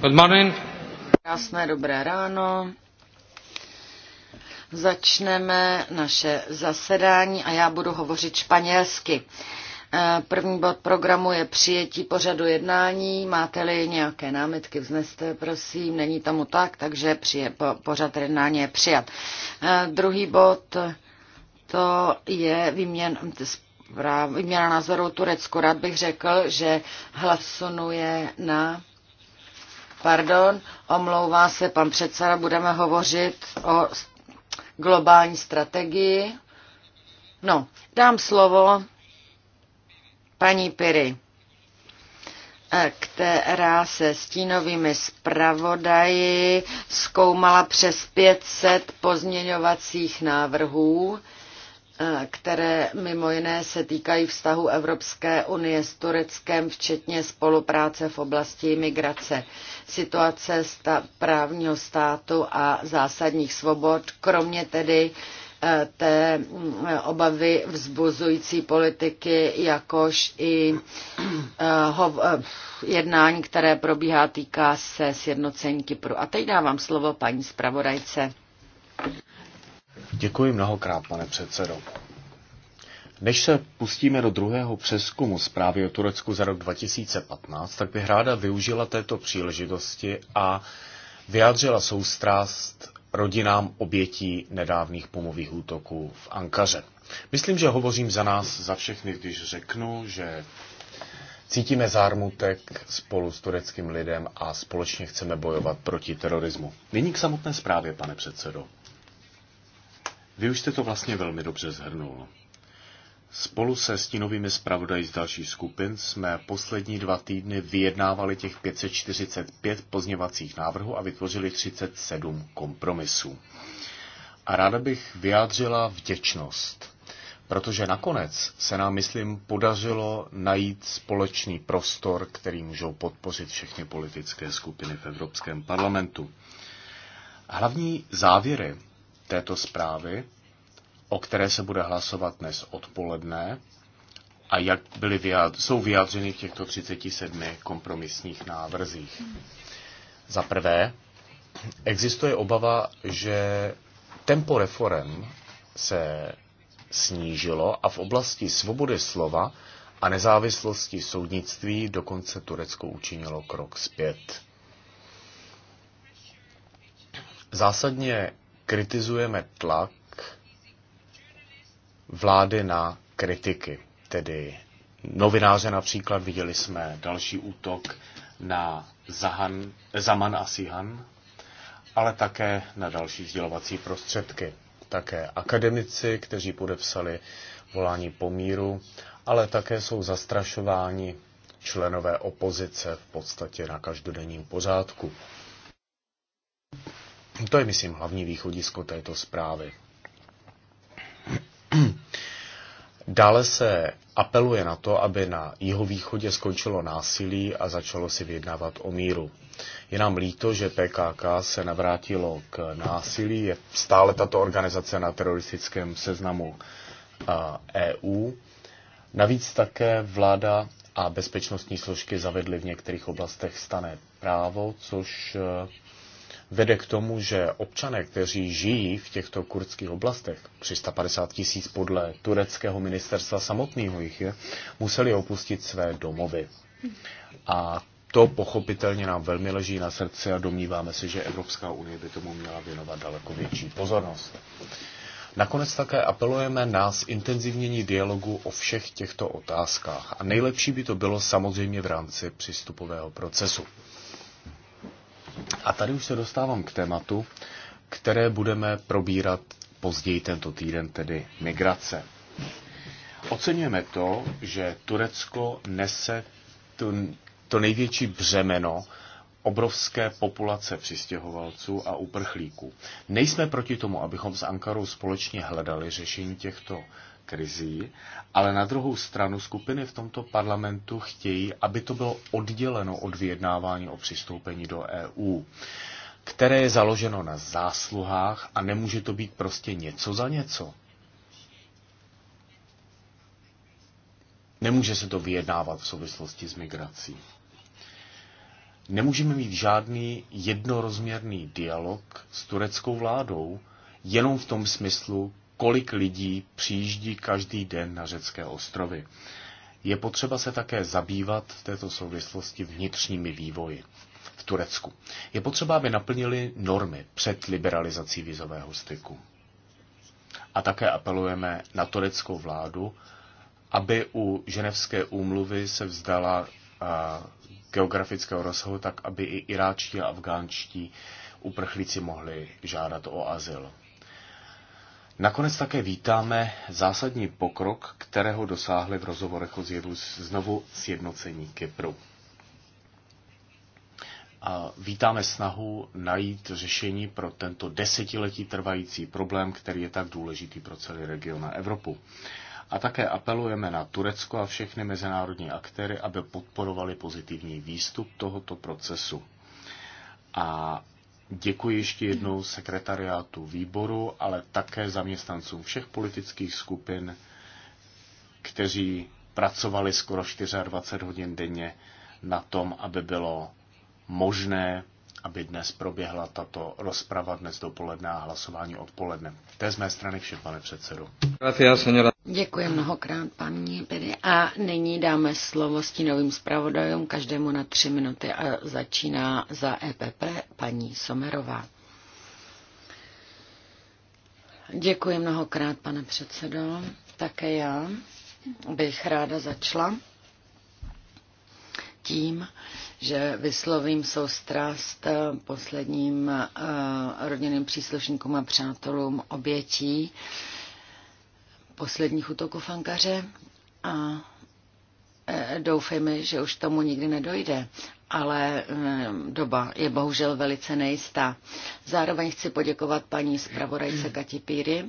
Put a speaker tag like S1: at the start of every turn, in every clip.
S1: Good morning. Krásné dobré ráno. Začneme naše zasedání a já budu hovořit španělsky. Eh, první bod programu je přijetí pořadu jednání. Máte-li nějaké námitky, vzneste, prosím. Není tomu tak, takže přije, po, pořad jednání je přijat. Eh, druhý bod to je výměn, výměna názoru Turecku. Rád bych řekl, že hlasonuje na Pardon, omlouvá se pan předseda, budeme hovořit o globální strategii. No, dám slovo paní Piry, eh, která se stínovými zpravodaji zkoumala přes 500 pozměňovacích návrhů které mimo jiné se týkají vztahu Evropské unie s Tureckem, včetně spolupráce v oblasti migrace, situace sta- právního státu a zásadních svobod, kromě tedy eh, té mm, obavy vzbuzující politiky, jakož i eh, eh, jednání, které probíhá, týká se sjednocení Kypru. A teď dávám slovo paní zpravodajce.
S2: Děkuji mnohokrát, pane předsedo. Než se pustíme do druhého přeskumu zprávy o Turecku za rok 2015, tak bych ráda využila této příležitosti a vyjádřila soustrast rodinám obětí nedávných pomových útoků v Ankaře. Myslím, že hovořím za nás, za všechny, když řeknu, že cítíme zármutek spolu s tureckým lidem a společně chceme bojovat proti terorismu. Nyní k samotné zprávě, pane předsedo. Vy už jste to vlastně velmi dobře zhrnul. Spolu se stínovými zpravodaji z dalších skupin jsme poslední dva týdny vyjednávali těch 545 pozněvacích návrhů a vytvořili 37 kompromisů. A ráda bych vyjádřila vděčnost, protože nakonec se nám, myslím, podařilo najít společný prostor, který můžou podpořit všechny politické skupiny v Evropském parlamentu. Hlavní závěry této zprávy o které se bude hlasovat dnes odpoledne a jak byly vyjádř- jsou vyjádřeny v těchto 37 kompromisních návrzích. Za prvé, existuje obava, že tempo reform se snížilo a v oblasti svobody slova a nezávislosti soudnictví dokonce Turecko učinilo krok zpět. Zásadně kritizujeme tlak, vlády na kritiky, tedy novináře například. Viděli jsme další útok na Zahan, Zaman a Sihan, ale také na další sdělovací prostředky. Také akademici, kteří podepsali volání pomíru, ale také jsou zastrašováni členové opozice v podstatě na každodenním pořádku. To je, myslím, hlavní východisko této zprávy. Dále se apeluje na to, aby na jihovýchodě skončilo násilí a začalo si vyjednávat o míru. Je nám líto, že PKK se navrátilo k násilí, je stále tato organizace na teroristickém seznamu EU. Navíc také vláda a bezpečnostní složky zavedly v některých oblastech stane právo, což vede k tomu, že občané, kteří žijí v těchto kurdských oblastech, 350 tisíc podle tureckého ministerstva samotného jich je, museli opustit své domovy. A to pochopitelně nám velmi leží na srdci a domníváme se, že Evropská unie by tomu měla věnovat daleko větší pozornost. Nakonec také apelujeme na zintenzivnění dialogu o všech těchto otázkách a nejlepší by to bylo samozřejmě v rámci přístupového procesu. A tady už se dostávám k tématu, které budeme probírat později tento týden, tedy migrace. Oceňujeme to, že Turecko nese to, to největší břemeno obrovské populace přistěhovalců a uprchlíků. Nejsme proti tomu, abychom s Ankarou společně hledali řešení těchto krizí, ale na druhou stranu skupiny v tomto parlamentu chtějí, aby to bylo odděleno od vyjednávání o přistoupení do EU, které je založeno na zásluhách a nemůže to být prostě něco za něco. Nemůže se to vyjednávat v souvislosti s migrací. Nemůžeme mít žádný jednorozměrný dialog s tureckou vládou, jenom v tom smyslu, kolik lidí přijíždí každý den na řecké ostrovy. Je potřeba se také zabývat v této souvislosti vnitřními vývoji v Turecku. Je potřeba, aby naplnili normy před liberalizací vizového styku. A také apelujeme na tureckou vládu, aby u ženevské úmluvy se vzdala geografického rozsahu, tak aby i iráčtí a afgánští uprchlíci mohli žádat o azyl. Nakonec také vítáme zásadní pokrok, kterého dosáhli v rozhovorech o zjevu znovu sjednocení Kypru. A vítáme snahu najít řešení pro tento desetiletí trvající problém, který je tak důležitý pro celý region a Evropu. A také apelujeme na Turecko a všechny mezinárodní aktéry, aby podporovali pozitivní výstup tohoto procesu. A Děkuji ještě jednou sekretariátu výboru, ale také zaměstnancům všech politických skupin, kteří pracovali skoro 24 hodin denně na tom, aby bylo možné, aby dnes proběhla tato rozprava dnes dopoledne a hlasování odpoledne. To je z mé strany vše, pane předsedo.
S1: Děkuji mnohokrát, paní Pedy. A nyní dáme slovo stínovým zpravodajům, každému na tři minuty a začíná za EPP paní Somerová. Děkuji mnohokrát, pane předsedo. Také já bych ráda začala tím, že vyslovím soustrast posledním eh, rodinným příslušníkům a přátelům obětí posledních útoků v Ankaře a e, doufejme, že už tomu nikdy nedojde, ale e, doba je bohužel velice nejistá. Zároveň chci poděkovat paní zpravodajce Kati Píry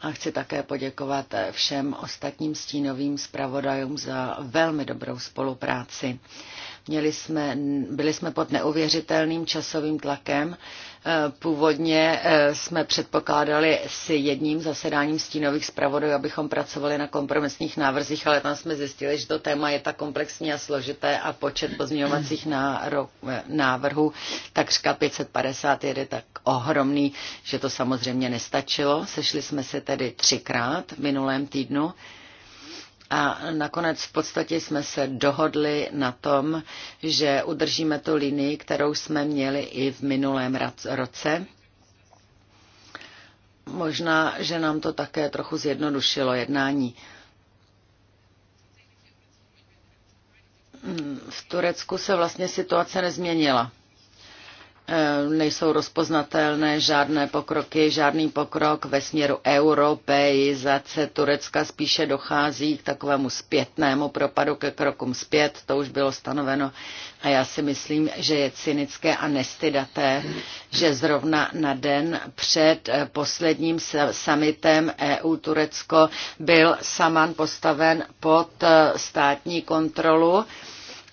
S1: a chci také poděkovat e, všem ostatním stínovým zpravodajům za velmi dobrou spolupráci. Měli jsme, byli jsme pod neuvěřitelným časovým tlakem. E, původně e, jsme předpokládali s jedním zasedáním stínových zpravodajů, abychom pracovali na kompromisních návrzích, ale tam jsme zjistili, že to téma je tak komplexní a složité a počet pozměňovacích návrhů takřka 550 je tak ohromný, že to samozřejmě nestačilo. Sešli jsme se tedy třikrát v minulém týdnu. A nakonec v podstatě jsme se dohodli na tom, že udržíme tu linii, kterou jsme měli i v minulém roce. Možná, že nám to také trochu zjednodušilo jednání. V Turecku se vlastně situace nezměnila. Eh, nejsou rozpoznatelné žádné pokroky, žádný pokrok ve směru europeizace Turecka spíše dochází k takovému zpětnému propadu, ke krokům zpět, to už bylo stanoveno a já si myslím, že je cynické a nestydaté, že zrovna na den před eh, posledním summitem EU-Turecko byl Saman postaven pod eh, státní kontrolu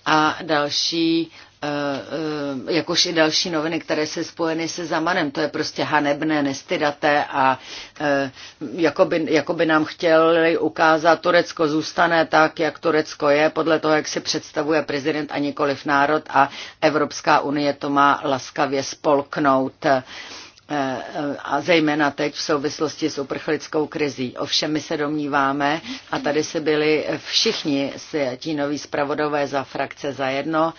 S1: a další Eh, eh, jakož i další noviny, které se spojeny se Zamanem. To je prostě hanebné, nestydaté a eh, jakoby, jakoby nám chtěli ukázat, Turecko zůstane tak, jak Turecko je, podle toho, jak si představuje prezident a nikoliv národ a Evropská unie to má laskavě spolknout a zejména teď v souvislosti s uprchlickou krizí. Ovšem my se domníváme, a tady se byli všichni ti noví zpravodové za frakce za jedno,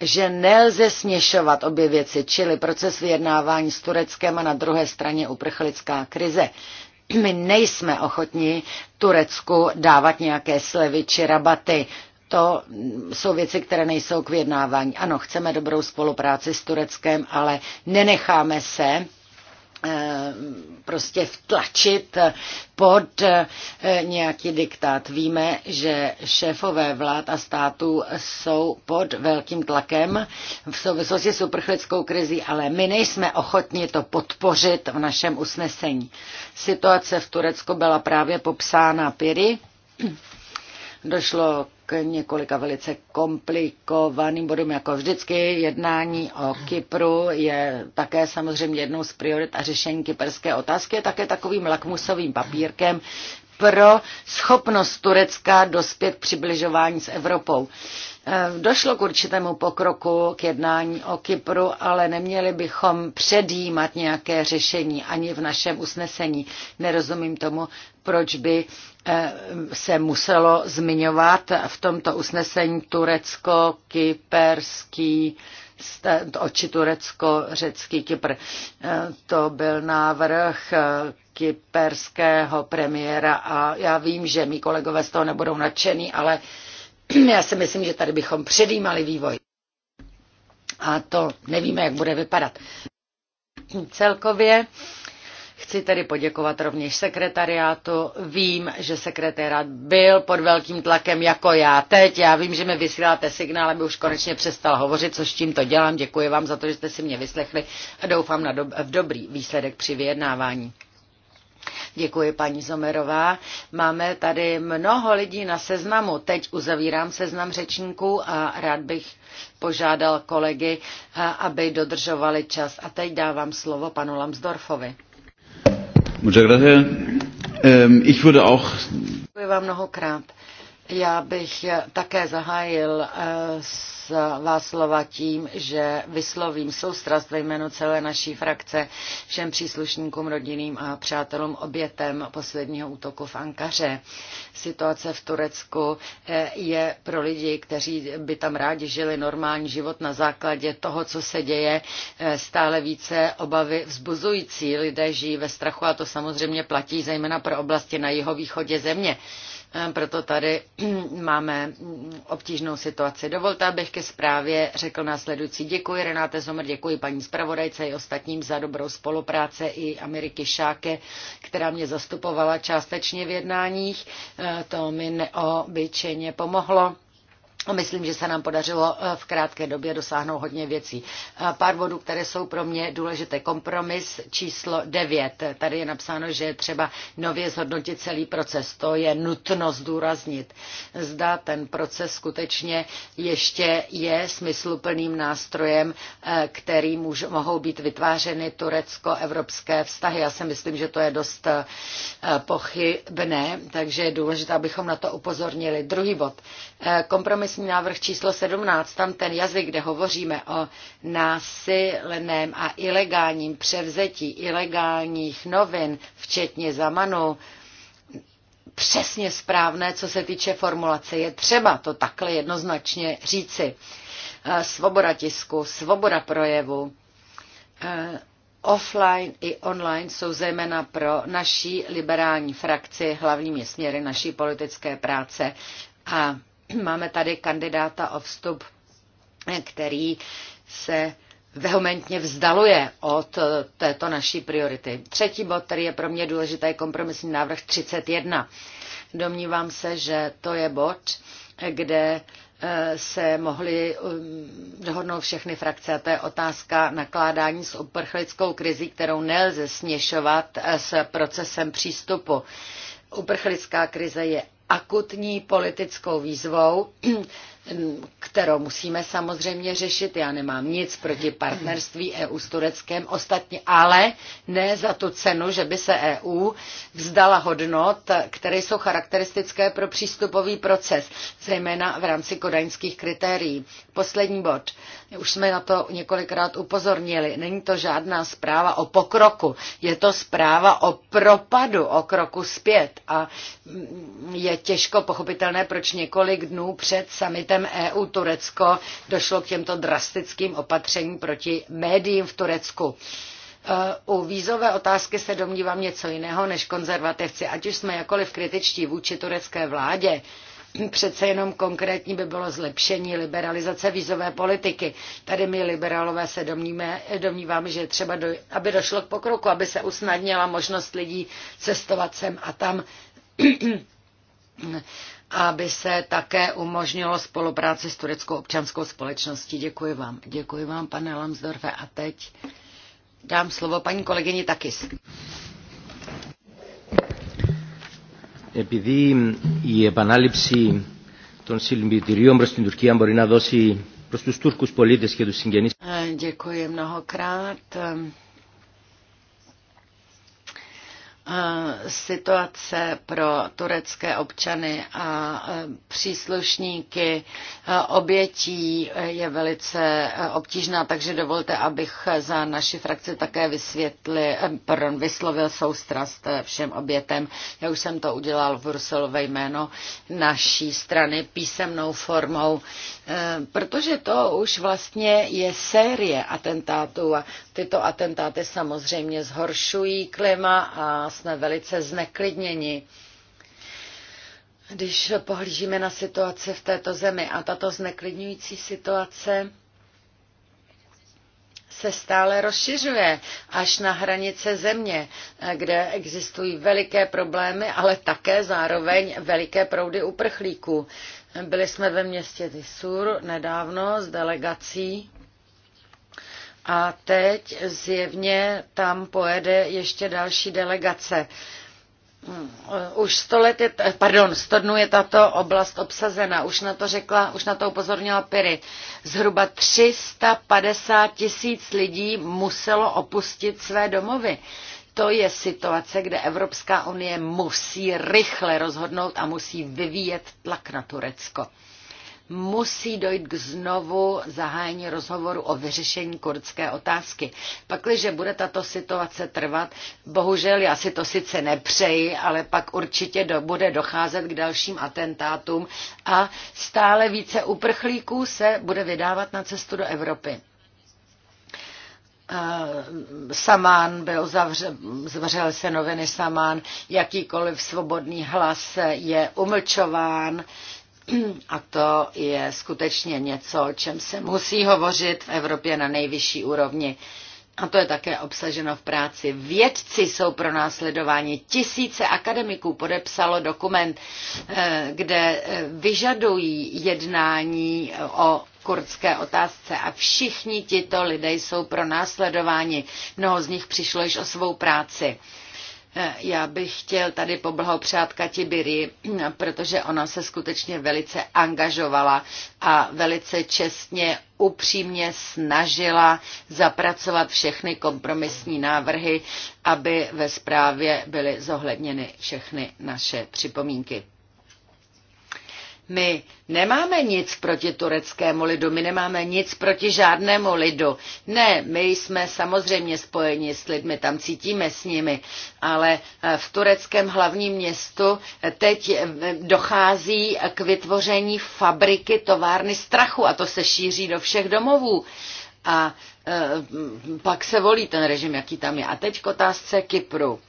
S1: že nelze směšovat obě věci, čili proces vyjednávání s Tureckem a na druhé straně uprchlická krize. My nejsme ochotni Turecku dávat nějaké slevy či rabaty. To jsou věci, které nejsou k vyjednávání. Ano, chceme dobrou spolupráci s Tureckem, ale nenecháme se Eh, prostě vtlačit pod eh, nějaký diktát. Víme, že šéfové vlád a států jsou pod velkým tlakem v souvislosti s uprchlickou krizí, ale my nejsme ochotni to podpořit v našem usnesení. Situace v Turecku byla právě popsána Piry. Došlo k několika velice komplikovaným bodům, jako vždycky. Jednání o Kypru je také samozřejmě jednou z priorit a řešení kyperské otázky je také takovým lakmusovým papírkem pro schopnost Turecka dospět k přibližování s Evropou. Eh, došlo k určitému pokroku k jednání o Kypru, ale neměli bychom předjímat nějaké řešení ani v našem usnesení. Nerozumím tomu, proč by eh, se muselo zmiňovat v tomto usnesení Turecko, Kyperský oči Turecko, řecký Kypr. Eh, to byl návrh kyperského premiéra a já vím, že mý kolegové z toho nebudou nadšený, ale já si myslím, že tady bychom předjímali vývoj. A to nevíme, jak bude vypadat. Celkově Chci tedy poděkovat rovněž sekretariátu. Vím, že sekretariát byl pod velkým tlakem jako já teď. Já vím, že mi vysíláte signál, aby už konečně přestal hovořit, což tímto dělám. Děkuji vám za to, že jste si mě vyslechli a doufám na dob- v dobrý výsledek při vyjednávání. Děkuji, paní Zomerová. Máme tady mnoho lidí na seznamu. Teď uzavírám seznam řečníků a rád bych požádal kolegy, eh, aby dodržovali čas. A teď dávám slovo panu Lambsdorfovi. Děkuji vám mnohokrát. Já bych také zahájil eh, s vás slova tím, že vyslovím soustrast ve jménu celé naší frakce všem příslušníkům, rodinným a přátelům obětem posledního útoku v Ankaře. Situace v Turecku eh, je pro lidi, kteří by tam rádi žili normální život na základě toho, co se děje, eh, stále více obavy vzbuzující. Lidé žijí ve strachu a to samozřejmě platí zejména pro oblasti na jihovýchodě země Ehm, proto tady máme obtížnou situaci. Dovolte, abych ke zprávě řekl následující. Děkuji Renáte Zomr, děkuji paní zpravodajce i ostatním za dobrou spolupráci i Ameriky Šáke, která mě zastupovala částečně v jednáních. Ehm, to mi neobyčejně pomohlo Myslím, že se nám podařilo eh, v krátké době dosáhnout hodně věcí. Eh, pár bodů, které jsou pro mě důležité. Kompromis číslo 9. Tady je napsáno, že je třeba nově zhodnotit celý proces. To je nutno zdůraznit. Zda ten proces skutečně ještě je smysluplným nástrojem, eh, který můž, mohou být vytvářeny turecko-evropské vztahy. Já si myslím, že to je dost pochybné, takže je důležité, abychom na to upozornili. Druhý bod. Kompromis kompromisní návrh číslo 17, tam ten jazyk, kde hovoříme o násilném a ilegálním převzetí ilegálních novin, včetně zamanu, přesně správné, co se týče formulace. Je třeba to takhle jednoznačně říci. Eh, svoboda tisku, svoboda projevu, eh, offline i online jsou zejména pro naší liberální frakci hlavními směry naší politické práce a Máme tady kandidáta o vstup, který se vehementně vzdaluje od této naší priority. Třetí bod, který je pro mě důležitý, je kompromisní návrh 31. Domnívám se, že to je bod, kde eh, se mohly eh, dohodnout všechny frakce. A to je otázka nakládání s uprchlickou krizí, kterou nelze směšovat eh, s procesem přístupu. Uprchlická krize je akutní politickou výzvou, kterou musíme samozřejmě řešit. Já nemám nic proti partnerství EU s Tureckem, ostatně, ale ne za tu cenu, že by se EU vzdala hodnot, které jsou charakteristické pro přístupový proces, zejména v rámci kodaňských kritérií. Poslední bod. Už jsme na to několikrát upozornili. Není to žádná zpráva o pokroku, je to zpráva o propadu, o kroku zpět. A je těžko pochopitelné, proč několik dnů před samitem summitem EU-Turecko došlo k těmto drastickým opatřením proti médiím v Turecku. E, u vízové otázky se domnívám něco jiného než konzervativci, ať už jsme jakoliv kritičtí vůči turecké vládě, přece jenom konkrétní by bylo zlepšení liberalizace vízové politiky. Tady my liberálové se domníme, domníváme, že třeba, do, aby došlo k pokroku, aby se usnadnila možnost lidí cestovat sem a tam. aby se také umožnilo spolupráci s tureckou občanskou společností. Děkuji vám. Děkuji vám, pane Lamsdorfe. A teď dám slovo paní kolegyni Takis.
S3: Επειδή η επανάληψη των συλληπιτηρίων προς την Τουρκία μπορεί να δώσει προς τους Τούρκους πολίτες και τους συγγενείς.
S1: Děkuji mnohokrát. Eh, situace pro turecké občany a eh, příslušníky eh, obětí je velice obtížná, takže dovolte, abych za naši frakci také vysvětli, pardon, vyslovil soustrast všem obětem. Já už jsem to udělal v Bruselu ve jméno naší strany písemnou formou, protože to už vlastně je série atentátů a tyto atentáty samozřejmě zhoršují klima a jsme velice zneklidněni. Když pohlížíme na situaci v této zemi a tato zneklidňující situace se stále rozšiřuje až na hranice země, kde existují veliké problémy, ale také zároveň veliké proudy uprchlíků. Byli jsme ve městě Tysur nedávno s delegací a teď zjevně tam pojede ještě další delegace. Hmm, už 100 let je, pardon, 100 dnů je tato oblast obsazena. Už na to řekla, už na to upozornila Piry. Zhruba 350 tisíc lidí muselo opustit své domovy. To je situace, kde Evropská unie musí rychle rozhodnout a musí vyvíjet tlak na Turecko musí dojít k znovu zahájení rozhovoru o vyřešení kurdské otázky. Pakliže bude tato situace trvat, bohužel já si to sice nepřeji, ale pak určitě do, bude docházet k dalším atentátům a stále více uprchlíků se bude vydávat na cestu do Evropy. Eh, Samán byl zavře, zvřel se noviny Samán, jakýkoliv svobodný hlas je umlčován. A to je skutečně něco, o čem se musí hovořit v Evropě na nejvyšší úrovni. A to je také obsaženo v práci. Vědci jsou pro následování. Tisíce akademiků podepsalo dokument, eh, kde eh, vyžadují jednání eh, o kurdské otázce a všichni tito lidé jsou pro následování. Mnoho z nich přišlo již o svou práci. Já bych chtěl tady poblahopřát Kati Biri, protože ona se skutečně velice angažovala a velice čestně, upřímně snažila zapracovat všechny kompromisní návrhy, aby ve zprávě byly zohledněny všechny naše připomínky. My nemáme nic proti tureckému lidu, my nemáme nic proti žádnému lidu. Ne, my jsme samozřejmě spojeni s lidmi, tam cítíme s nimi, ale eh, v tureckém hlavním městu eh, teď eh, dochází k vytvoření fabriky továrny strachu a to se šíří do všech domovů. A e, pak se volí ten režim, jaký tam je. A teď k otázce Kypru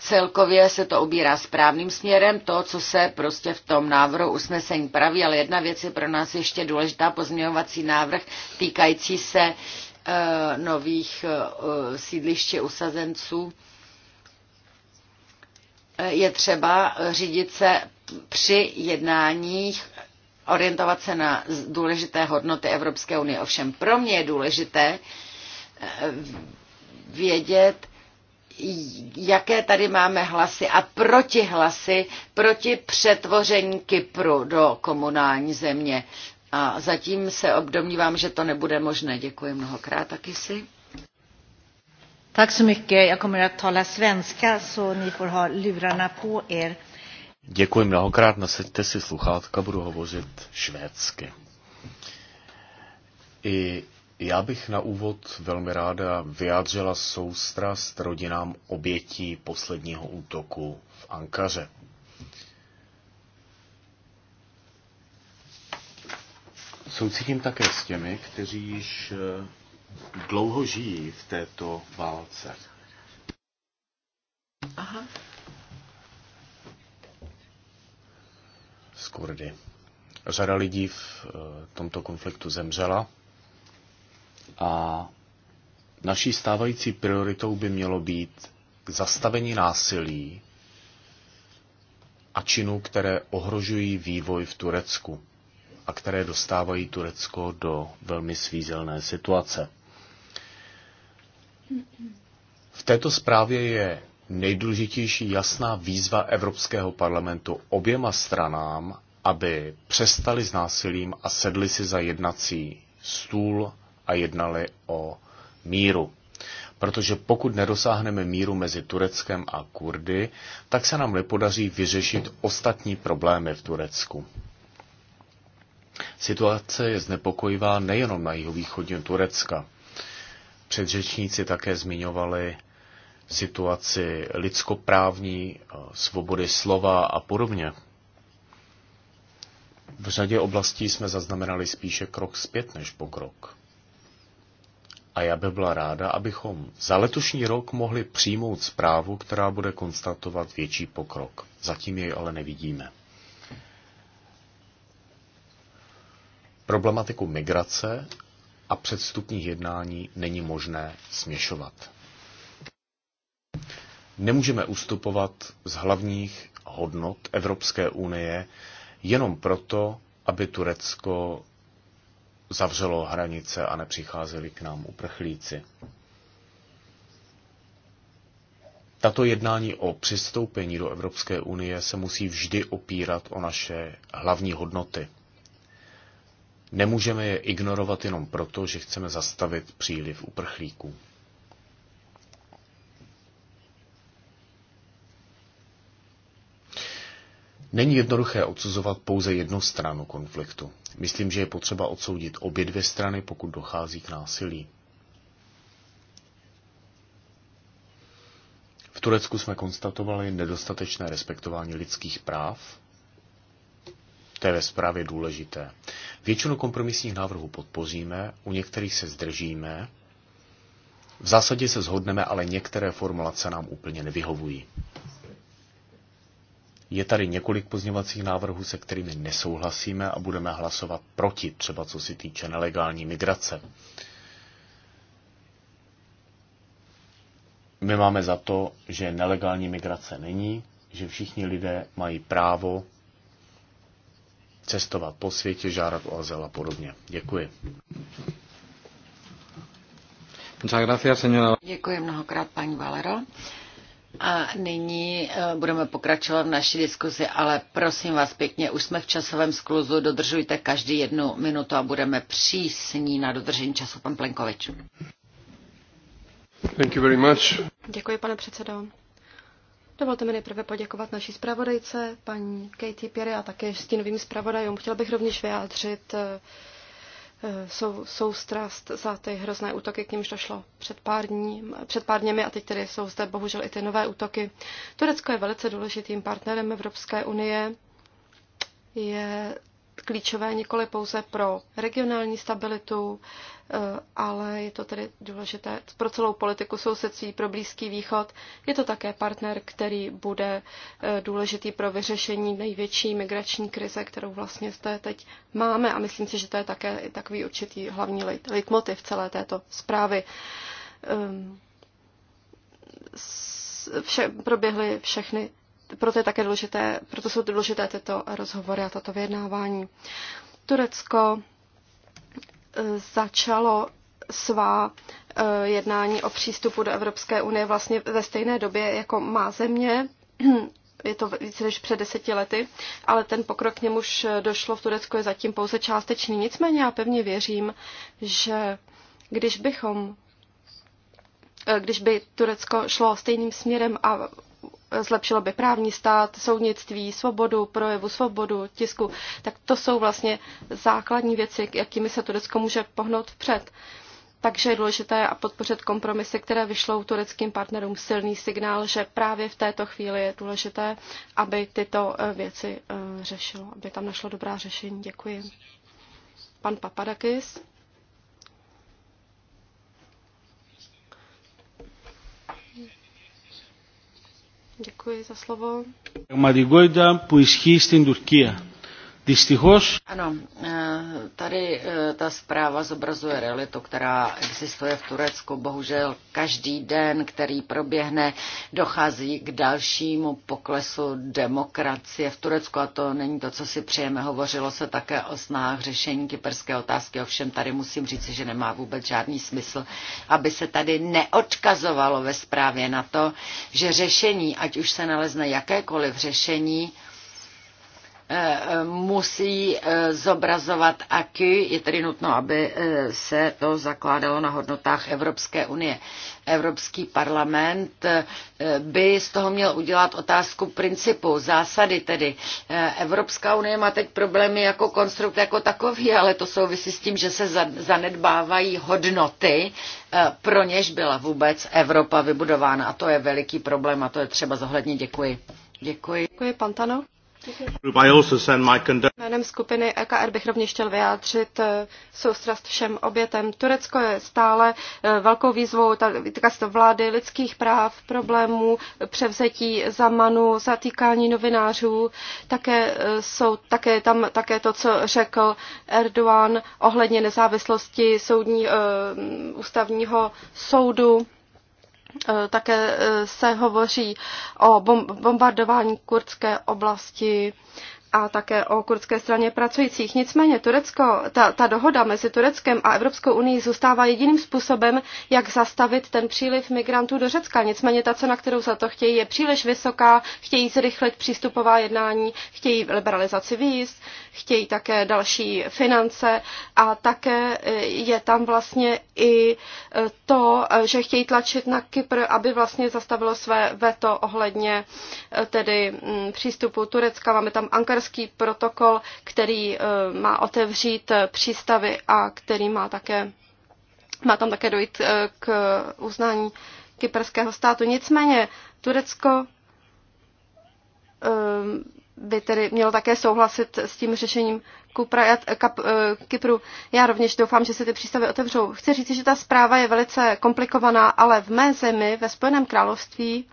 S1: celkově se to ubírá správným směrem, to, co se prostě v tom návrhu usnesení praví, ale jedna věc je pro nás ještě důležitá pozměňovací návrh týkající se e, nových e, e, sídliště usazenců. Je třeba řídit se při jednáních orientovat se na důležité hodnoty Evropské unie. Ovšem pro mě je důležité vědět, jaké tady máme hlasy a protihlasy proti přetvoření Kypru do komunální země. A zatím se obdomnívám, že to nebude možné. Děkuji mnohokrát taky si.
S4: Tak så mycket. Jag kommer att tala svenska så ni får ha lurarna på
S2: er. Děkuji mnohokrát, nasaďte si sluchátka, budu hovořit švédsky. I já bych na úvod velmi ráda vyjádřila soustrast rodinám obětí posledního útoku v Ankaře. Soucítím také s těmi, kteří již eh, dlouho žijí v této válce. Aha. Z Kurdy. Řada lidí v eh, tomto konfliktu zemřela a naší stávající prioritou by mělo být zastavení násilí a činů, které ohrožují vývoj v Turecku a které dostávají Turecko do velmi svízelné situace. V této zprávě je nejdůležitější jasná výzva Evropského parlamentu oběma stranám, aby přestali s násilím a sedli si za jednací stůl a jednali o míru. Protože pokud nedosáhneme míru mezi Tureckem a Kurdy, tak se nám nepodaří vyřešit ostatní problémy v Turecku. Situace je znepokojivá nejenom na jihovýchodě Turecka. Předřečníci také zmiňovali situaci lidskoprávní, svobody slova a podobně. V řadě oblastí jsme zaznamenali spíše krok zpět než pokrok a já bych byla ráda, abychom za letošní rok mohli přijmout zprávu, která bude konstatovat větší pokrok. Zatím jej ale nevidíme. Problematiku migrace a předstupních jednání není možné směšovat. Nemůžeme ustupovat z hlavních hodnot Evropské unie jenom proto, aby Turecko zavřelo hranice a nepřicházeli k nám uprchlíci. Tato jednání o přistoupení do Evropské unie se musí vždy opírat o naše hlavní hodnoty. Nemůžeme je ignorovat jenom proto, že chceme zastavit příliv uprchlíků. Není jednoduché odsuzovat pouze jednu stranu konfliktu. Myslím, že je potřeba odsoudit obě dvě strany, pokud dochází k násilí. V Turecku jsme konstatovali nedostatečné respektování lidských práv. To je ve zprávě důležité. Většinu kompromisních návrhů podpoříme, u některých se zdržíme. V zásadě se zhodneme, ale některé formulace nám úplně nevyhovují. Je tady několik pozněvacích návrhů, se kterými nesouhlasíme a budeme hlasovat proti, třeba co se týče nelegální migrace. My máme za to, že nelegální migrace není, že všichni lidé mají právo cestovat po světě, žádat o azyl a podobně. Děkuji.
S1: Děkuji mnohokrát, paní Valero. A nyní eh, budeme pokračovat v naší diskuzi, ale prosím vás pěkně, už jsme v časovém skluzu, dodržujte každý jednu minutu a budeme přísní na dodržení času, pan Plenkovič.
S3: Thank you very much.
S4: Děkuji, pane předsedo. Dovolte mi nejprve poděkovat naší zpravodajce, paní Katie Pěry a také stínovým zpravodajům. Chtěl bych rovněž vyjádřit uh, Eh, sou, soustrast za ty hrozné útoky, k nímž došlo před pár, dní, před pár dněmi a teď tedy jsou zde bohužel i ty nové útoky. Turecko je velice důležitým partnerem Evropské unie, je klíčové nikoli pouze pro regionální stabilitu, eh, ale je to tedy důležité pro celou politiku sousedství, pro Blízký východ. Je to také partner, který bude eh, důležitý pro vyřešení největší migrační krize, kterou vlastně zde teď máme a myslím si, že to je také takový určitý hlavní leitmotiv celé této zprávy. Ehm, vše, proběhly všechny proto je také důležité, proto jsou důležité tyto rozhovory a tato vyjednávání. Turecko eh, začalo svá eh, jednání o přístupu do Evropské unie vlastně ve stejné době jako má země, je to více než před deseti lety, ale ten pokrok k němuž došlo v Turecku je zatím pouze částečný. Nicméně já pevně věřím, že když bychom eh, když by Turecko šlo stejným směrem a zlepšilo by právní stát, soudnictví, svobodu, projevu, svobodu, tisku, tak to jsou vlastně základní věci, jakými se Turecko může pohnout vpřed. Takže je důležité a podpořit kompromisy, které vyšlou tureckým partnerům silný signál, že právě v této chvíli je důležité, aby tyto eh, věci eh, řešilo, aby tam našlo dobrá řešení. Děkuji. Pan Papadakis. Děkuji za slovo.
S3: Marigolda που ισχύει στην Τουρκία. Dystichos.
S1: Ano, eh, tady eh, ta zpráva zobrazuje realitu, která existuje v Turecku. Bohužel každý den, který proběhne, dochází k dalšímu poklesu demokracie v Turecku a to není to, co si přejeme. Hovořilo se také o snách řešení kyperské otázky, ovšem tady musím říct, že nemá vůbec žádný smysl, aby se tady neodkazovalo ve zprávě na to, že řešení, ať už se nalezne jakékoliv řešení, musí eh, zobrazovat AKY, je tedy nutno, aby eh, se to zakládalo na hodnotách Evropské unie. Evropský parlament eh, by z toho měl udělat otázku principu, zásady tedy. Evropská unie má teď problémy jako konstrukt jako takový, ale to souvisí s tím, že se zanedbávají hodnoty, pro něž byla vůbec Evropa vybudována. A to je veliký problém a to je třeba zohlednit. Děkuji. Děkuji. Děkuji, Pantano.
S4: Jménem skupiny EKR bych rovněž chtěl vyjádřit eh, soustrast všem obětem. Turecko je stále eh, velkou výzvou týká se vlády lidských práv, problémů, převzetí manu, zatýkání novinářů. Také, eh, jsou, také tam také to, co řekl Erdogan ohledně nezávislosti soudní, uh, ústavního soudu. Eh, také eh, se hovoří o bombardování kurdské oblasti, a také o kurdské straně pracujících. Nicméně Turecko, ta, ta dohoda mezi Tureckem a Evropskou unii zůstává jediným způsobem, jak zastavit ten příliv migrantů do Řecka. Nicméně ta cena, kterou za to chtějí, je příliš vysoká, chtějí zrychlit přístupová jednání, chtějí liberalizaci víz, chtějí také další finance a také e, je tam vlastně i e, to, e, že chtějí tlačit na Kypr, aby vlastně zastavilo své veto ohledně tedy přístupu Turecka. Máme tam Ankara švýcarský protokol, který eh, má otevřít eh, přístavy a který má také má tam také dojít eh, k uznání kyperského státu. Nicméně Turecko by tedy mělo také souhlasit s tím řešením Kupra, kap, Kypru. Já rovněž doufám, že se ty přístavy otevřou. Chci říct, že ta zpráva je velice komplikovaná, ale v mé zemi, ve Spojeném království,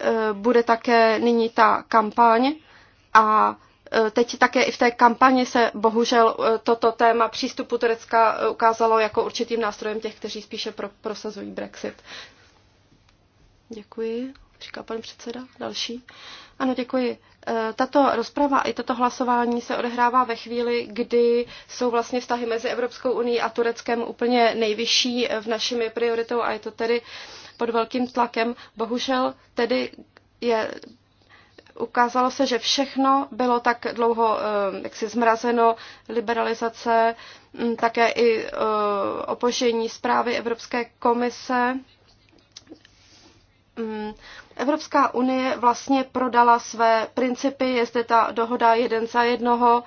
S4: Eh, bude také nyní ta kampaň a eh, teď také i v té kampani se bohužel eh, toto téma přístupu Turecka ukázalo jako určitým nástrojem těch, kteří spíše pro, prosazují Brexit. Děkuji, říká pan předseda. Další. Ano, děkuji. Tato rozprava i toto hlasování se odehrává ve chvíli, kdy jsou vlastně vztahy mezi Evropskou unii a Tureckem úplně nejvyšší v našimi prioritou a je to tedy pod velkým tlakem. Bohužel tedy je ukázalo se, že všechno bylo tak dlouho eh, jaksi zmrazeno, liberalizace, mm, také i eh, opožení zprávy Evropské komise. Mm, Evropská unie vlastně prodala své principy, je zde ta dohoda jeden za jednoho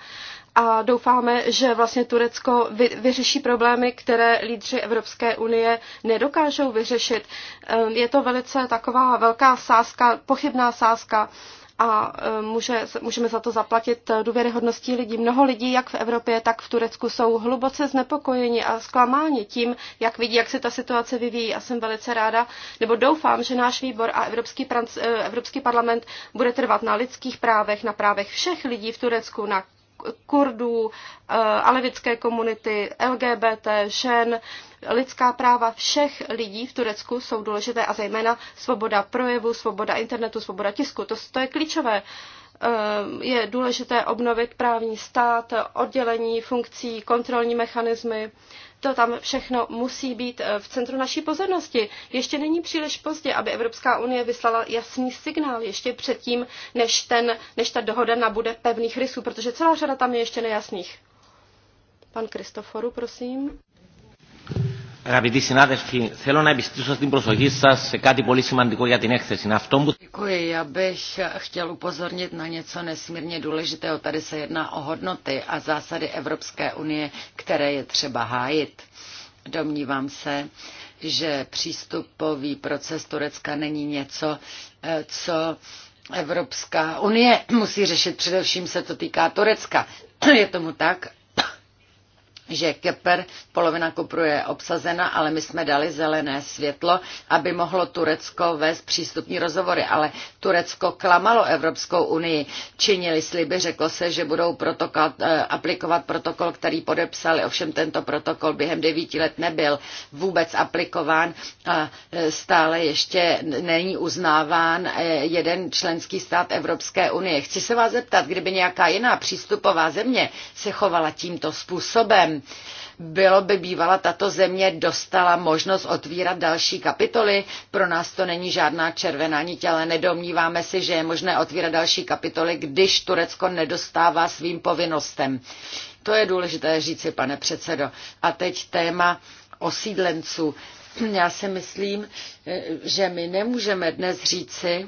S4: a doufáme, že vlastně Turecko vy, vyřeší problémy, které lídři Evropské unie nedokážou vyřešit. Ehm, je to velice taková velká sázka, pochybná sázka a ehm, může, můžeme za to zaplatit důvěryhodností lidí. Mnoho lidí, jak v Evropě, tak v Turecku, jsou hluboce znepokojeni a zklamáni tím, jak vidí, jak se ta situace vyvíjí. A jsem velice ráda, nebo doufám, že náš výbor a Evropský, eh, Evropský parlament bude trvat na lidských právech, na právech všech lidí v Turecku, na Kurdů, eh, alevické komunity, LGBT, žen, lidská práva všech lidí v Turecku jsou důležité a zejména svoboda projevu, svoboda internetu, svoboda tisku. To, to je klíčové. Uh, Eh, je důležité obnovit právní stát, oddělení funkcí, kontrolní mechanismy. To tam všechno musí být eh, v centru naší pozornosti. Ještě není příliš pozdě, aby Evropská unie vyslala jasný signál ještě předtím, než, ten, než ta dohoda nabude pevných rysů, protože celá řada tam je ještě nejasných. Pan Kristoforu, prosím.
S3: Αγαπητοί συνάδελφοι, θέλω να επιστήσω στην προσοχή σας σε κάτι πολύ σημαντικό για την έκθεση. Αυτό που...
S1: Děkuji, já bych chtěl upozornit na něco nesmírně důležitého. Tady se jedná o hodnoty a zásady Evropské unie, které je třeba hájit. Domnívám se, že přístupový proces Turecka není něco, co Evropská unie musí řešit. Především se to týká Turecka. Je tomu tak? že keper polovina Kupru je obsazena, ale my jsme dali zelené světlo, aby mohlo Turecko vést přístupní rozhovory. Ale Turecko klamalo Evropskou unii, činili sliby, řeklo se, že budou protokol, eh, aplikovat protokol, který podepsali. Ovšem tento protokol během devíti let nebyl vůbec aplikován a eh, stále ještě není uznáván eh, jeden členský stát Evropské unie. Chci se vás zeptat, kdyby nějaká jiná přístupová země se chovala tímto způsobem, bylo by bývala tato země dostala možnost otvírat další kapitoly? Pro nás to není žádná červená nitě, ale nedomníváme si, že je možné otvírat další kapitoly, když Turecko nedostává svým povinnostem. To je důležité říci, pane předsedo. A teď téma osídlenců. Já si myslím, že my nemůžeme dnes říci,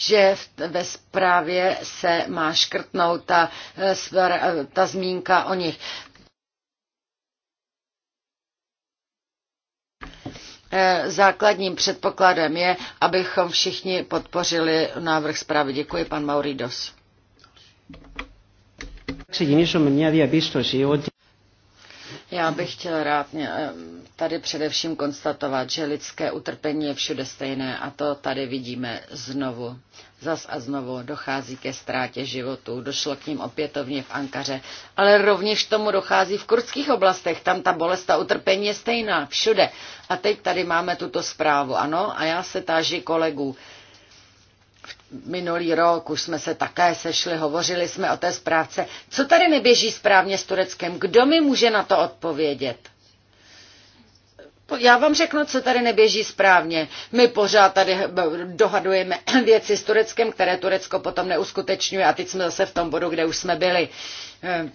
S1: že ve zprávě se má škrtnout ta, eh, eh, ta zmínka o nich. Eh, základním předpokladem je, abychom všichni podpořili návrh zprávy. Děkuji, pan Mauridos.
S3: Ξεκινήσω με μια διαπίστωση ότι
S1: já bych chtěla rád eh, tady především konstatovat, že lidské utrpení je všude stejné a to tady vidíme znovu. Zas a znovu dochází ke ztrátě životů, došlo k ním opětovně v Ankaře, ale rovněž tomu dochází v kurdských oblastech, tam ta bolest a utrpení je stejná, všude. A teď tady máme tuto zprávu, ano, a já se táži kolegů minulý rok už jsme se také sešli, hovořili jsme o té zprávce. Co tady neběží správně s Tureckem? Kdo mi může na to odpovědět? Já vám řeknu, co tady neběží správně. My pořád tady dohadujeme věci s Tureckem, které Turecko potom neuskutečňuje a teď jsme zase v tom bodu, kde už jsme byli. Eh,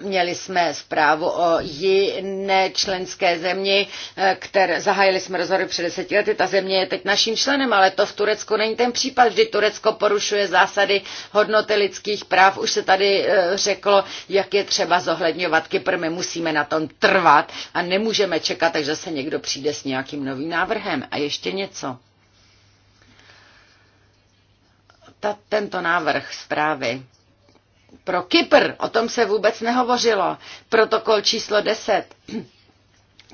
S1: Měli jsme zprávu o jiné členské zemi, eh, které zahájili jsme rozhovory před deseti lety. Ta země je teď naším členem, ale to v Turecku není ten případ, vždy Turecko porušuje zásady hodnoty lidských práv. Už se tady eh, řeklo, jak je třeba zohledňovat Kypr. My musíme na tom trvat a nemůžeme čekat, takže se někdo přijde s nějakým novým návrhem. A ještě něco. Ta, tento návrh zprávy pro Kypr. O tom se vůbec nehovořilo. Protokol číslo 10.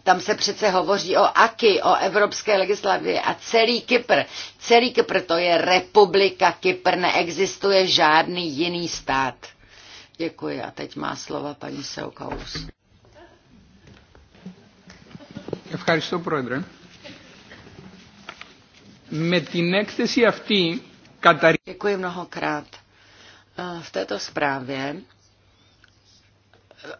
S1: Tam se přece hovoří o AKI, o evropské legislativě a celý Kypr. Celý Kypr to je republika Kypr, neexistuje žádný jiný stát. Děkuji a teď má slova paní Seukaus.
S3: Ευχαριστώ πρόεδρε.
S1: Με την έκθεση αυτή καταρρύπτει. Děkuji mnohokrát. V této zprávě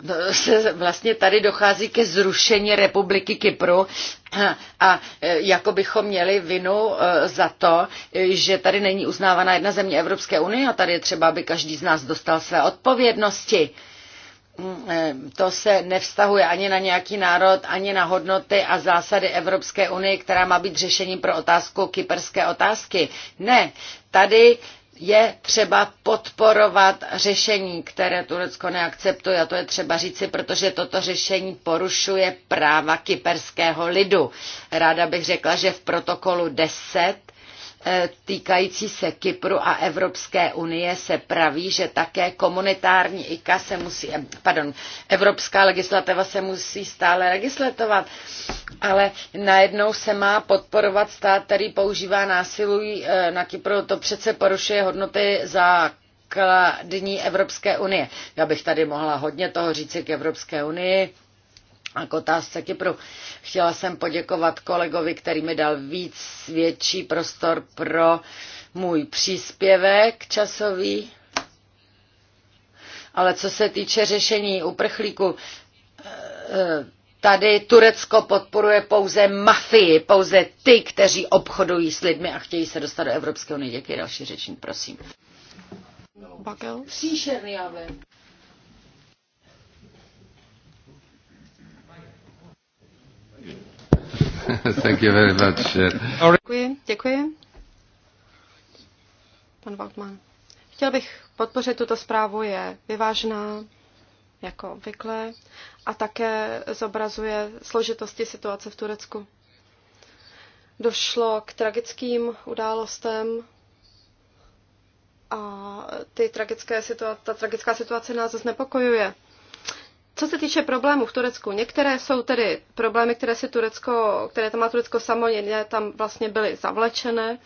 S1: no, se vlastně tady dochází ke zrušení republiky Kypru a e, jako bychom měli vinu e, za to, že tady není uznávána jedna země Evropské unie a tady je třeba, aby každý z nás dostal své odpovědnosti. Mm, e, to se nevztahuje ani na nějaký národ, ani na hodnoty a zásady Evropské unie, která má být řešením pro otázku kyperské otázky. Ne, tady je třeba podporovat řešení, které Turecko neakceptuje, a to je třeba říci, protože toto řešení porušuje práva kyperského lidu. Ráda bych řekla, že v protokolu 10 E, týkající se Kypru a Evropské unie se praví, že také komunitární IKA se musí, e, pardon, evropská legislativa se musí stále legislatovat, ale najednou se má podporovat stát, který používá násilí e, na Kypru. To přece porušuje hodnoty za základní Evropské unie. Já bych tady mohla hodně toho říci k Evropské unii, a k otázce Kypru. Chtěla jsem poděkovat kolegovi, který mi dal víc větší prostor pro můj příspěvek časový. Ale co se týče řešení uprchlíků, eh, tady Turecko podporuje pouze mafii, pouze ty, kteří obchodují s lidmi a chtějí se dostat do Evropské unie. Děkuji další řečník, prosím. Bakel. Příšerný javen.
S3: Thank you very much. Děkuji,
S4: děkuji. Pan Waldman. Chtěl bych podpořit tuto zprávu, je vyvážná, jako obvykle, a také zobrazuje složitosti situace v Turecku. Došlo k tragickým událostem a ty tragické situace, ta tragická situace nás znepokojuje. Co se týče problémů v Turecku, některé jsou tedy problémy, které si Turecko, které tam má Turecko samo, jiné tam vlastně byly zavlečené,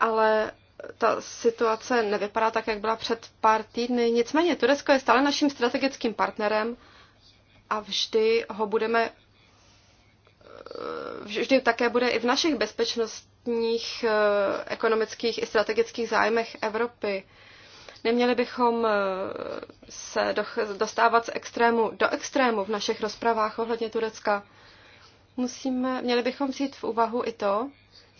S4: ale ta situace nevypadá tak, jak byla před pár týdny. Nicméně Turecko je stále naším strategickým partnerem a vždy ho budeme eh, vždy také bude i v našich bezpečnostních, eh, ekonomických i strategických zájmech Evropy. Neměli bychom eh, se dostávat z extrému do extrému v našich rozpravách ohledně Turecka. Musíme, měli bychom vzít v úvahu i to,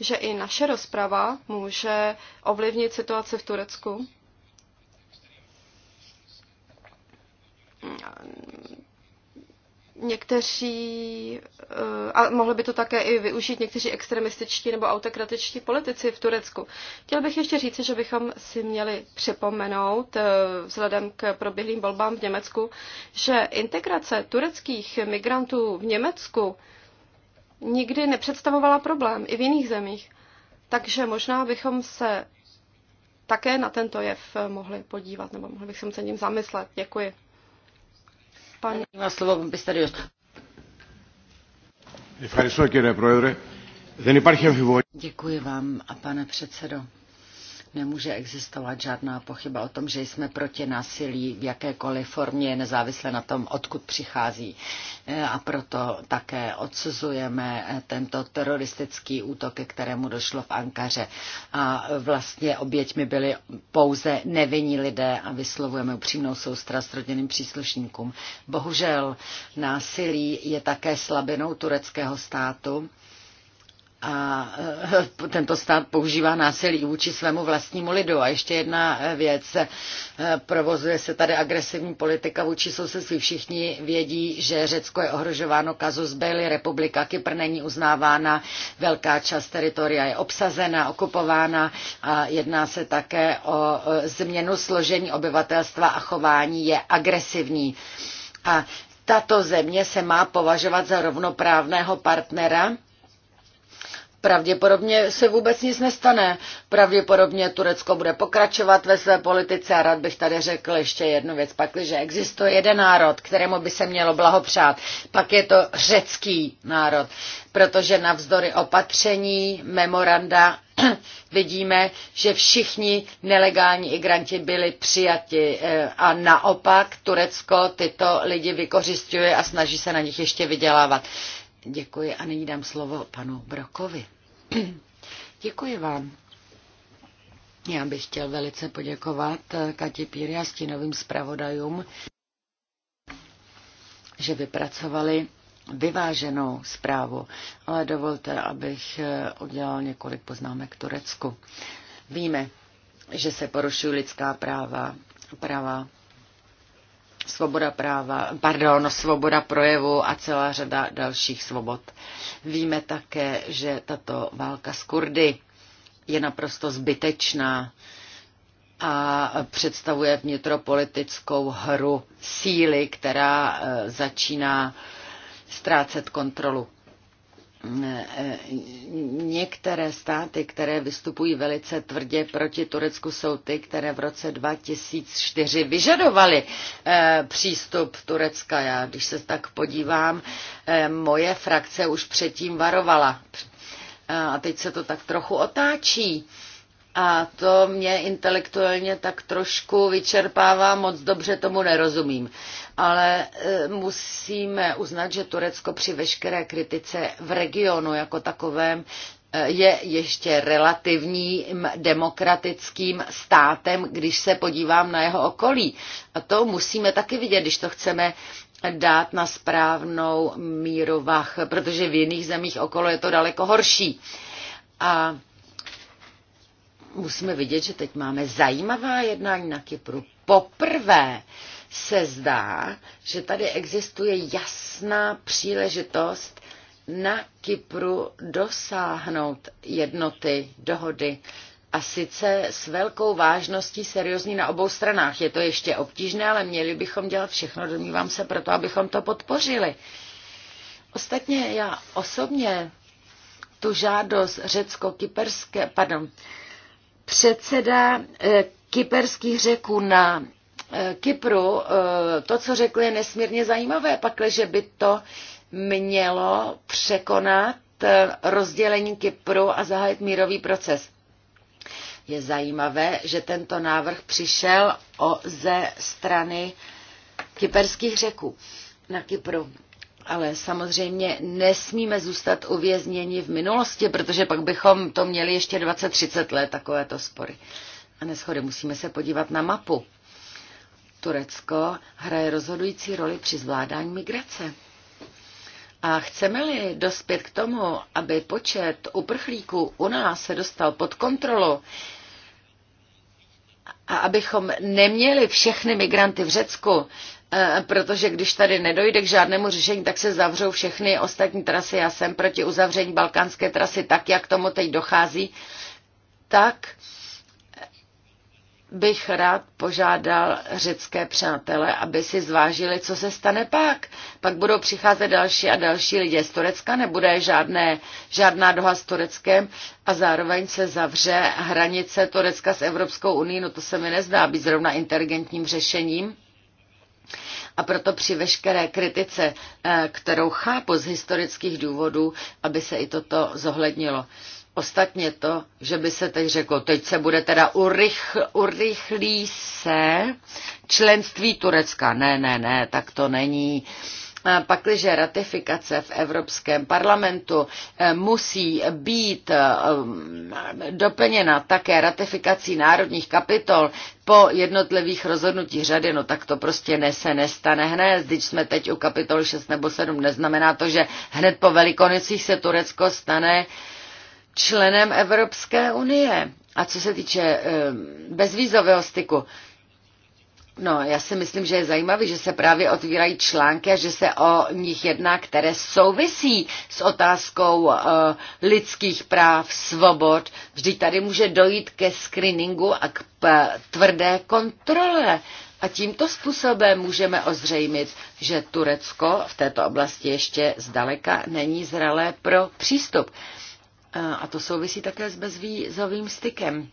S4: že i naše rozprava může ovlivnit situaci v Turecku někteří, eh, a mohli by to také i využít někteří extremističtí nebo autokratičtí politici v Turecku. Chtěl bych ještě říci, že bychom si měli připomenout eh, vzhledem k proběhlým volbám v Německu, že integrace tureckých migrantů v Německu nikdy nepředstavovala problém i v jiných zemích. Takže možná bychom se také na tento jev mohli podívat, nebo mohli bychom se ním zamyslet. Děkuji.
S1: Pan... Má slovo pan Pistarius. Děkuji vám, a pane předsedo. Nemůže existovat žádná pochyba o tom, že jsme proti násilí v jakékoliv formě, nezávisle na tom, odkud přichází. E, a proto také odsuzujeme e, tento teroristický útok, ke kterému došlo v Ankaře. A vlastně oběťmi byly pouze nevinní lidé a vyslovujeme upřímnou soustrast rodinným příslušníkům. Bohužel násilí je také slabinou tureckého státu a eh, tento stát používá násilí vůči svému vlastnímu lidu. A ještě jedna eh, věc, eh, provozuje se tady agresivní politika vůči sousedství. Všichni vědí, že Řecko je ohrožováno kazus Bailey, republika Kypr není uznávána, velká část teritoria je obsazena, okupována a jedná se také o změnu složení obyvatelstva a chování je agresivní. A tato země se má považovat za rovnoprávného partnera Pravděpodobně se vůbec nic nestane. Pravděpodobně Turecko bude pokračovat ve své politice a rád bych tady řekl ještě jednu věc. Pak, že existuje jeden národ, kterému by se mělo blahopřát, pak je to řecký národ, protože navzdory opatření, memoranda vidíme, že všichni nelegální igranti byli přijati eh, a naopak Turecko tyto lidi vykořišťuje a snaží se na nich ještě vydělávat. Děkuji a nyní dám slovo panu Brokovi. Děkuji vám. Já bych chtěl velice poděkovat eh, Kati Píry a stínovým zpravodajům, že vypracovali vyváženou zprávu, ale dovolte, abych eh, udělal několik poznámek k Turecku. Víme, že se porušují lidská práva, práva svoboda práva, pardon, svoboda projevu a celá řada dalších svobod. Víme také, že tato válka s Kurdy je naprosto zbytečná a představuje vnitropolitickou hru síly, která eh, začíná ztrácet kontrolu. Některé státy, které vystupují velice tvrdě proti Turecku, jsou ty, které v roce 2004 vyžadovaly eh, přístup Turecka. Já, když se tak podívám, eh, moje frakce už předtím varovala. Eh, a teď se to tak trochu otáčí a to mě intelektuálně tak trošku vyčerpává, moc dobře tomu nerozumím. Ale e, musíme uznat, že Turecko při veškeré kritice v regionu jako takovém e, je ještě relativním demokratickým státem, když se podívám na jeho okolí. A to musíme taky vidět, když to chceme dát na správnou mírovách, protože v jiných zemích okolo je to daleko horší. A musíme vidět, že teď máme zajímavá jednání na Kypru. Poprvé se zdá, že tady existuje jasná příležitost na Kypru dosáhnout jednoty, dohody. A sice s velkou vážností, seriózní na obou stranách. Je to ještě obtížné, ale měli bychom dělat všechno, domnívám se, proto, abychom to podpořili. Ostatně já osobně tu žádost řecko-kyperské, pardon, Předseda eh, kyperských řeků na eh, Kypru, eh, to, co řekl, je nesmírně zajímavé, pakle, že by to mělo překonat rozdělení Kypru a zahájit mírový proces. Je zajímavé, že tento návrh přišel o ze strany kyperských řeků na Kypru. Ale samozřejmě nesmíme zůstat uvězněni v minulosti, protože pak bychom to měli ještě 20-30 let, takovéto spory. A neschody musíme se podívat na mapu. Turecko hraje rozhodující roli při zvládání migrace. A chceme-li dospět k tomu, aby počet uprchlíků u nás se dostal pod kontrolu a abychom neměli všechny migranty v Řecku, E, protože když tady nedojde k žádnému řešení, tak se zavřou všechny ostatní trasy. Já jsem proti uzavření balkánské trasy tak, jak tomu teď dochází, tak bych rád požádal řecké přátele, aby si zvážili, co se stane pak. Pak budou přicházet další a další lidé z Turecka, nebude žádné, žádná doha s Tureckem a zároveň se zavře hranice Turecka s Evropskou unii, no to se mi nezdá být zrovna inteligentním řešením. A proto při veškeré kritice, eh, kterou chápu z historických důvodů, aby se i toto zohlednilo. Ostatně to, že by se teď řeklo, teď se bude teda urychl, urychlí se členství Turecka. Ne, ne, ne, tak to není. Uh, pakliže ratifikace v Evropském parlamentu eh, musí být eh, mm, doplněna také ratifikací národních kapitol po jednotlivých rozhodnutích řady, no tak to prostě ne, se nestane hned. Když jsme teď u kapitol 6 nebo 7, neznamená to, že hned po velikonocích se Turecko stane členem Evropské unie. A co se týče eh, bezvízového styku, No, já si myslím, že je zajímavé, že se právě otvírají články a že se o nich jedná, které souvisí s otázkou uh, lidských práv, svobod. Vždy tady může dojít ke screeningu a k eh, tvrdé kontrole. A tímto způsobem můžeme ozřejmit, že Turecko v této oblasti ještě zdaleka není zralé pro přístup. Eh, a to souvisí také s bezvízovým stykem.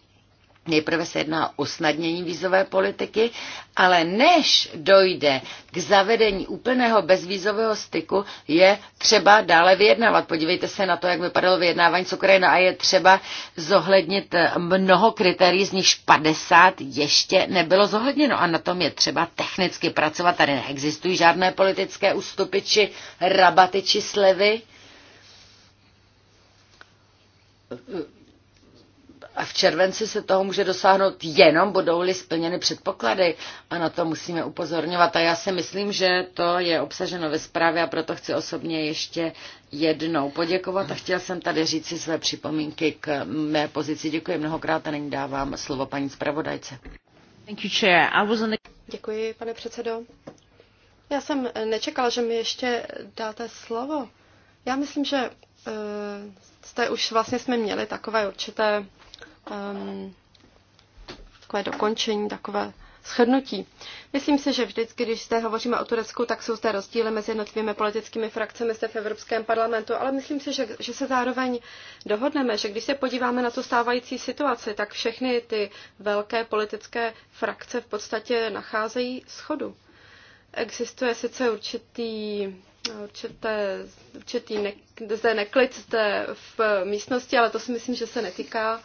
S1: Nejprve se jedná o usnadnění vízové politiky, ale než dojde k zavedení úplného bezvízového styku, je třeba dále vyjednávat. Podívejte se na to, jak vypadalo vyjednávání s Ukrajinou a je třeba zohlednit mnoho kritérií, z nichž 50 ještě nebylo zohledněno a na tom je třeba technicky pracovat. Tady neexistují žádné politické ústupy či rabaty či slevy a v červenci se toho může dosáhnout jenom budou-li splněny předpoklady a na to musíme upozorňovat. A já si myslím, že to je obsaženo ve zprávě a proto chci osobně ještě jednou poděkovat a chtěl jsem tady říct si své připomínky k mé pozici. Děkuji mnohokrát a nyní dávám slovo paní zpravodajce. Děkuji, pane předsedo.
S4: Já jsem nečekala, že mi ještě dáte slovo. Já myslím, že eh, jste už vlastně jsme měli takové určité um, takové dokončení, takové shrnutí. Myslím si, že vždycky, když zde hovoříme o Turecku, tak jsou zde rozdíly mezi jednotlivými politickými frakcemi zde v Evropském parlamentu, ale myslím si, že, že se zároveň dohodneme, že když se podíváme na tu stávající situaci, tak všechny ty velké politické frakce v podstatě nacházejí schodu. Existuje sice určitý určité, určitý ne, zde neklid zde v místnosti, ale to si myslím, že se netýká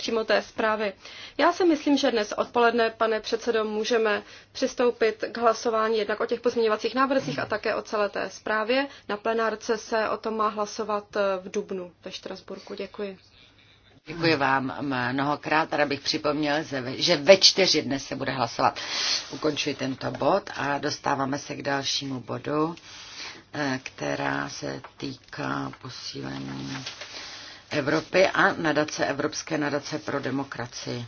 S4: přímo té zprávy. Já si myslím, že dnes odpoledne, pane předsedo, můžeme přistoupit k hlasování jednak o těch pozměňovacích návrzích a také o celé té zprávě. Na plenárce se o tom má hlasovat eh, v Dubnu ve Štrasburku. Děkuji.
S1: Děkuji vám mnohokrát. Rád bych připomněl, že ve čtyři dnes se bude hlasovat. Ukončuji tento bod a dostáváme se k dalšímu bodu, eh, která se týká posílení Evropy a nadace Evropské nadace pro demokracii.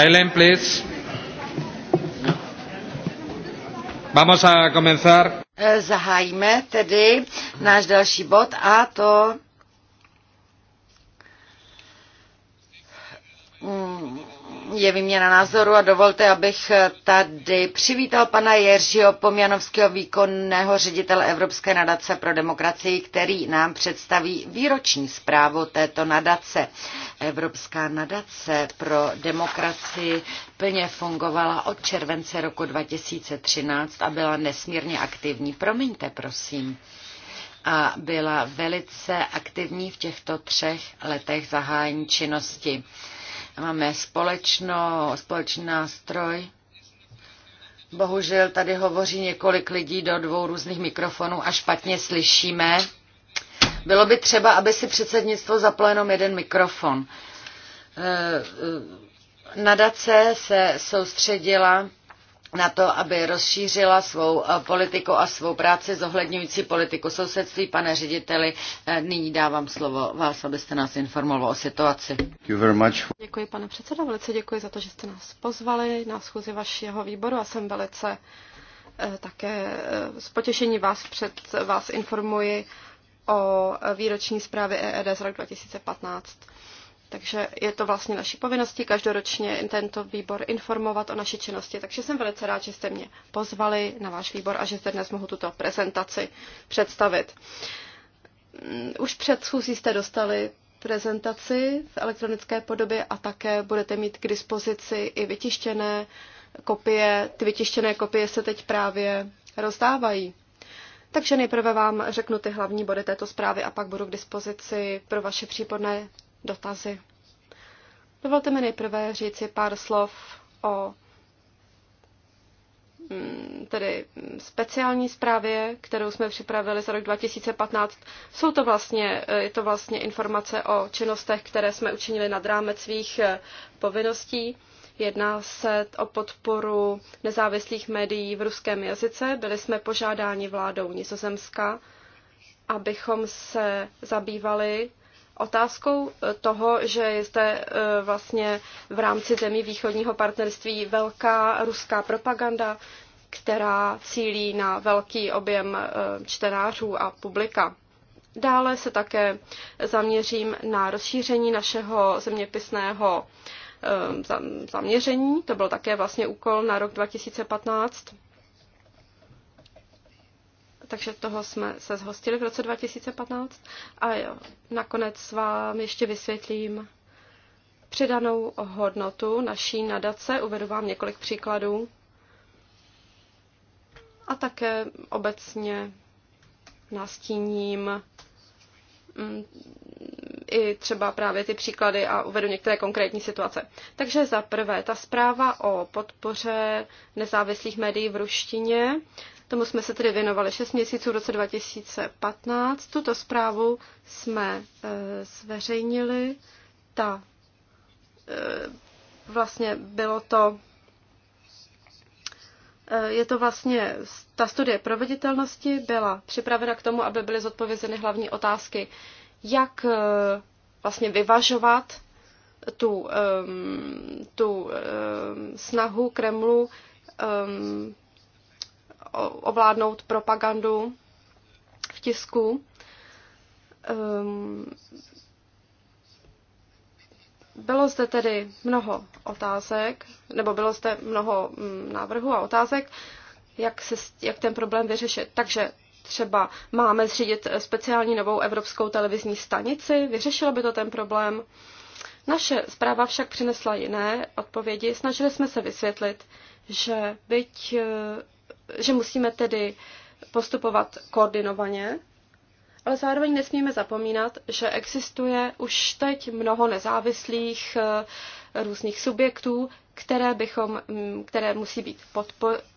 S3: Silent, please. Vamos a comenzar.
S1: Eh, zahájíme tedy náš další bod a to je výměna názoru a dovolte, abych tady přivítal pana Jeržího Pomjanovského výkonného ředitele Evropské nadace pro demokracii, který nám představí výroční zprávu této nadace. Evropská nadace pro demokracii plně fungovala od července roku 2013 a byla nesmírně aktivní. Promiňte, prosím a byla velice aktivní v těchto třech letech zahájení činnosti. Máme společno, společný nástroj. Bohužel tady hovoří několik lidí do dvou různých mikrofonů a špatně slyšíme. Bylo by třeba, aby si předsednictvo zaplo jenom jeden mikrofon. Eh, eh, nadace se soustředila na to, aby rozšířila svou eh, politiku a svou práci zohledňující politiku sousedství. Pane řediteli, eh, nyní dávám slovo vás, abyste nás informoval o situaci.
S4: Děkuji, pane předseda, velice děkuji za to, že jste nás pozvali na schůzi vašeho výboru a jsem velice eh, také s potěšením vás, před, vás informuji o výroční zprávě EED z roku 2015. Takže je to vlastně naší povinností každoročně tento výbor informovat o naší činnosti. Takže jsem velice rád, že jste mě pozvali na váš výbor a že zde dnes mohu tuto prezentaci představit. Mm, už před schůzí jste dostali prezentaci v elektronické podobě a také budete mít k dispozici i vytištěné kopie. Ty vytištěné kopie se teď právě rozdávají. Takže nejprve vám řeknu ty hlavní body této zprávy a pak budu k dispozici pro vaše případné dotazy. Dovolte mi nejprve říci pár slov o mm, tedy speciální zprávě, kterou jsme připravili za rok 2015. Jsou to vlastně, eh, je to vlastně informace o činnostech, které jsme učinili nad rámec svých eh, povinností. Jedná se o podporu nezávislých médií v ruském jazyce. Byli jsme požádáni vládou Nizozemska, abychom se zabývali otázkou eh, toho, že je zde eh, vlastně v rámci zemí východního partnerství velká ruská propaganda, která cílí na velký objem eh, čtenářů a publika. Dále se také zaměřím na rozšíření našeho zeměpisného zaměření. To byl také vlastně úkol na rok 2015 takže toho jsme se zhostili v roce 2015. A jo, nakonec vám ještě vysvětlím přidanou hodnotu naší nadace. Uvedu vám několik příkladů. A také obecně nastíním mm, i třeba právě ty příklady a uvedu některé konkrétní situace. Takže za prvé, ta zpráva o podpoře nezávislých médií v ruštině. Tomu jsme se tedy věnovali 6 měsíců v roce 2015. Tuto zprávu jsme e, zveřejnili. Ta e, vlastně bylo to e, je to vlastně, ta studie proveditelnosti byla připravena k tomu, aby byly zodpovězeny hlavní otázky, jak vlastně vyvažovat tu, tu snahu Kremlu ovládnout propagandu v tisku. Ehm, bylo zde tedy mnoho otázek, nebo bylo zde mnoho mm, návrhů a otázek, jak, se, jak ten problém vyřešit. Takže třeba máme zřídit speciální novou evropskou televizní stanici, vyřešilo by to ten problém. Naše zpráva však přinesla jiné odpovědi. Snažili jsme se vysvětlit, že byť eh, že musíme tedy postupovat koordinovaně, ale zároveň nesmíme zapomínat, že existuje už teď mnoho nezávislých eh, různých subjektů, které, bychom, mm, které musí být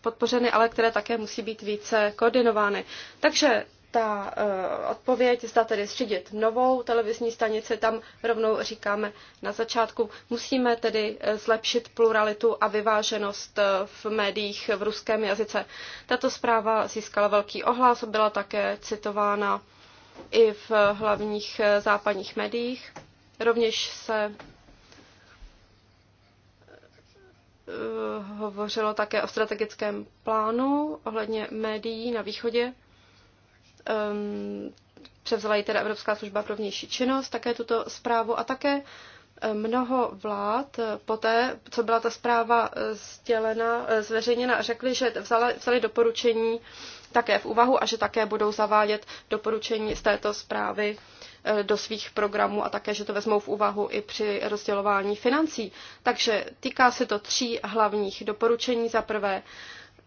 S4: podpořeny, ale které také musí být více koordinovány. Takže ta uh, odpověď, zda tedy střídit novou televizní stanici, tam rovnou říkáme na začátku, musíme tedy eh, zlepšit pluralitu a vyváženost eh, v médiích v ruském jazyce. Tato zpráva získala velký ohlas, byla také citována i v hlavních západních médiích. Rovněž se hovořilo také o strategickém plánu ohledně médií na východě um, převzala ji teda Evropská služba pro vnější činnost, také tuto zprávu a také eh, mnoho vlád eh, poté, co byla ta zpráva eh, sdělena, zveřejněna, řekli, že vzali, vzali doporučení také v úvahu a že také budou zavádět doporučení z této zprávy do svých programů a také, že to vezmou v úvahu i při rozdělování financí. Takže týká se to tří hlavních doporučení. Za prvé,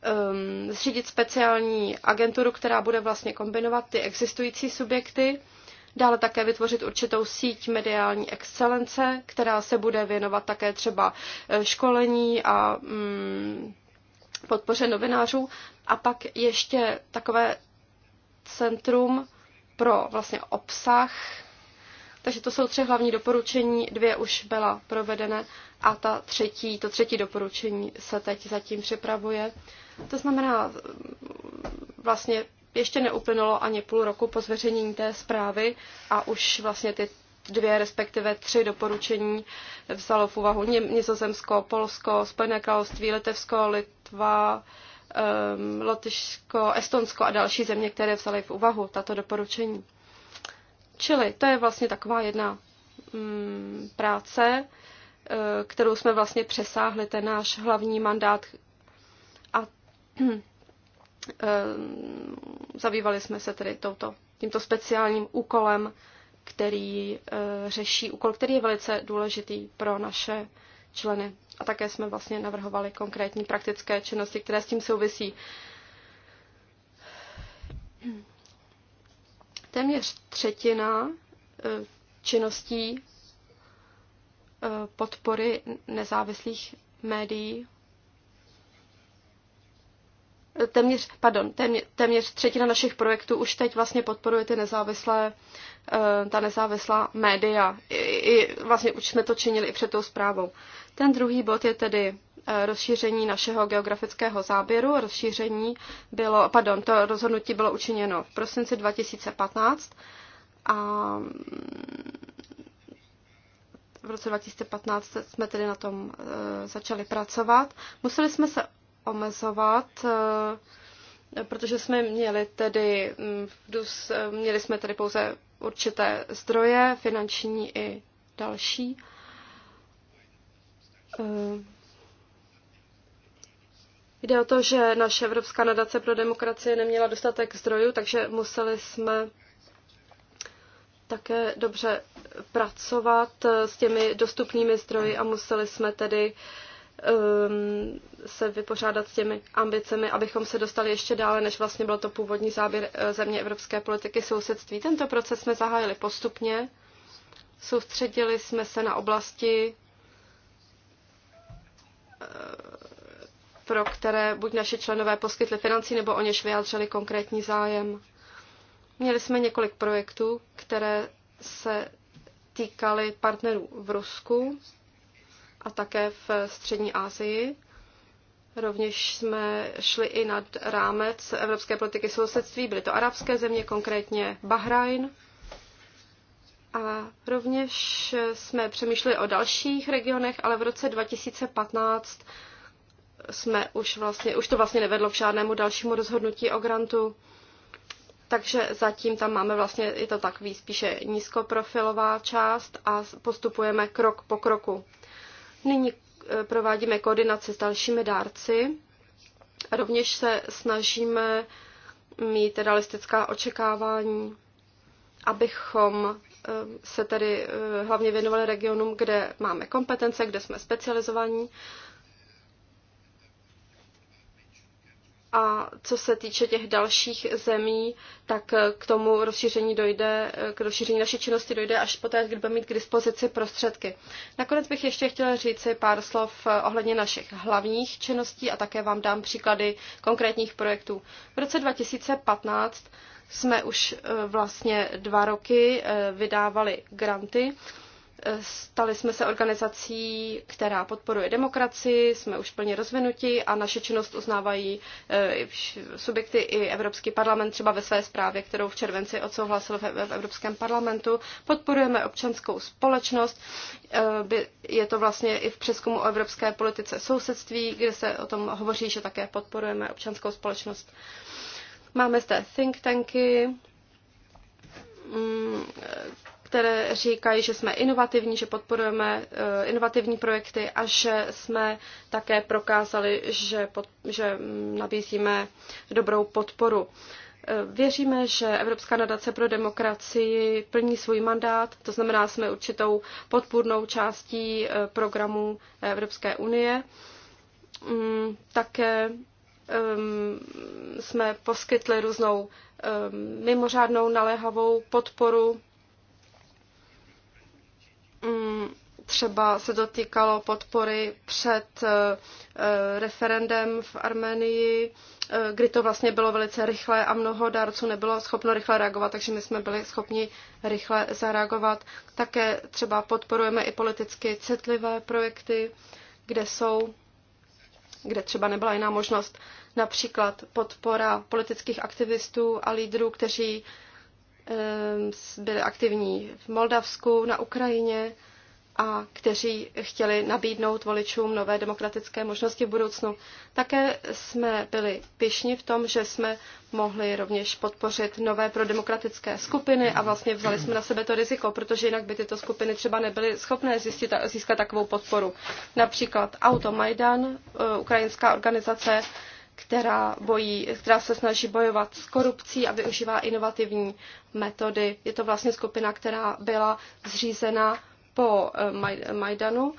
S4: um, zřídit speciální agenturu, která bude vlastně kombinovat ty existující subjekty, dále také vytvořit určitou síť mediální excelence, která se bude věnovat také třeba eh, školení a um, podpoře novinářů a pak ještě takové centrum pro vlastně obsah. Takže to jsou tři hlavní doporučení, dvě už byla provedené a ta třetí, to třetí doporučení se teď zatím připravuje. To znamená, vlastně ještě neuplynulo ani půl roku po zveřejnění té zprávy a už vlastně ty dvě, respektive tři doporučení vzalo v úvahu Nizozemsko, Polsko, Spojené království, Litevsko, Litva, um, Lotyšsko, Estonsko a další země, které vzaly v úvahu tato doporučení. Čili to je vlastně taková jedna um, práce, eh, kterou jsme vlastně přesáhli ten náš hlavní mandát, Ehm, zabývali jsme se tedy touto, tímto speciálním úkolem, který eh, řeší úkol, který je velice důležitý pro naše členy. A také jsme vlastně navrhovali konkrétní praktické činnosti, které s tím souvisí. Téměř třetina eh, činností eh, podpory nezávislých médií téměř, pardon, téměř, téměř třetina našich projektů už teď vlastně podporuje ty nezávislé, eh, ta nezávislá média. I, i, vlastně už jsme to činili i před tou zprávou. Ten druhý bod je tedy eh, rozšíření našeho geografického záběru. Rozšíření bylo, pardon, to rozhodnutí bylo učiněno v prosinci 2015 a mm, v roce 2015 jsme tedy na tom eh, začali pracovat. Museli jsme se omezovat, eh, protože jsme měli tedy, mm, eh, měli jsme tedy pouze určité zdroje, finanční i další. Eh, jde o to, že naše Evropská nadace pro demokracii neměla dostatek zdrojů, takže museli jsme také dobře pracovat s těmi dostupnými zdroji a museli jsme tedy um, se vypořádat s těmi ambicemi, abychom se dostali ještě dále, než vlastně byl to původní záběr eh, země evropské politiky sousedství. Tento proces jsme zahájili postupně, soustředili jsme se na oblasti, eh, pro které buď naši členové poskytli financí, nebo o něž vyjádřili konkrétní zájem. Měli jsme několik projektů, které se týkaly partnerů v Rusku, a také v střední Asii. Rovněž jsme šli i nad rámec evropské politiky sousedství, byly to arabské země, konkrétně Bahrajn. A rovněž jsme přemýšleli o dalších regionech, ale v roce 2015 jsme už vlastně, už to vlastně nevedlo k žádnému dalšímu rozhodnutí o grantu. Takže zatím tam máme vlastně, je to takový spíše nízkoprofilová část a postupujeme krok po kroku. Nyní eh, provádíme koordinaci s dalšími dárci. A rovněž se snažíme mít realistická očekávání, abychom eh, se tedy eh, hlavně věnovali regionům, kde máme kompetence, kde jsme specializovaní. A co se týče těch dalších zemí, tak k tomu rozšíření dojde, k rozšíření naší činnosti dojde až poté, kdy budeme mít k dispozici prostředky. Nakonec bych ještě chtěla si pár slov ohledně našich hlavních činností a také vám dám příklady konkrétních projektů. V roce 2015 jsme už eh, vlastně dva roky eh, vydávali granty Stali jsme se organizací, která podporuje demokracii, jsme už plně rozvinuti a naše činnost uznávají eh, subjekty i Evropský parlament, třeba ve své zprávě, kterou v červenci odsouhlasil v Evropském parlamentu. Podporujeme občanskou společnost, eh, je to vlastně i v přeskumu o evropské politice sousedství, kde se o tom hovoří, že také podporujeme občanskou společnost. Máme zde think tanky, mm, které říkají, že jsme inovativní, že podporujeme eh, inovativní projekty a že jsme také prokázali, že, pod, že nabízíme dobrou podporu. Eh, věříme, že Evropská nadace pro demokracii plní svůj mandát, to znamená, jsme určitou podpůrnou částí eh, programů Evropské unie. Mm, také ehm, jsme poskytli různou ehm, mimořádnou naléhavou podporu Mm, třeba se dotýkalo podpory před eh, eh, referendem v Armenii, eh, kdy to vlastně bylo velice rychlé a mnoho dárců nebylo schopno rychle reagovat, takže my jsme byli schopni rychle zareagovat. Také třeba podporujeme i politicky citlivé projekty, kde jsou kde třeba nebyla jiná možnost, například podpora politických aktivistů a lídrů, kteří Ehm, byli aktivní v Moldavsku, na Ukrajině a kteří chtěli nabídnout voličům nové demokratické možnosti v budoucnu. Také jsme byli pišni v tom, že jsme mohli rovněž podpořit nové prodemokratické skupiny a vlastně vzali jsme na sebe to riziko, protože jinak by tyto skupiny třeba nebyly schopné zjistit, získat takovou podporu. Například Automajdan, eh, ukrajinská organizace, která, bojí, která se snaží bojovat s korupcí a využívá inovativní metody. Je to vlastně skupina, která byla zřízena po eh, Majdanu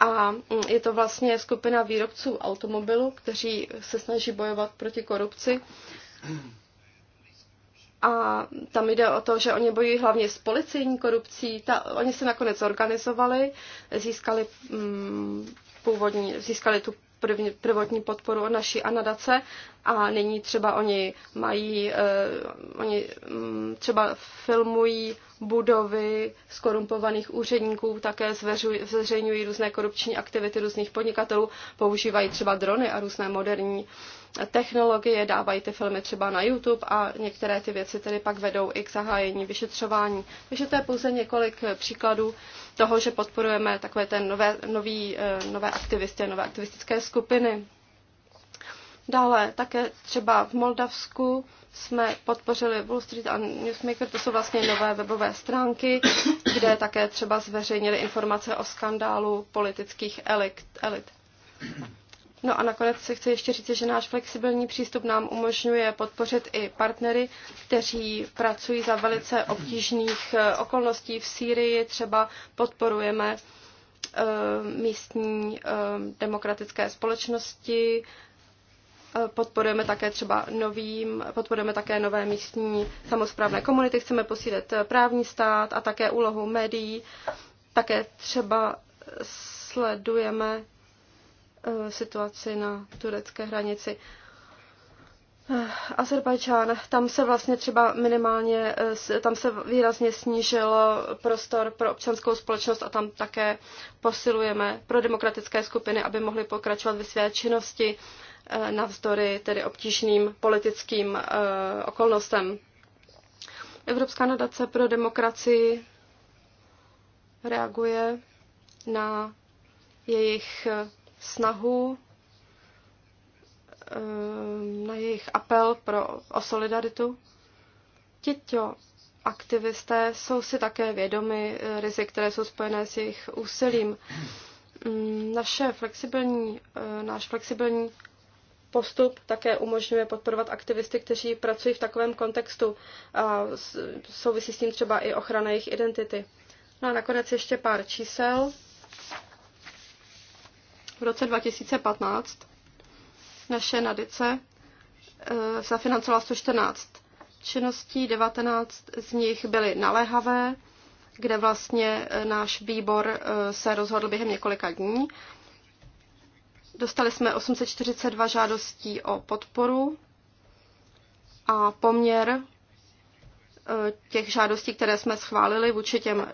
S4: a mm, je to vlastně skupina výrobců automobilů, kteří se snaží bojovat proti korupci. A tam jde o to, že oni bojují hlavně s policejní korupcí. Ta, oni se nakonec organizovali, získali mm, původní, získali tu prvotní podporu od naší a nadace a nyní třeba oni mají, uh, oni um, třeba filmují budovy skorumpovaných úředníků, také zveřejňují různé korupční aktivity různých podnikatelů, používají třeba drony a různé moderní technologie, dávají ty filmy třeba na YouTube a některé ty věci tedy pak vedou i k zahájení vyšetřování. Takže to je pouze několik příkladů toho, že podporujeme takové ten nové, nový, eh, nové aktivisty, nové aktivistické skupiny. Dále také třeba v Moldavsku jsme podpořili Wall Street a Newsmaker, to jsou vlastně nové webové stránky, kde také třeba zveřejnili informace o skandálu politických elit. elit. No a nakonec se chci ještě říct, že náš flexibilní přístup nám umožňuje podpořit i partnery, kteří pracují za velice obtížných eh, okolností v Sýrii. Třeba podporujeme eh, místní eh, demokratické společnosti, Podporujeme také třeba novým, podporujeme také nové místní samozprávné komunity, chceme posílit právní stát a také úlohu médií. Také třeba sledujeme eh, situaci na turecké hranici. Eh, Azerbajdžán, tam se vlastně třeba minimálně, eh, tam se výrazně snížil prostor pro občanskou společnost a tam také posilujeme pro demokratické skupiny, aby mohly pokračovat ve své činnosti. Eh, navzdory tedy obtížným politickým eh, okolnostem. Evropská nadace pro demokracii reaguje na jejich eh, snahu, na jejich apel pro, o solidaritu. Tito aktivisté jsou si také vědomi rizik, které jsou spojené s jejich úsilím. Mm, naše flexibilní, náš flexibilní postup také umožňuje podporovat aktivisty, kteří pracují v takovém kontextu a souvisí s tím třeba i ochrana jejich identity. No a nakonec ještě pár čísel. V roce 2015 naše nadice eh, zafinancovala 114 činností, 19 z nich byly naléhavé, kde vlastně eh, náš výbor eh, se rozhodl během několika dní. Dostali jsme 842 žádostí o podporu a poměr e, těch žádostí, které jsme schválili, vůči těm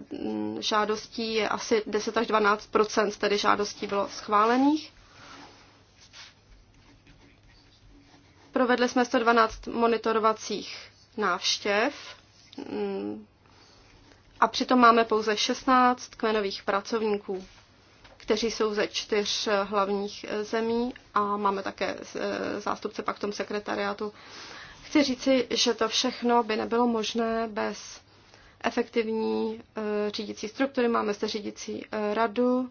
S4: žádostí je asi 10 až 12 tedy žádostí bylo schválených. Provedli jsme 112 monitorovacích návštěv a přitom máme pouze 16 kmenových pracovníků kteří jsou ze čtyř eh, hlavních eh, zemí a máme také eh, zástupce pak tom sekretariátu. Chci říci, že to všechno by nebylo možné bez efektivní řídící struktury. Máme zde řídící radu,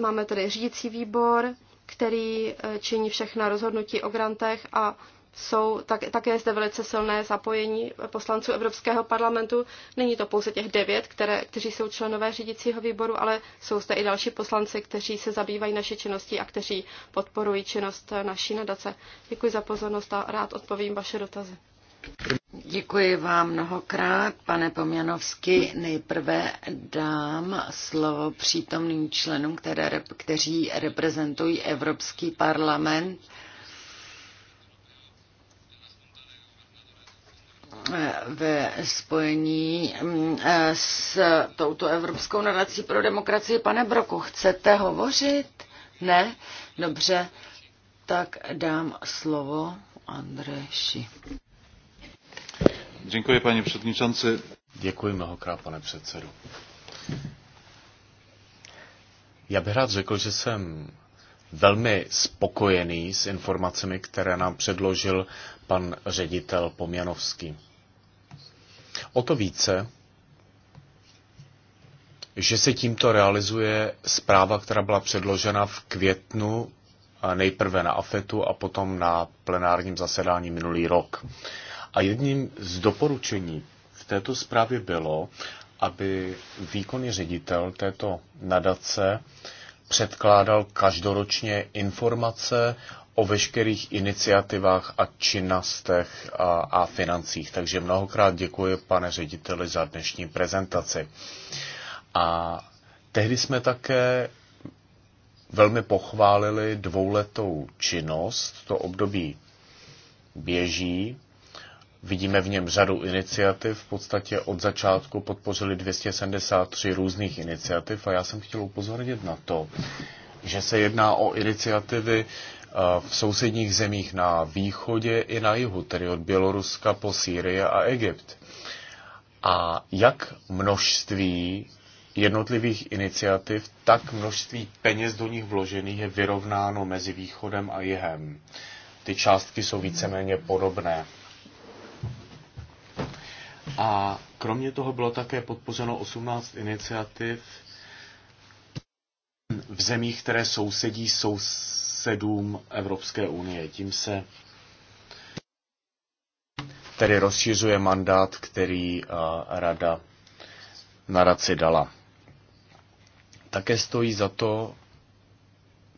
S4: máme tedy řídící výbor, který činí všechna rozhodnutí o grantech a jsou tak, také zde velice silné zapojení poslanců Evropského parlamentu. Není to pouze těch devět, které, kteří jsou členové řídícího výboru, ale jsou zde i další poslanci, kteří se zabývají naší činností a kteří podporují činnost naší nadace. Děkuji za pozornost a rád odpovím vaše dotazy.
S1: Děkuji vám mnohokrát, pane Pomjanovsky. Nejprve dám slovo přítomným členům, které, kteří reprezentují Evropský parlament. ve spojení mm, eh, s touto Evropskou nadací pro demokracii. Pane Broku, chcete hovořit? Ne? Dobře, tak dám slovo Andreši.
S2: Děkuji, paní předničanci. Děkuji mnohokrát, pane předsedu. Já bych rád řekl, že jsem velmi spokojený s informacemi, které nám předložil pan ředitel Pomjanovský. O to více, že se tímto realizuje zpráva, která byla předložena v květnu nejprve na AFETu a potom na plenárním zasedání minulý rok. A jedním z doporučení v této zprávě bylo, aby výkonný ředitel této nadace předkládal každoročně informace o veškerých iniciativách a činnostech a, a financích. Takže mnohokrát děkuji, pane řediteli, za dnešní prezentaci. A tehdy jsme také velmi pochválili dvouletou činnost. To období běží. Vidíme v něm řadu iniciativ. V podstatě od začátku podpořili 273 různých iniciativ a já jsem chtěl upozornit na to, že se jedná o iniciativy, Eh, v sousedních zemích na východě i na jihu, tedy od Běloruska po Sýrie a Egypt. A jak množství jednotlivých iniciativ, tak množství peněz do nich vložených je vyrovnáno mezi východem a jihem. Ty částky jsou víceméně podobné. A kromě toho bylo také podpořeno 18 iniciativ v zemích, které sousedí sous 7 Evropské unie. Tím se tedy rozšiřuje mandát, který eh, rada na radci dala. Také stojí za to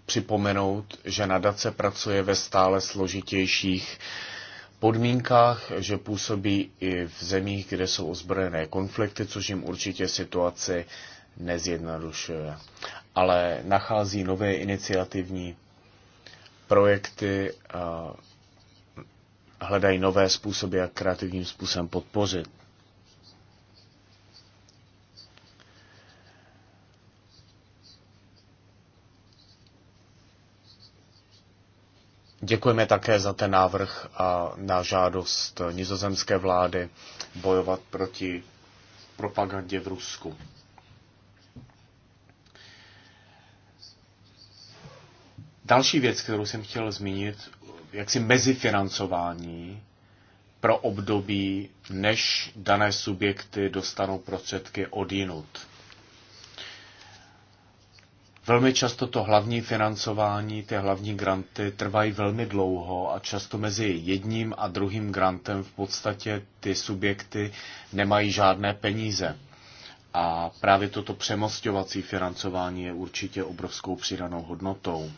S2: připomenout, že nadace pracuje ve stále složitějších podmínkách, že působí i v zemích, kde jsou ozbrojené konflikty, což jim určitě situaci nezjednodušuje. Ale nachází nové iniciativní projekty a hledají nové způsoby, jak kreativním způsobem podpořit. Děkujeme také za ten návrh a na žádost nizozemské vlády bojovat proti propagandě v Rusku. Další věc, kterou jsem chtěl zmínit, jaksi mezifinancování pro období, než dané subjekty dostanou prostředky od jinut. Velmi často to hlavní financování, ty hlavní granty trvají velmi dlouho a často mezi jedním a druhým grantem v podstatě ty subjekty nemají žádné peníze. A právě toto přemostovací financování je určitě obrovskou přidanou hodnotou.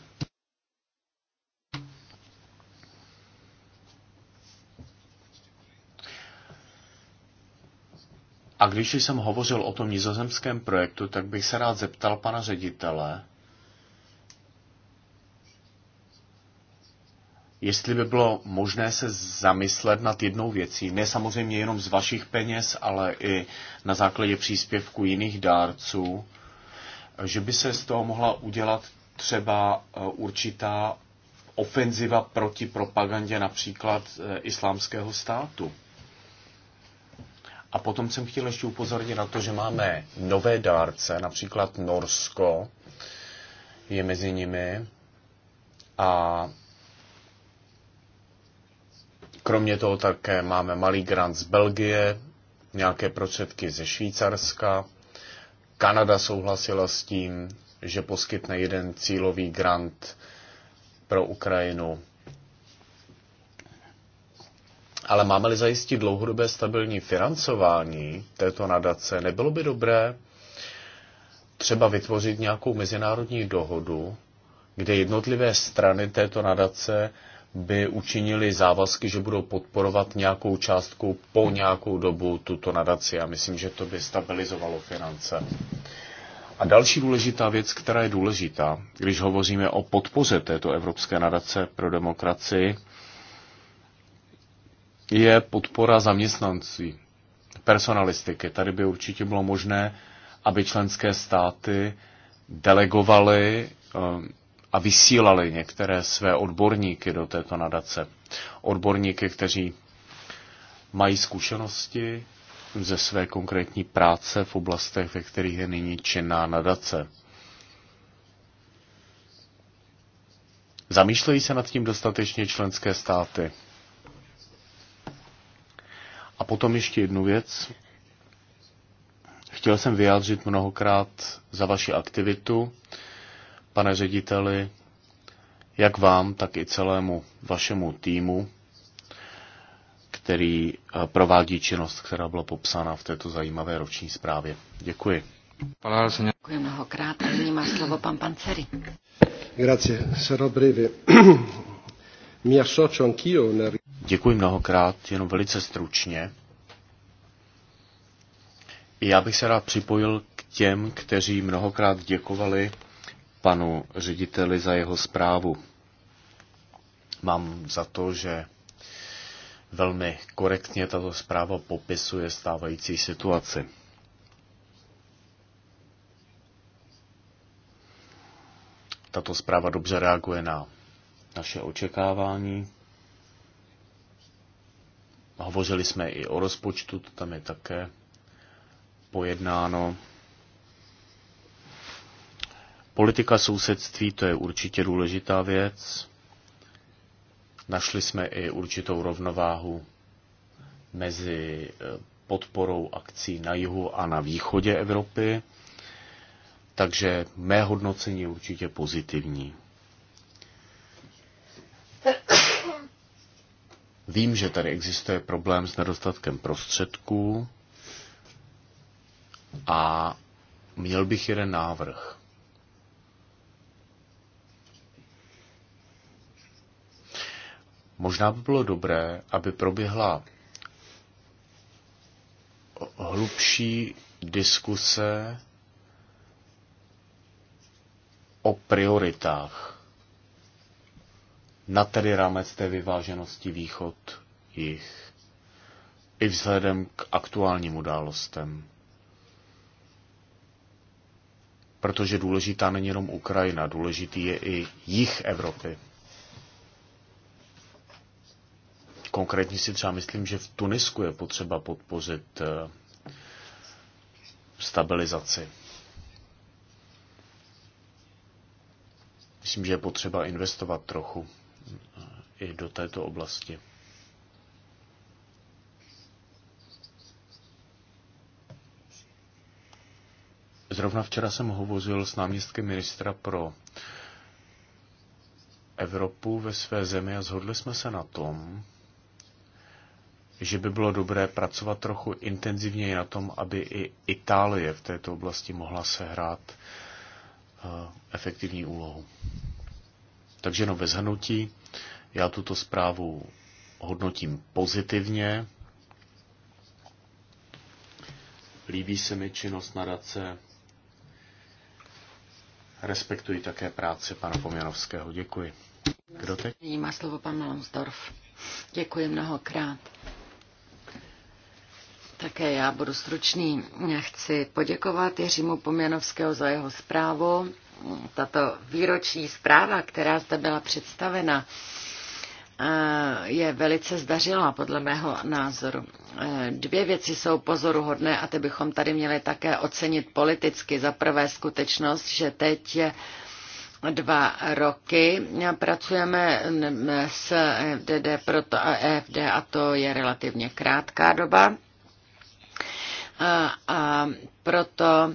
S2: A když jsem hovořil o tom nizozemském projektu, tak bych se rád zeptal pana ředitele, jestli by bylo možné se zamyslet nad jednou věcí, ne samozřejmě jenom z vašich peněz, ale i na základě příspěvku jiných dárců, že by se z toho mohla udělat třeba eh, určitá ofenziva proti propagandě například eh, islámského státu. A potom jsem chtěl ještě upozornit na to, že máme nové dárce, například Norsko je mezi nimi a kromě toho také máme malý grant z Belgie, nějaké prostředky ze Švýcarska. Kanada souhlasila s tím, že poskytne jeden cílový grant pro Ukrajinu ale máme-li zajistit dlouhodobé stabilní financování této nadace, nebylo by dobré třeba vytvořit nějakou mezinárodní dohodu, kde jednotlivé strany této nadace by učinili závazky, že budou podporovat nějakou částku po nějakou dobu tuto nadaci. Já myslím, že to by stabilizovalo finance. A další důležitá věc, která je důležitá, když hovoříme o podpoře této Evropské nadace pro demokracii, je podpora zaměstnanců, personalistiky. Tady by určitě bylo možné, aby členské státy delegovaly um, a vysílali některé své odborníky do této nadace. Odborníky, kteří mají zkušenosti ze své konkrétní práce v oblastech, ve kterých je nyní činná nadace. Zamýšlejí se nad tím dostatečně členské státy potom ještě jednu věc. Chtěl jsem vyjádřit mnohokrát za vaši aktivitu, pane řediteli, jak vám, tak i celému vašemu týmu, který eh, provádí činnost, která byla popsána v této zajímavé roční zprávě. Děkuji. Děkuji
S1: mnohokrát a nyní má slovo pan Panceri.
S2: Grazie,
S3: sarò breve.
S2: Mi associo anch'io nel Děkuji mnohokrát, jenom velice stručně. Já bych se rád připojil k těm, kteří mnohokrát děkovali panu řediteli za jeho zprávu. Mám za to, že velmi korektně tato zpráva popisuje stávající situaci. Tato zpráva dobře reaguje na naše očekávání Hovořili jsme i o rozpočtu, to tam je také pojednáno. Politika sousedství, to je určitě důležitá věc. Našli jsme i určitou rovnováhu mezi eh, podporou akcí na jihu a na východě Evropy, takže mé hodnocení je určitě pozitivní. Vím, že tady existuje problém s nedostatkem prostředků a měl bych jeden návrh. Možná by bylo dobré, aby proběhla hlubší diskuse o prioritách na tedy rámec té vyváženosti východ jich i vzhledem k aktuálním událostem. Protože důležitá není jenom Ukrajina, důležitý je i jich Evropy. Konkrétně si třeba myslím, že v Tunisku je potřeba podpořit eh, stabilizaci. Myslím, že je potřeba investovat trochu i do této oblasti. Zrovna včera jsem hovořil s náměstkem ministra pro Evropu ve své zemi a zhodli jsme se na tom, že by bylo dobré pracovat trochu intenzivněji na tom, aby i Itálie v této oblasti mohla sehrát eh, efektivní úlohu. Takže no, ve zhrnutí já tuto zprávu hodnotím pozitivně. Líbí se mi činnost nadace. Respektuji také práci pana Poměnovského. Děkuji. Kdo teď?
S1: Nyní má slovo pan Lonsdorf. Děkuji mnohokrát. Také já budu stručný. Já chci poděkovat Jiřímu Poměnovského za jeho zprávu. Tato výroční zpráva, která zde byla představena, je velice zdařila, podle mého názoru. E, dvě věci jsou pozoruhodné a ty bychom tady měli také ocenit politicky. Za prvé skutečnost, že teď je dva roky pracujeme s FDD proto, a EFD a to je relativně krátká doba. A, e, a proto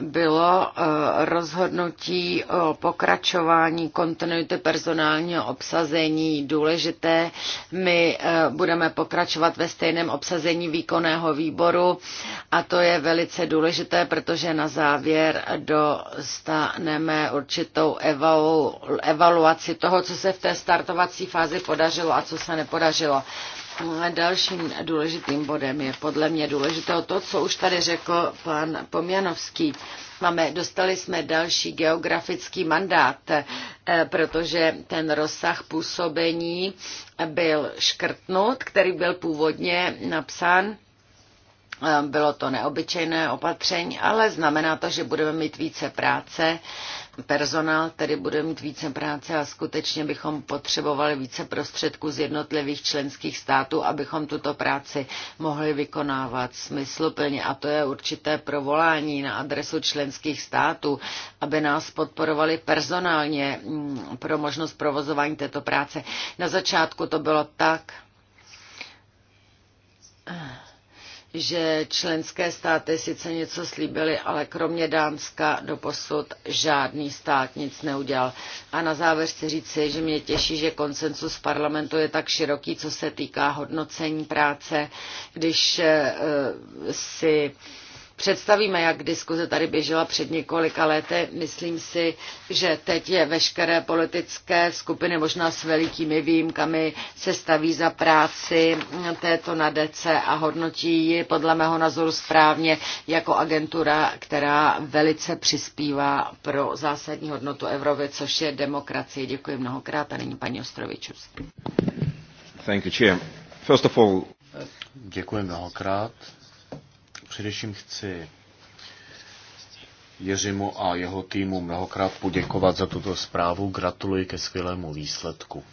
S1: bylo eh, rozhodnutí o pokračování kontinuity personálního obsazení důležité. My eh, budeme pokračovat ve stejném obsazení výkonného výboru a to je velice důležité, protože na závěr dostaneme určitou evaluaci toho, co se v té startovací fázi podařilo a co se nepodařilo. Dalším důležitým bodem je podle mě důležité to, co už tady řekl pan Pomjanovský. Máme, dostali jsme další geografický mandát, eh, protože ten rozsah působení byl škrtnut, který byl původně napsán Ehm, bylo to neobyčejné opatření, ale znamená to, že budeme mít více práce. Personál tedy bude mít více práce a skutečně bychom potřebovali více prostředků z jednotlivých členských států, abychom tuto práci mohli vykonávat smysluplně. A to je určité provolání na adresu členských států, aby nás podporovali personálně mm, pro možnost provozování této práce. Na začátku to bylo tak, že členské státy sice něco slíbily, ale kromě Dánska doposud žádný stát nic neudělal. A na závěr chci říci, že mě těší, že konsensus parlamentu je tak široký, co se týká hodnocení práce, když eh, si představíme, jak diskuze tady běžela před několika lety. Myslím si, že teď je veškeré politické skupiny, možná s velikými výjimkami, se staví za práci této nadece a hodnotí ji podle mého názoru správně jako agentura, která velice přispívá pro zásadní hodnotu Evropy, což je demokracie. Děkuji mnohokrát a nyní paní Ostrovičus.
S2: Thank you, Chair. First of all... Děkuji mnohokrát. Především chci Jeřimu a jeho týmu mnohokrát poděkovat za tuto zprávu, gratuluji ke skvělému výsledku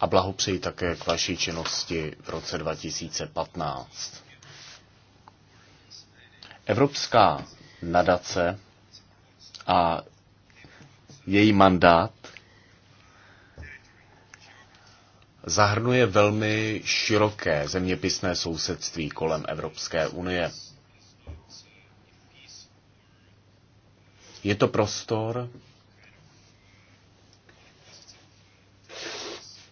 S2: a blahopřeji také k vaší činnosti v roce 2015. Evropská nadace a její mandát zahrnuje velmi široké zeměpisné sousedství kolem Evropské unie. Je to prostor,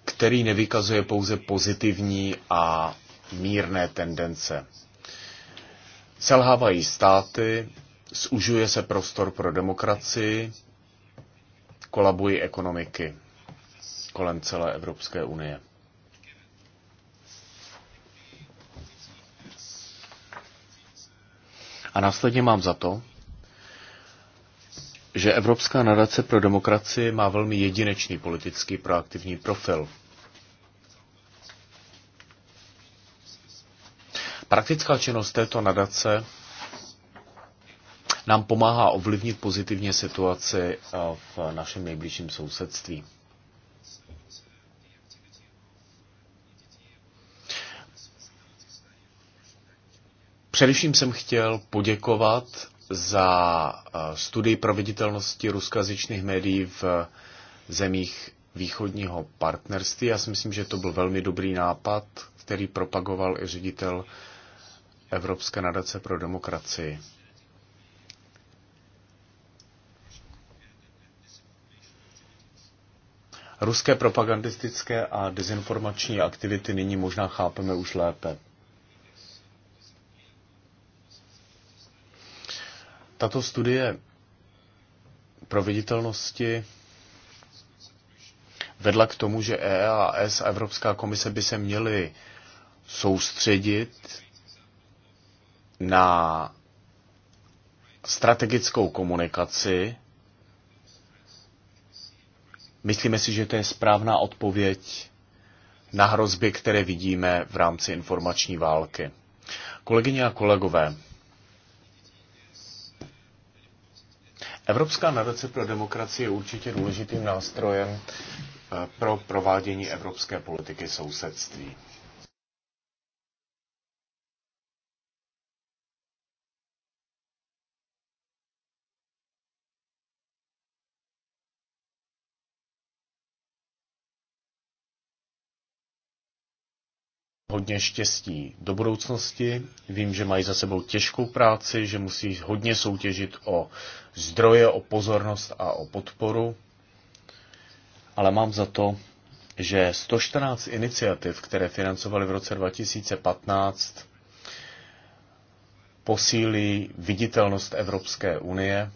S2: který nevykazuje pouze pozitivní a mírné tendence. Selhávají státy, zužuje se prostor pro demokracii, kolabují ekonomiky kolem celé Evropské unie. A následně mám za to, že Evropská nadace pro demokracii má velmi jedinečný politický proaktivní profil. Praktická činnost této nadace nám pomáhá ovlivnit pozitivně situaci eh, v našem nejbližším sousedství. Především jsem chtěl poděkovat za eh, studii proveditelnosti ruskazyčných médií v zemích východního partnerství. Já si myslím, že to byl velmi dobrý nápad, který propagoval i ředitel Evropské nadace pro demokracii. Ruské propagandistické a dezinformační aktivity nyní možná chápeme už lépe. Tato studie proveditelnosti vedla k tomu, že EAS a Evropská komise by se měly soustředit na strategickou komunikaci. Myslíme si, že to je správná odpověď na hrozby, které vidíme v rámci informační války. Kolegyně a kolegové, Evropská nadace pro demokracii je určitě důležitým nástrojem eh, pro provádění evropské politiky sousedství. hodně štěstí do budoucnosti. Vím, že mají za sebou těžkou práci, že musí hodně soutěžit o zdroje, o pozornost a o podporu. Ale mám za to, že 114 iniciativ, které financovali v roce 2015, posílí viditelnost Evropské unie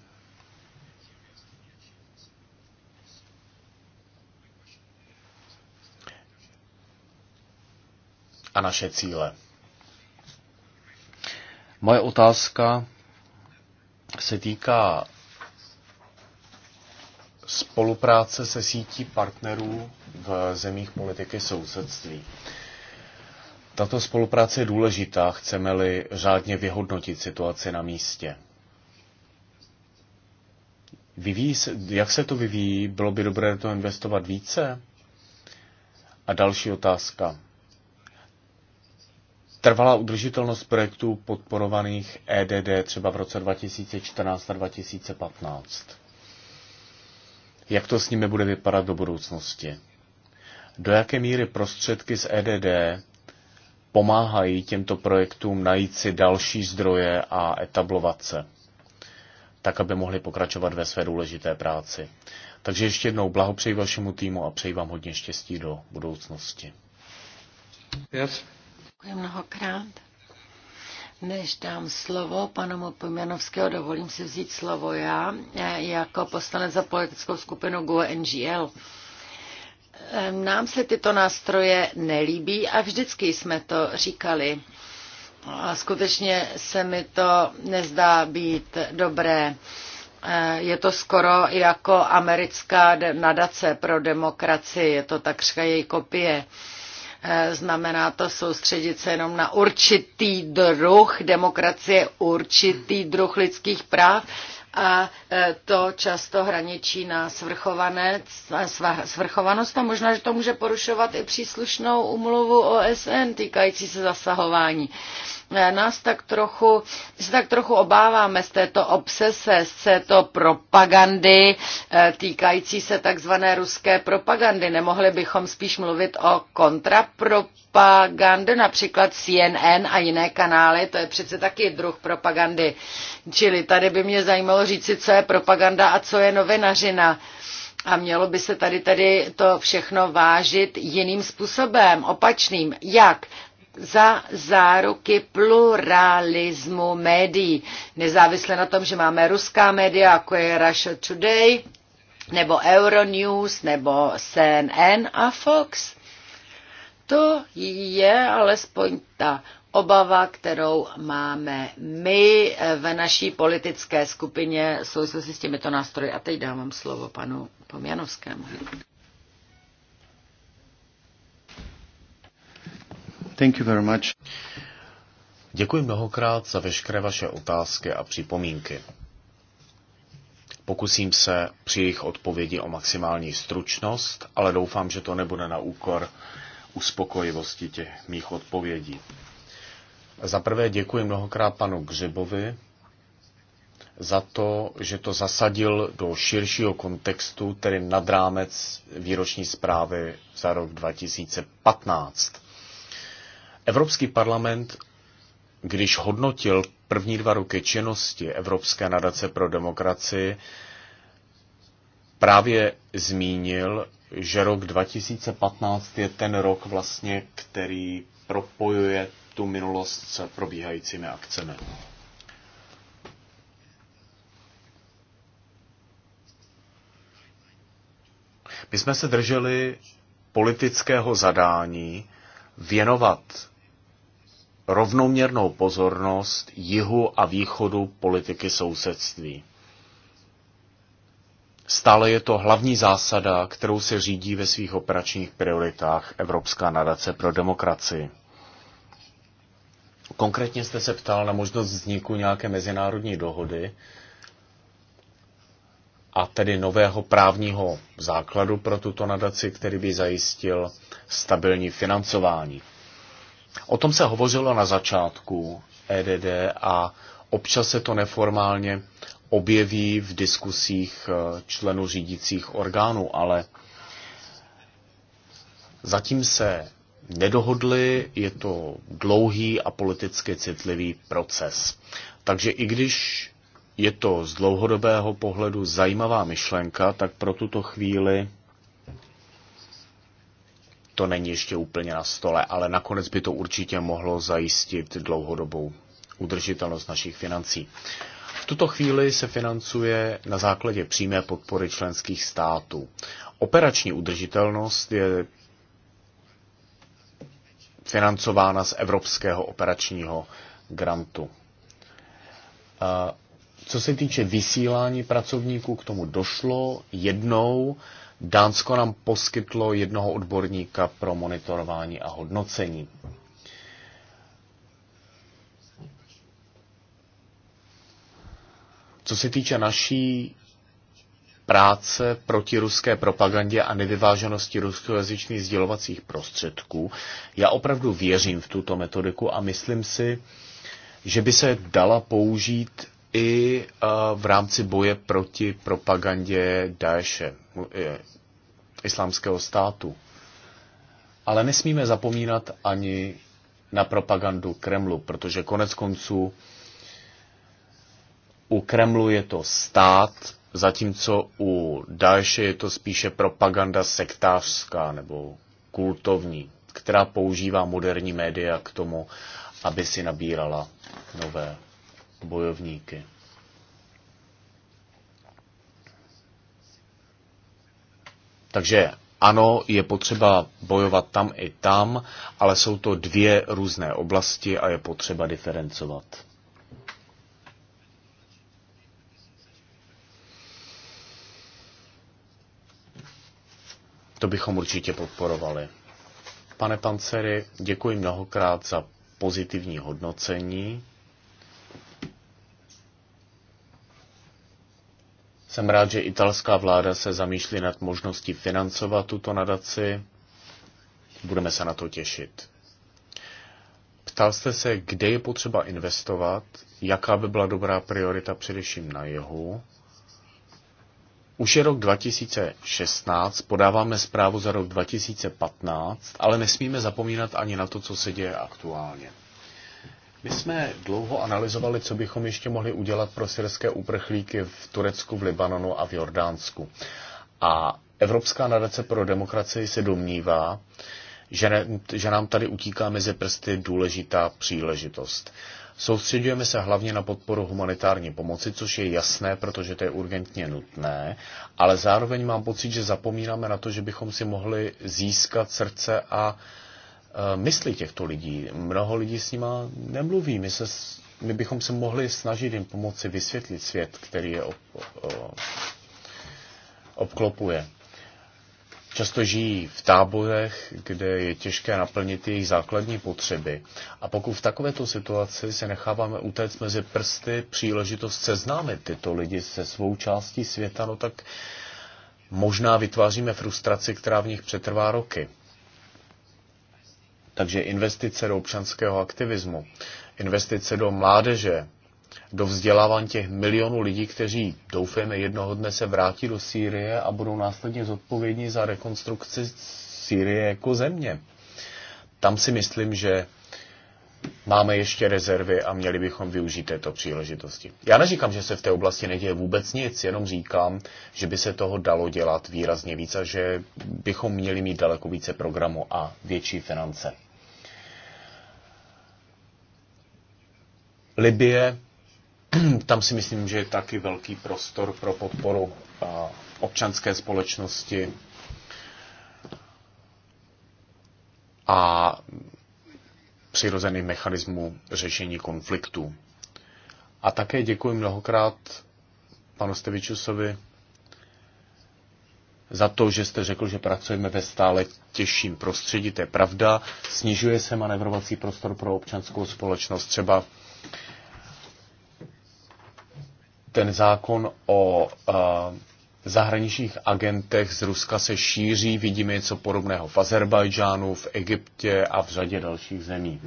S2: a naše cíle. Moje otázka se týká spolupráce se sítí partnerů v zemích politiky sousedství. Tato spolupráce je důležitá, chceme-li řádně vyhodnotit situaci na místě. Vyvíjí se, jak se to vyvíjí? Bylo by dobré to investovat více? A další otázka trvalá udržitelnost projektů podporovaných EDD třeba v roce 2014 a 2015. Jak to s nimi bude vypadat do budoucnosti? Do jaké míry prostředky z EDD pomáhají těmto projektům najít si další zdroje a etablovat se, tak aby mohli pokračovat ve své důležité práci. Takže ještě jednou blahopřeji vašemu týmu a přeji vám hodně štěstí do budoucnosti.
S3: Yes.
S1: Děkuji mnohokrát. Než dám slovo panu Poměnovského, dovolím si vzít slovo já e, jako poslanec za politickou skupinu GUE NGL. E, nám se tyto nástroje nelíbí a vždycky jsme to říkali. A skutečně se mi to nezdá být dobré. E, je to skoro jako americká nadace pro demokracii, je to takřka její kopie Eh, znamená to soustředit se jenom na určitý druh demokracie, určitý druh lidských práv a eh, to často hraničí na svrchovanost a možná, že to může porušovat i příslušnou umluvu OSN týkající se zasahování nás tak trochu, se tak trochu obáváme z této obsese, z této propagandy eh, týkající se takzvané ruské propagandy. Nemohli bychom spíš mluvit o kontrapropagandy, například CNN a jiné kanály, to je přece taky druh propagandy. Čili tady by mě zajímalo říci, co je propaganda a co je novinařina a mělo by se tady tedy to všechno vážit jiným způsobem, opačným. Jak? za záruky pluralismu médií. Nezávisle na tom, že máme ruská média, jako je Russia Today, nebo Euronews, nebo CNN a Fox. To je alespoň ta obava, kterou máme my v naší politické skupině v souvislosti s těmito nástroji. A teď dávám slovo panu Pomjanovskému.
S2: Thank you very much. Děkuji mnohokrát za veškeré vaše otázky a připomínky. Pokusím se při jejich odpovědi o maximální stručnost, ale doufám, že to nebude na úkor uspokojivosti těch mých odpovědí. Za prvé děkuji mnohokrát panu Gřebovi za to, že to zasadil do širšího kontextu, tedy nad rámec výroční zprávy za rok 2015. Evropský parlament, když hodnotil první dva roky činnosti Evropské nadace pro demokracii, právě zmínil, že rok 2015 je ten rok vlastně, který propojuje tu minulost s probíhajícími akcemi. My jsme se drželi politického zadání věnovat rovnoměrnou pozornost jihu a východu politiky sousedství. Stále je to hlavní zásada, kterou se řídí ve svých operačních prioritách Evropská nadace pro demokracii. Konkrétně jste se ptal na možnost vzniku nějaké mezinárodní dohody a tedy nového právního základu pro tuto nadaci, který by zajistil stabilní financování. O tom se hovořilo na začátku EDD a občas se to neformálně objeví v diskusích eh, členů řídících orgánů, ale zatím se nedohodli, je to dlouhý a politicky citlivý proces. Takže i když je to z dlouhodobého pohledu zajímavá myšlenka, tak pro tuto chvíli to není ještě úplně na stole, ale nakonec by to určitě mohlo zajistit dlouhodobou udržitelnost našich financí. V tuto chvíli se financuje na základě přímé podpory členských států. Operační udržitelnost je financována z Evropského operačního grantu. Co se týče vysílání pracovníků, k tomu došlo jednou Dánsko nám poskytlo jednoho odborníka pro monitorování a hodnocení. Co se týče naší práce proti ruské propagandě a nevyváženosti ruskojazyčných sdělovacích prostředků, já opravdu věřím v tuto metodiku a myslím si, že by se dala použít i v rámci boje proti propagandě Daeše, e, islámského státu. Ale nesmíme zapomínat ani na propagandu Kremlu, protože konec konců u Kremlu je to stát, zatímco u Daeše je to spíše propaganda sektářská nebo kultovní, která používá moderní média k tomu, aby si nabírala nové bojovníky. Takže ano, je potřeba bojovat tam i tam, ale jsou to dvě různé oblasti a je potřeba diferencovat. To bychom určitě podporovali. Pane Pancery, děkuji mnohokrát za pozitivní hodnocení. Jsem rád, že italská vláda se zamýšlí nad možností financovat tuto nadaci. Budeme se na to těšit. Ptal jste se, kde je potřeba investovat, jaká by byla dobrá priorita především na jihu. Už je rok 2016, podáváme zprávu za rok 2015, ale nesmíme zapomínat ani na to, co se děje aktuálně. My jsme dlouho analyzovali, co bychom ještě mohli udělat pro syrské uprchlíky v Turecku, v Libanonu a v Jordánsku. A Evropská nadace pro demokracii se domnívá, že, ne, že nám tady utíká mezi prsty důležitá příležitost. Soustředujeme se hlavně na podporu humanitární pomoci, což je jasné, protože to je urgentně nutné, ale zároveň mám pocit, že zapomínáme na to, že bychom si mohli získat srdce a uh, Eh, mysli těchto lidí. Mnoho lidí s nima nemluví. My, se, my bychom se mohli snažit jim pomoci vysvětlit svět, který je ob, obklopuje. Často žijí v táborech, kde je těžké naplnit jejich základní potřeby. A pokud v takovéto situaci se necháváme utéct mezi prsty příležitost seznámit tyto lidi se svou částí světa, no tak možná vytváříme frustraci, která v nich přetrvá roky. Takže investice do občanského aktivismu, investice do mládeže, do vzdělávání těch milionů lidí, kteří doufejme jednoho dne se vrátí do Sýrie a budou následně zodpovědní za rekonstrukci Sýrie jako země. Tam si myslím, že máme ještě rezervy a měli bychom využít této příležitosti. Já neříkám, že se v té oblasti neděje vůbec nic, jenom říkám, že by se toho dalo dělat výrazně víc a že bychom měli mít daleko více programu a větší finance. Libie, tam si myslím, že je taky velký prostor pro podporu občanské společnosti a přirozený mechanismu řešení konfliktů. A také děkuji mnohokrát panu Stevičusovi za to, že jste řekl, že pracujeme ve stále těžším prostředí. To je pravda. Snižuje se manevrovací prostor pro občanskou společnost. Třeba ten zákon o zahraničních agentech z Ruska se šíří. Vidíme něco podobného v Azerbajdžánu, v Egyptě a v řadě dalších zemí.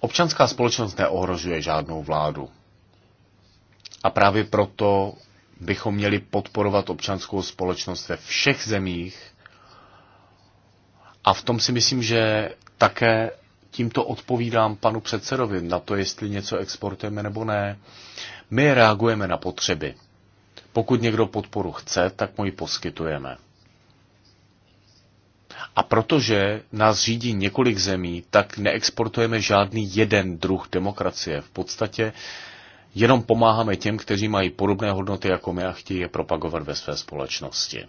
S2: Občanská společnost neohrožuje žádnou vládu. A právě proto bychom měli podporovat občanskou společnost ve všech zemích. A v tom si myslím, že také tímto odpovídám panu předsedovi na to, jestli něco exportujeme nebo ne. My reagujeme na potřeby. Pokud někdo podporu chce, tak mu ji poskytujeme. A protože nás řídí několik zemí, tak neexportujeme žádný jeden druh demokracie. V podstatě jenom pomáháme těm, kteří mají podobné hodnoty jako my a chtějí je propagovat ve své společnosti.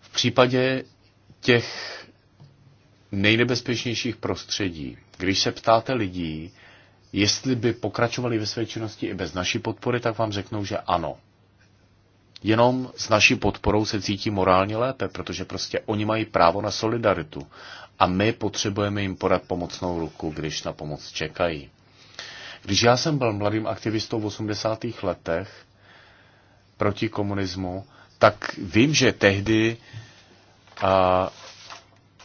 S2: V případě, těch nejnebezpečnějších prostředí. Když se ptáte lidí, jestli by pokračovali ve své činnosti i bez naší podpory, tak vám řeknou, že ano. Jenom s naší podporou se cítí morálně lépe, protože prostě oni mají právo na solidaritu a my potřebujeme jim podat pomocnou ruku, když na pomoc čekají. Když já jsem byl mladým aktivistou v 80. letech proti komunismu, tak vím, že tehdy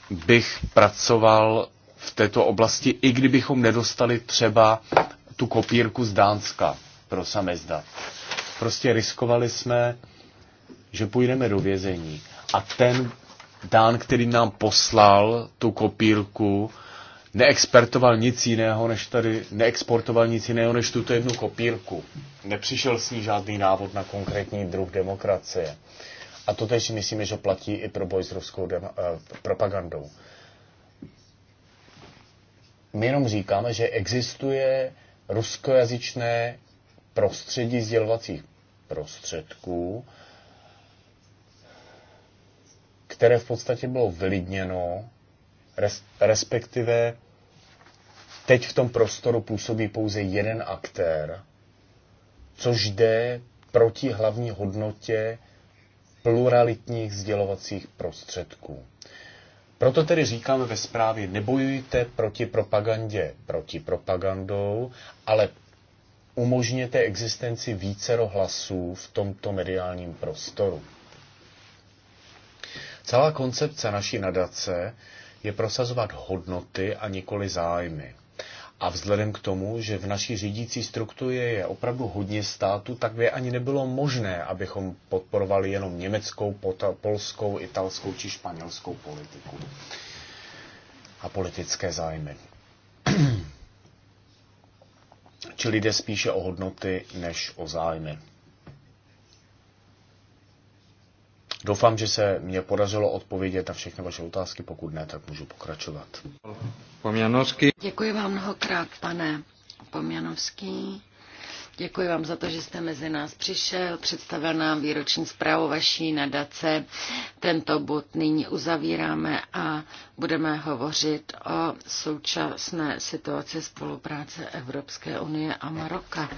S2: bych pracoval v této oblasti, i kdybychom nedostali třeba tu kopírku z Dánska pro samezda. Prostě riskovali jsme, že půjdeme do vězení. A ten Dán, který nám poslal tu kopírku, neexpertoval nic jiného, než tady, neexportoval nic jiného, než tuto jednu kopírku. Nepřišel s ní žádný návod na konkrétní druh demokracie. A to tež si myslíme, že platí i pro boj s ruskou eh, propagandou. My jenom říkáme, že existuje ruskojazyčné prostředí sdělovacích prostředků, které v podstatě bylo vylidněno, res, respektive teď v tom prostoru působí pouze jeden aktér, což jde proti hlavní hodnotě pluralitních sdělovacích prostředků. Proto tedy říkáme ve zprávě, nebojujte proti propagandě proti propagandou, ale umožněte existenci vícero hlasů v tomto mediálním prostoru. Celá koncepce naší nadace je prosazovat hodnoty a nikoli zájmy. A vzhledem k tomu, že v naší řídící struktuře je opravdu hodně států, tak by ani nebylo možné, abychom podporovali jenom německou, polskou, italskou či španělskou politiku a politické zájmy. Čili jde spíše o hodnoty než o zájmy. Doufám, že se mě podařilo odpovědět na všechny vaše otázky. Pokud ne, tak můžu pokračovat.
S3: Poměnovský.
S1: Děkuji vám mnohokrát, pane Poměnovský. Děkuji vám za to, že jste mezi nás přišel, představil nám výroční zprávu vaší nadace. Tento bod nyní uzavíráme a budeme hovořit o současné situaci spolupráce Evropské unie a Maroka.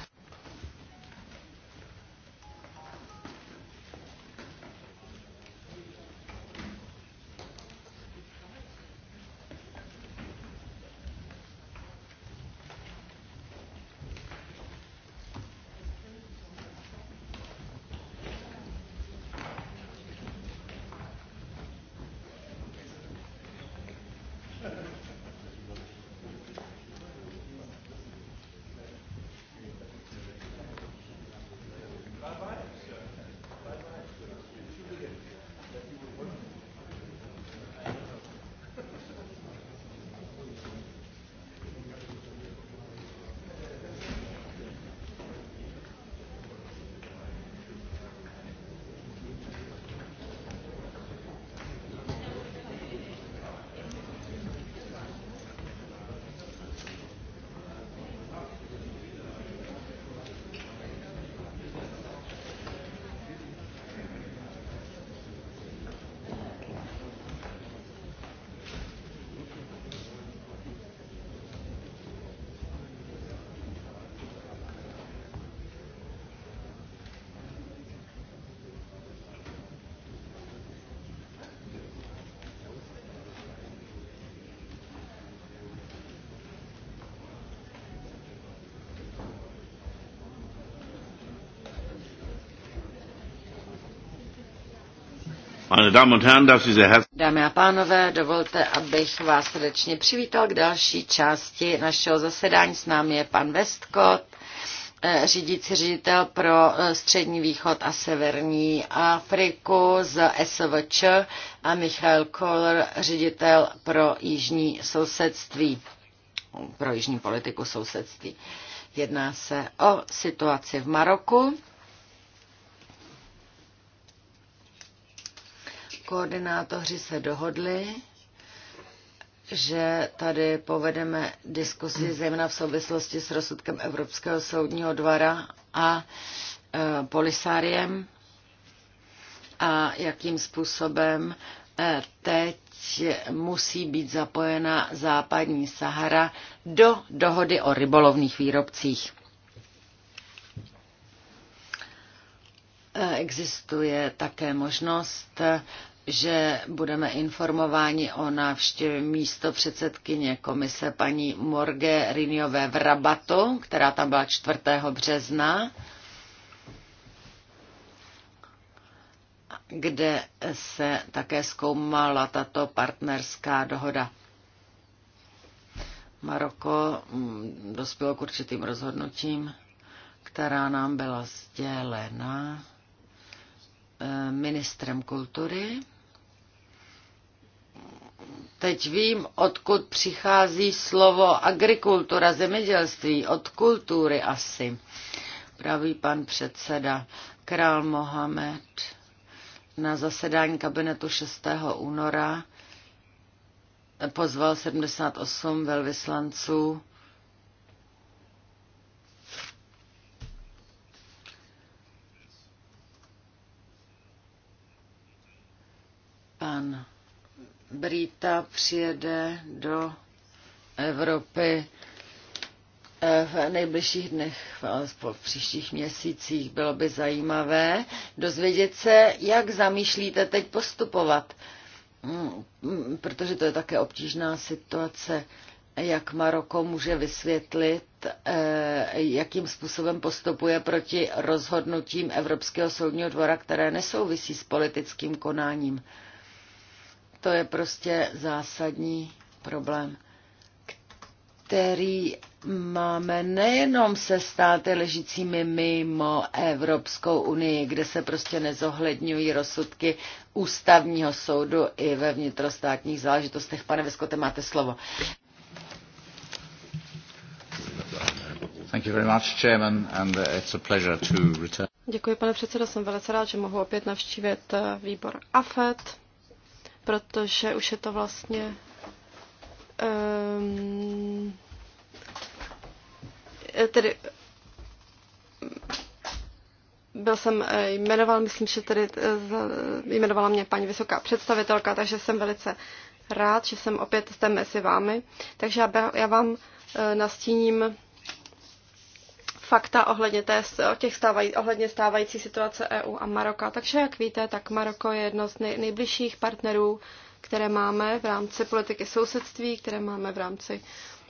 S1: Dámy a pánové, dovolte, abych vás srdečně přivítal k další části našeho zasedání. S námi je pan Westcott, eh, řídící ředitel pro eh, Střední východ a Severní Afriku z SVČ a Michal Kohler, ředitel pro Jižní sousedství, pro Jižní politiku sousedství. Jedná se o situaci v Maroku. Koordinátoři se dohodli, že tady povedeme diskusi zejména v souvislosti s rozsudkem Evropského soudního dvora a e, polisáriem a jakým způsobem e, teď musí být zapojena západní Sahara do dohody o rybolovných výrobcích. E, existuje také možnost že budeme informováni o návštěvě místo předsedkyně komise paní Morge Riniové v Rabatu, která tam byla 4. března, kde se také zkoumala tato partnerská dohoda. Maroko mm, dospělo k určitým rozhodnutím, která nám byla sdělena eh, ministrem kultury Teď vím, odkud přichází slovo agrikultura, zemědělství, od kultury asi, praví pan předseda král Mohamed na zasedání kabinetu 6. února pozval 78 velvyslanců pan Brita přijede do Evropy eh, v nejbližších dnech, v příštích měsících. Bylo by zajímavé dozvědět se, jak zamýšlíte teď postupovat, mm, mm, protože to je také obtížná situace, jak Maroko může vysvětlit, eh, jakým způsobem postupuje proti rozhodnutím Evropského soudního dvora, které nesouvisí s politickým konáním. To je prostě zásadní problém, který máme nejenom se státy ležícími mimo Evropskou unii, kde se prostě nezohledňují rozsudky ústavního soudu i ve vnitrostátních záležitostech. Pane Veskote, máte slovo.
S4: Děkuji, pane předsedo. Jsem velice rád, že mohu opět navštívit uh, výbor AFET protože už je to vlastně um, tedy byl jsem eh, jmenoval, myslím, že tedy eh, jmenovala mě paní vysoká představitelka, takže jsem velice rád, že jsem opět zde mezi vámi. Takže já, já vám eh, nastíním fakta ohledně, té, těch stávají, ohledně stávající situace EU a Maroka. Takže, jak víte, tak Maroko je jedno z nej, nejbližších partnerů, které máme v rámci politiky sousedství, které máme v rámci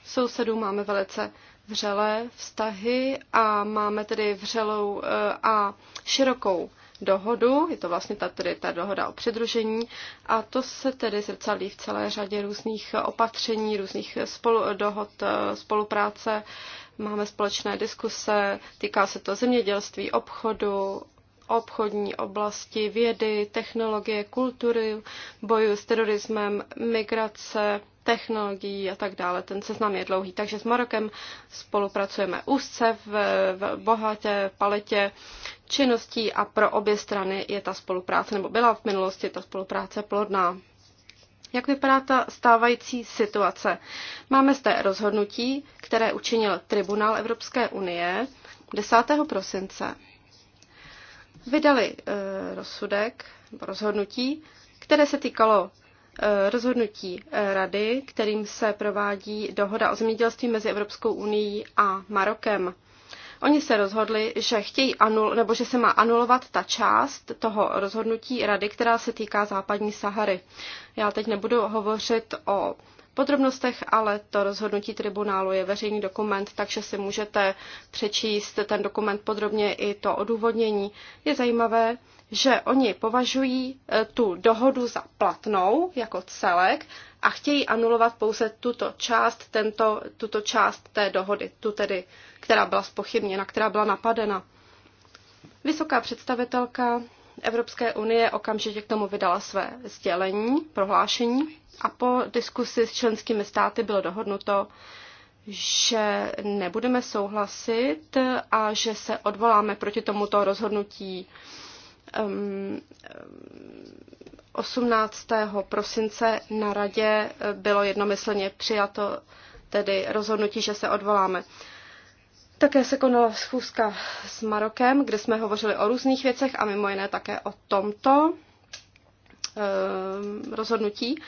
S4: sousedů. Máme velice vřelé vztahy a máme tedy vřelou eh, a širokou dohodu, je to vlastně ta, tedy ta dohoda o přidružení a to se tedy zrcadlí v celé řadě různých opatření, různých spolu, dohod eh, spolupráce Máme společné diskuse, týká se to zemědělství, obchodu, obchodní oblasti, vědy, technologie, kultury, boju s terorismem, migrace, technologií a tak dále. Ten seznam je dlouhý. Takže s Marokem spolupracujeme úzce v, v bohaté paletě činností a pro obě strany je ta spolupráce, nebo byla v minulosti ta spolupráce plodná. Jak vypadá ta stávající situace? Máme zde rozhodnutí, které učinil Tribunál Evropské unie 10. prosince. Vydali e, rozsudek, rozhodnutí, které se týkalo eh, rozhodnutí eh, Rady, kterým se provádí dohoda o zemědělství mezi Evropskou unii a Marokem. Oni se rozhodli, že chtějí anul, nebo že se má anulovat ta část toho rozhodnutí rady, která se týká západní Sahary. Já teď nebudu hovořit o podrobnostech, ale to rozhodnutí tribunálu je veřejný dokument, takže si můžete přečíst ten dokument podrobně i to odůvodnění. Je zajímavé, že oni považují eh, tu dohodu za platnou jako celek a chtějí anulovat pouze tuto část, tento, tuto část té dohody, tu tedy, která byla spochybněna, která byla napadena. Vysoká představitelka Evropské unie okamžitě k tomu vydala své sdělení, prohlášení a po diskusi s členskými státy bylo dohodnuto, že nebudeme souhlasit a že se odvoláme proti tomuto rozhodnutí 18. Um, um, prosince na radě bylo jednomyslně přijato tedy rozhodnutí, že se odvoláme. Také se konala schůzka s Marokem, kde jsme hovořili o různých věcech a mimo jiné také o tomto ehm, rozhodnutí.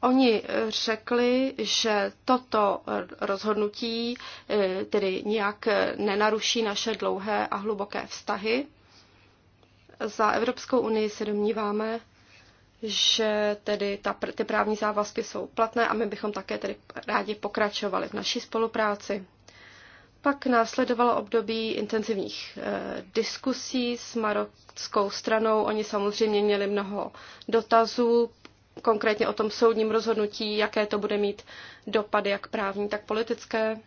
S4: Oni řekli, že toto rozhodnutí eh, tedy nijak nenaruší naše dlouhé a hluboké vztahy. Za Evropskou unii se domníváme, že tedy ta, ty právní závazky jsou platné a my bychom také tedy rádi pokračovali v naší spolupráci. Pak následovalo období intenzivních eh, diskusí s marockou stranou. Oni samozřejmě měli mnoho dotazů, konkrétně o tom soudním rozhodnutí, jaké to bude mít dopady, jak právní, tak politické.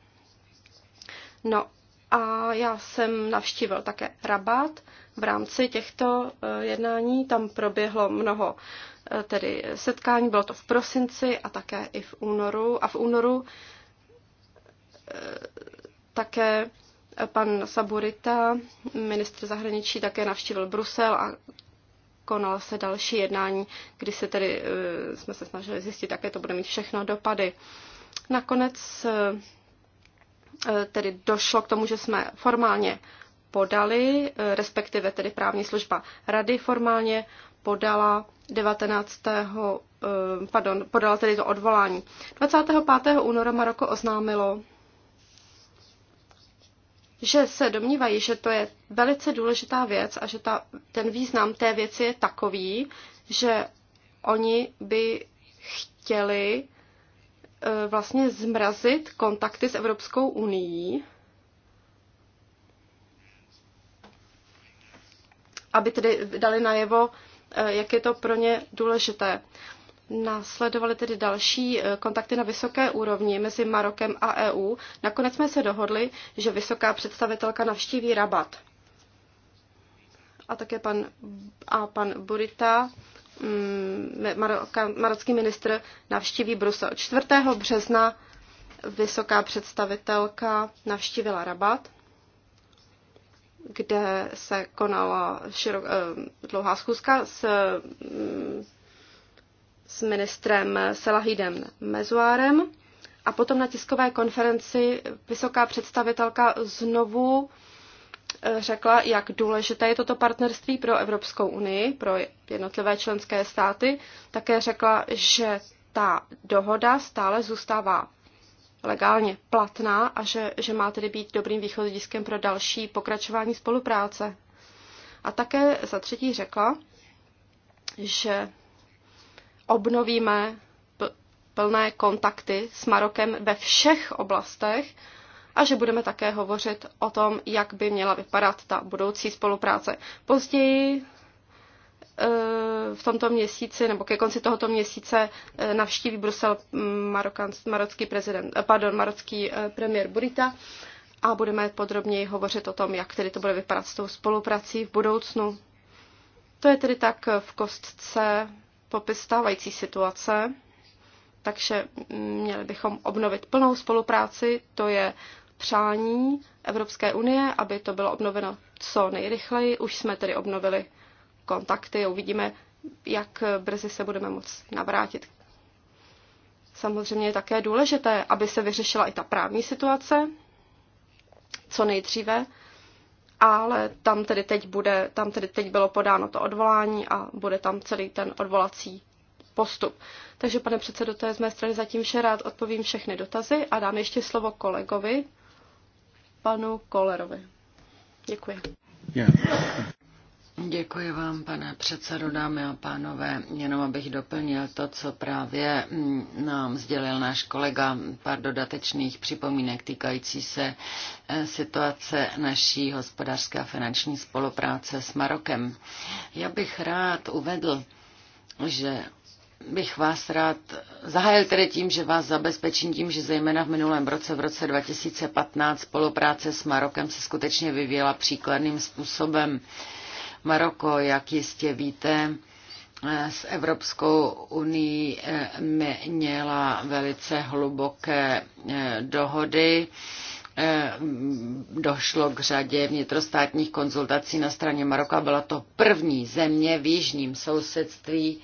S4: No a já jsem navštívil také Rabat v rámci těchto eh, jednání. Tam proběhlo mnoho eh, tedy setkání, bylo to v prosinci a také i v únoru. A v únoru eh, také pan Saburita, ministr zahraničí, také navštívil Brusel a konalo se další jednání, kdy se tedy eh, jsme se snažili zjistit, jaké to bude mít všechno dopady. Nakonec eh, eh, tedy došlo k tomu, že jsme formálně podali, respektive tedy právní služba rady formálně podala 19. Pardon, podala tedy to odvolání. 25. února Maroko oznámilo, že se domnívají, že to je velice důležitá věc a že ta, ten význam té věci je takový, že oni by chtěli eh, vlastně zmrazit kontakty s Evropskou unii, aby tedy dali najevo, eh, jak je to pro ně důležité. Následovaly tedy další eh, kontakty na vysoké úrovni mezi Marokem a EU. Nakonec jsme se dohodli, že vysoká představitelka navštíví Rabat. A také pan, a pan Burita, mm, maroka, marocký ministr, navštíví Brusel. 4. března vysoká představitelka navštívila Rabat kde se konala širok, eh, dlouhá schůzka s mm, s ministrem Selahidem Mezuárem a potom na tiskové konferenci vysoká představitelka znovu eh, řekla, jak důležité je toto partnerství pro Evropskou unii, pro jednotlivé členské státy. Také řekla, že ta dohoda stále zůstává legálně platná a že, že má tedy být dobrým východiskem pro další pokračování spolupráce. A také za třetí řekla, že obnovíme plné kontakty s Marokem ve všech oblastech a že budeme také hovořit o tom, jak by měla vypadat ta budoucí spolupráce. Později e, v tomto měsíci nebo ke konci tohoto měsíce e, navštíví Brusel marocký, prezident, e, pardon, marocký premiér Burita a budeme podrobněji hovořit o tom, jak tedy to bude vypadat s tou spoluprací v budoucnu. To je tedy tak v kostce popis stávající situace, takže měli bychom obnovit plnou spolupráci. To je přání Evropské unie, aby to bylo obnoveno co nejrychleji. Už jsme tedy obnovili kontakty, uvidíme, jak brzy se budeme moct navrátit. Samozřejmě je také důležité, aby se vyřešila i ta právní situace co nejdříve, ale tam tedy teď, bude, tam tedy teď bylo podáno to odvolání a bude tam celý ten odvolací postup. Takže, pane předsedo, to je z mé strany zatím vše. Rád odpovím všechny dotazy a dám ještě slovo kolegovi, panu Kolerovi.
S1: Děkuji. Yeah. Děkuji vám, pane předsedo, dámy a pánové. Jenom abych doplnil to, co právě mm, nám sdělil náš kolega, pár dodatečných připomínek týkající se eh, situace naší hospodářské a finanční spolupráce s Marokem. Já bych rád uvedl, že bych vás rád zahájil tedy tím, že vás zabezpečím tím, že zejména v minulém roce, v roce 2015, spolupráce s Marokem se skutečně vyvíjela příkladným způsobem. Maroko, jak jistě víte, s Evropskou unii eh, měla velice hluboké eh, dohody. Eh, došlo k řadě vnitrostátních konzultací na straně Maroka. Byla to první země v jižním sousedství,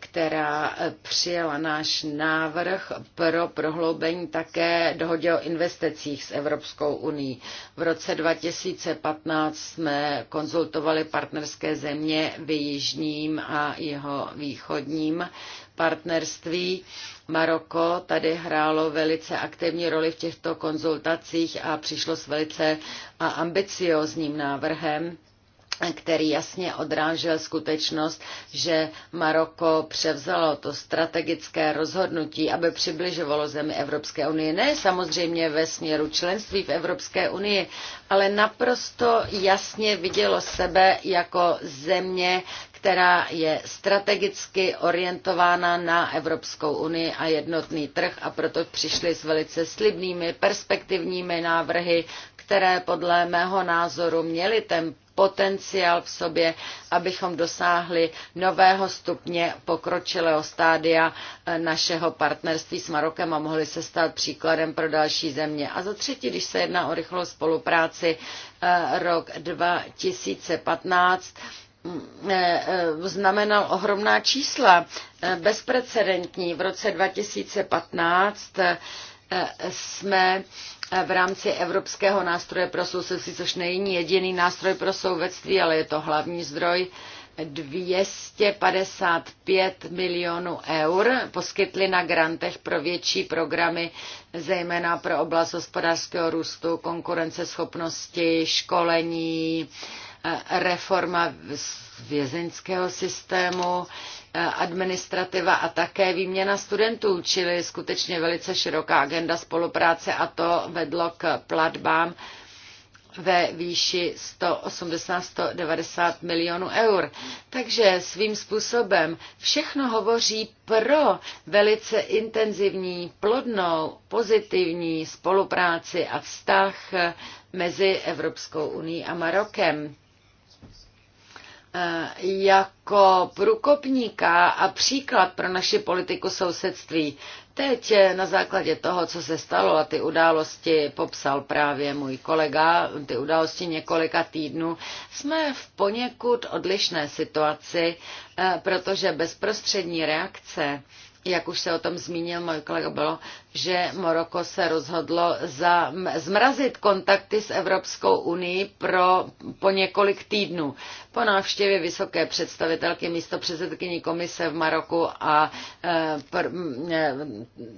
S1: která přijela náš návrh pro prohloubení také dohodě o investicích s Evropskou uní. V roce 2015 jsme konzultovali partnerské země v jižním a jeho východním partnerství. Maroko tady hrálo velice aktivní roli v těchto konzultacích a přišlo s velice ambiciozním návrhem který jasně odrážel skutečnost, že Maroko převzalo to strategické rozhodnutí, aby přibližovalo zemi Evropské unie. Ne samozřejmě ve směru členství v Evropské unii, ale naprosto jasně vidělo sebe jako země, která je strategicky orientována na Evropskou unii a jednotný trh a proto přišli s velice slibnými perspektivními návrhy, které podle mého názoru měly ten potenciál v sobě, abychom dosáhli nového stupně pokročilého stádia eh, našeho partnerství s Marokem a mohli se stát příkladem pro další země. A za třetí, když se jedná o rychlou spolupráci, eh, rok 2015 mm, eh, znamenal ohromná čísla, bezprecedentní. V roce 2015 jsme v rámci Evropského nástroje pro sousedství, což není jediný nástroj pro sousedství, ale je to hlavní zdroj, 255 milionů eur poskytli na grantech pro větší programy, zejména pro oblast hospodářského růstu, konkurenceschopnosti, školení, eh, reforma vězeňského systému, administrativa a také výměna studentů, čili skutečně velice široká agenda spolupráce a to vedlo k platbám ve výši 180-190 milionů eur. Takže svým způsobem všechno hovoří pro velice intenzivní, plodnou, pozitivní spolupráci a vztah mezi Evropskou uní a Marokem. Eh, jako průkopníka a příklad pro naši politiku sousedství. Teď eh, na základě toho, co se stalo a ty události popsal právě můj kolega, ty události několika týdnů, jsme v poněkud odlišné situaci, eh, protože bezprostřední reakce jak už se o tom zmínil můj kolega, bylo, že Moroko se rozhodlo za, zmrazit kontakty s Evropskou unii pro, po několik týdnů. Po návštěvě vysoké představitelky místo předsedkyní komise v Maroku a e, pr, e,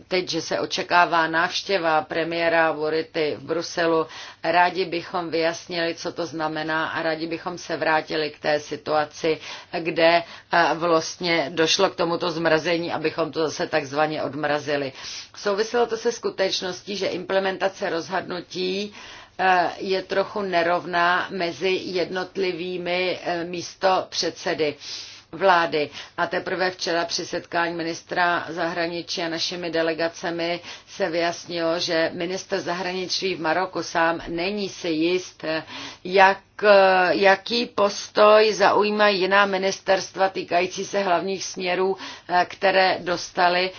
S1: teď, že se očekává návštěva premiéra Vority v Bruselu, rádi bychom vyjasnili, co to znamená a rádi bychom se vrátili k té situaci, kde e, vlastně došlo k tomuto zmrazení, abychom to zase takzvaně odmrazili. Souviselo to se skutečností, že implementace rozhodnutí eh, je trochu nerovná mezi jednotlivými eh, místo předsedy vlády. A teprve včera při setkání ministra zahraničí a našimi delegacemi se vyjasnilo, že minister zahraničí v Maroku sám není si jist, eh, jak k, jaký postoj zaujímají jiná ministerstva týkající se hlavních směrů, eh, které dostali,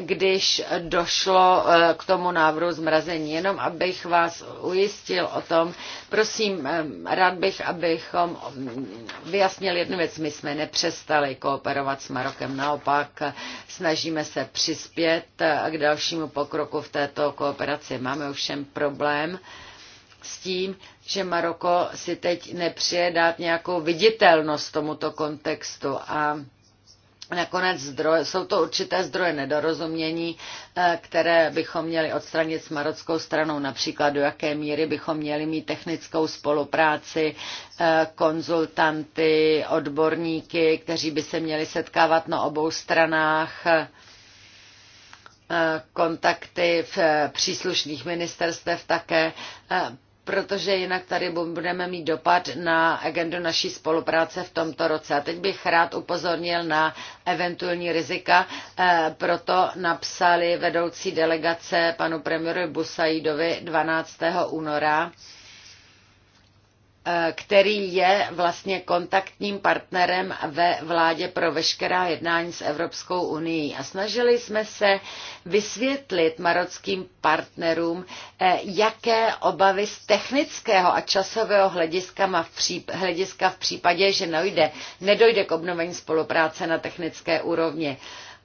S1: když došlo eh, k tomu návrhu zmrazení. Jenom abych vás ujistil o tom, prosím, eh, rád bych, abychom mm, vyjasnili jednu věc. My jsme nepřestali kooperovat s Marokem, naopak snažíme se přispět k dalšímu pokroku v této kooperaci. Máme ovšem problém, s tím, že Maroko si teď nepřije dát nějakou viditelnost tomuto kontextu a Nakonec zdroje, jsou to určité zdroje nedorozumění, eh, které bychom měli odstranit s marockou stranou, například do jaké míry bychom měli mít technickou spolupráci, eh, konzultanty, odborníky, kteří by se měli setkávat na obou stranách, eh, kontakty v příslušných ministerstvech také protože jinak tady budeme mít dopad na agendu naší spolupráce v tomto roce. A teď bych rád upozornil na eventuální rizika, eh, proto napsali vedoucí delegace panu premiéru Busaidovi 12. února Eh, který je vlastně kontaktním partnerem ve vládě pro veškerá jednání s Evropskou unii. A snažili jsme se vysvětlit marockým partnerům, eh, jaké obavy z technického a časového hlediska, má v příp- hlediska v případě, že nejde nedojde k obnovení spolupráce na technické úrovni.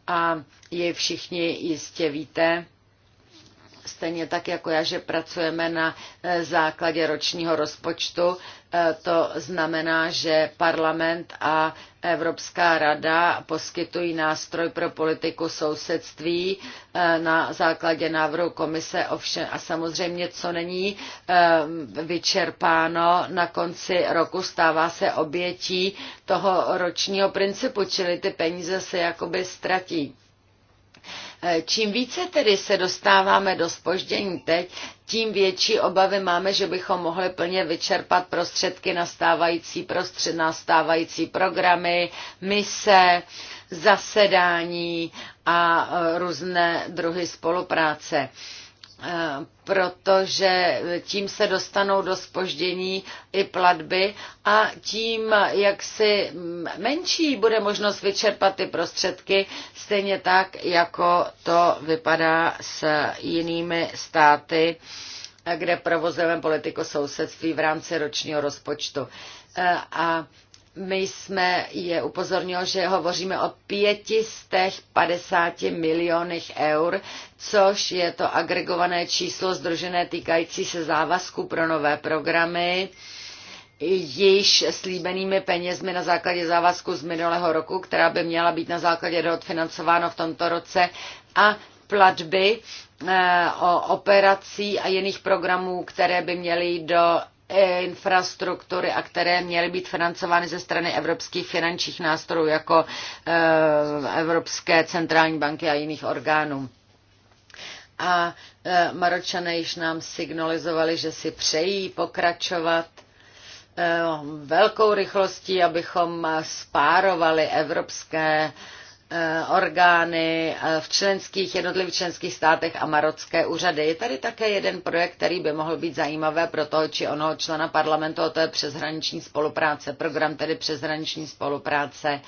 S1: A je všichni jistě víte, stejně tak jako já, že pracujeme na eh, základě ročního rozpočtu. Eh, to znamená, že parlament a Evropská rada poskytují nástroj pro politiku sousedství eh, na základě návrhu komise ovšem a samozřejmě, co není vyčerpáno na konci roku, stává se obětí toho ročního principu, čili ty peníze se jakoby ztratí. Čím více tedy se dostáváme do spoždění teď, tím větší obavy máme, že bychom mohli plně vyčerpat prostředky na stávající, prostřed, na stávající programy, mise, zasedání a e, různé druhy spolupráce. Eh, protože tím se dostanou do spoždění i platby a tím, jak si menší bude možnost vyčerpat ty prostředky, stejně tak, jako to vypadá s jinými státy, eh, kde provozujeme politiku sousedství v rámci ročního rozpočtu. Eh, a my jsme je upozornil, že hovoříme o 550 milionech eur, což je to agregované číslo združené týkající se závazku pro nové programy již slíbenými penězmi na základě závazku z minulého roku, která by měla být na základě dohod financováno v tomto roce a platby eh, o operací a jiných programů, které by měly do infrastruktury a které měly být financovány ze strany evropských finančních nástrojů jako eh, Evropské centrální banky a jiných orgánů. A eh, Maročané již nám signalizovali, že si přejí pokračovat eh, velkou rychlostí, abychom spárovali evropské Eh, orgány eh, v členských, jednotlivých členských státech a marocké úřady. Je tady také jeden projekt, který by mohl být zajímavé pro toho či onoho člena parlamentu, a to je přeshraniční spolupráce, program tedy přeshraniční spolupráce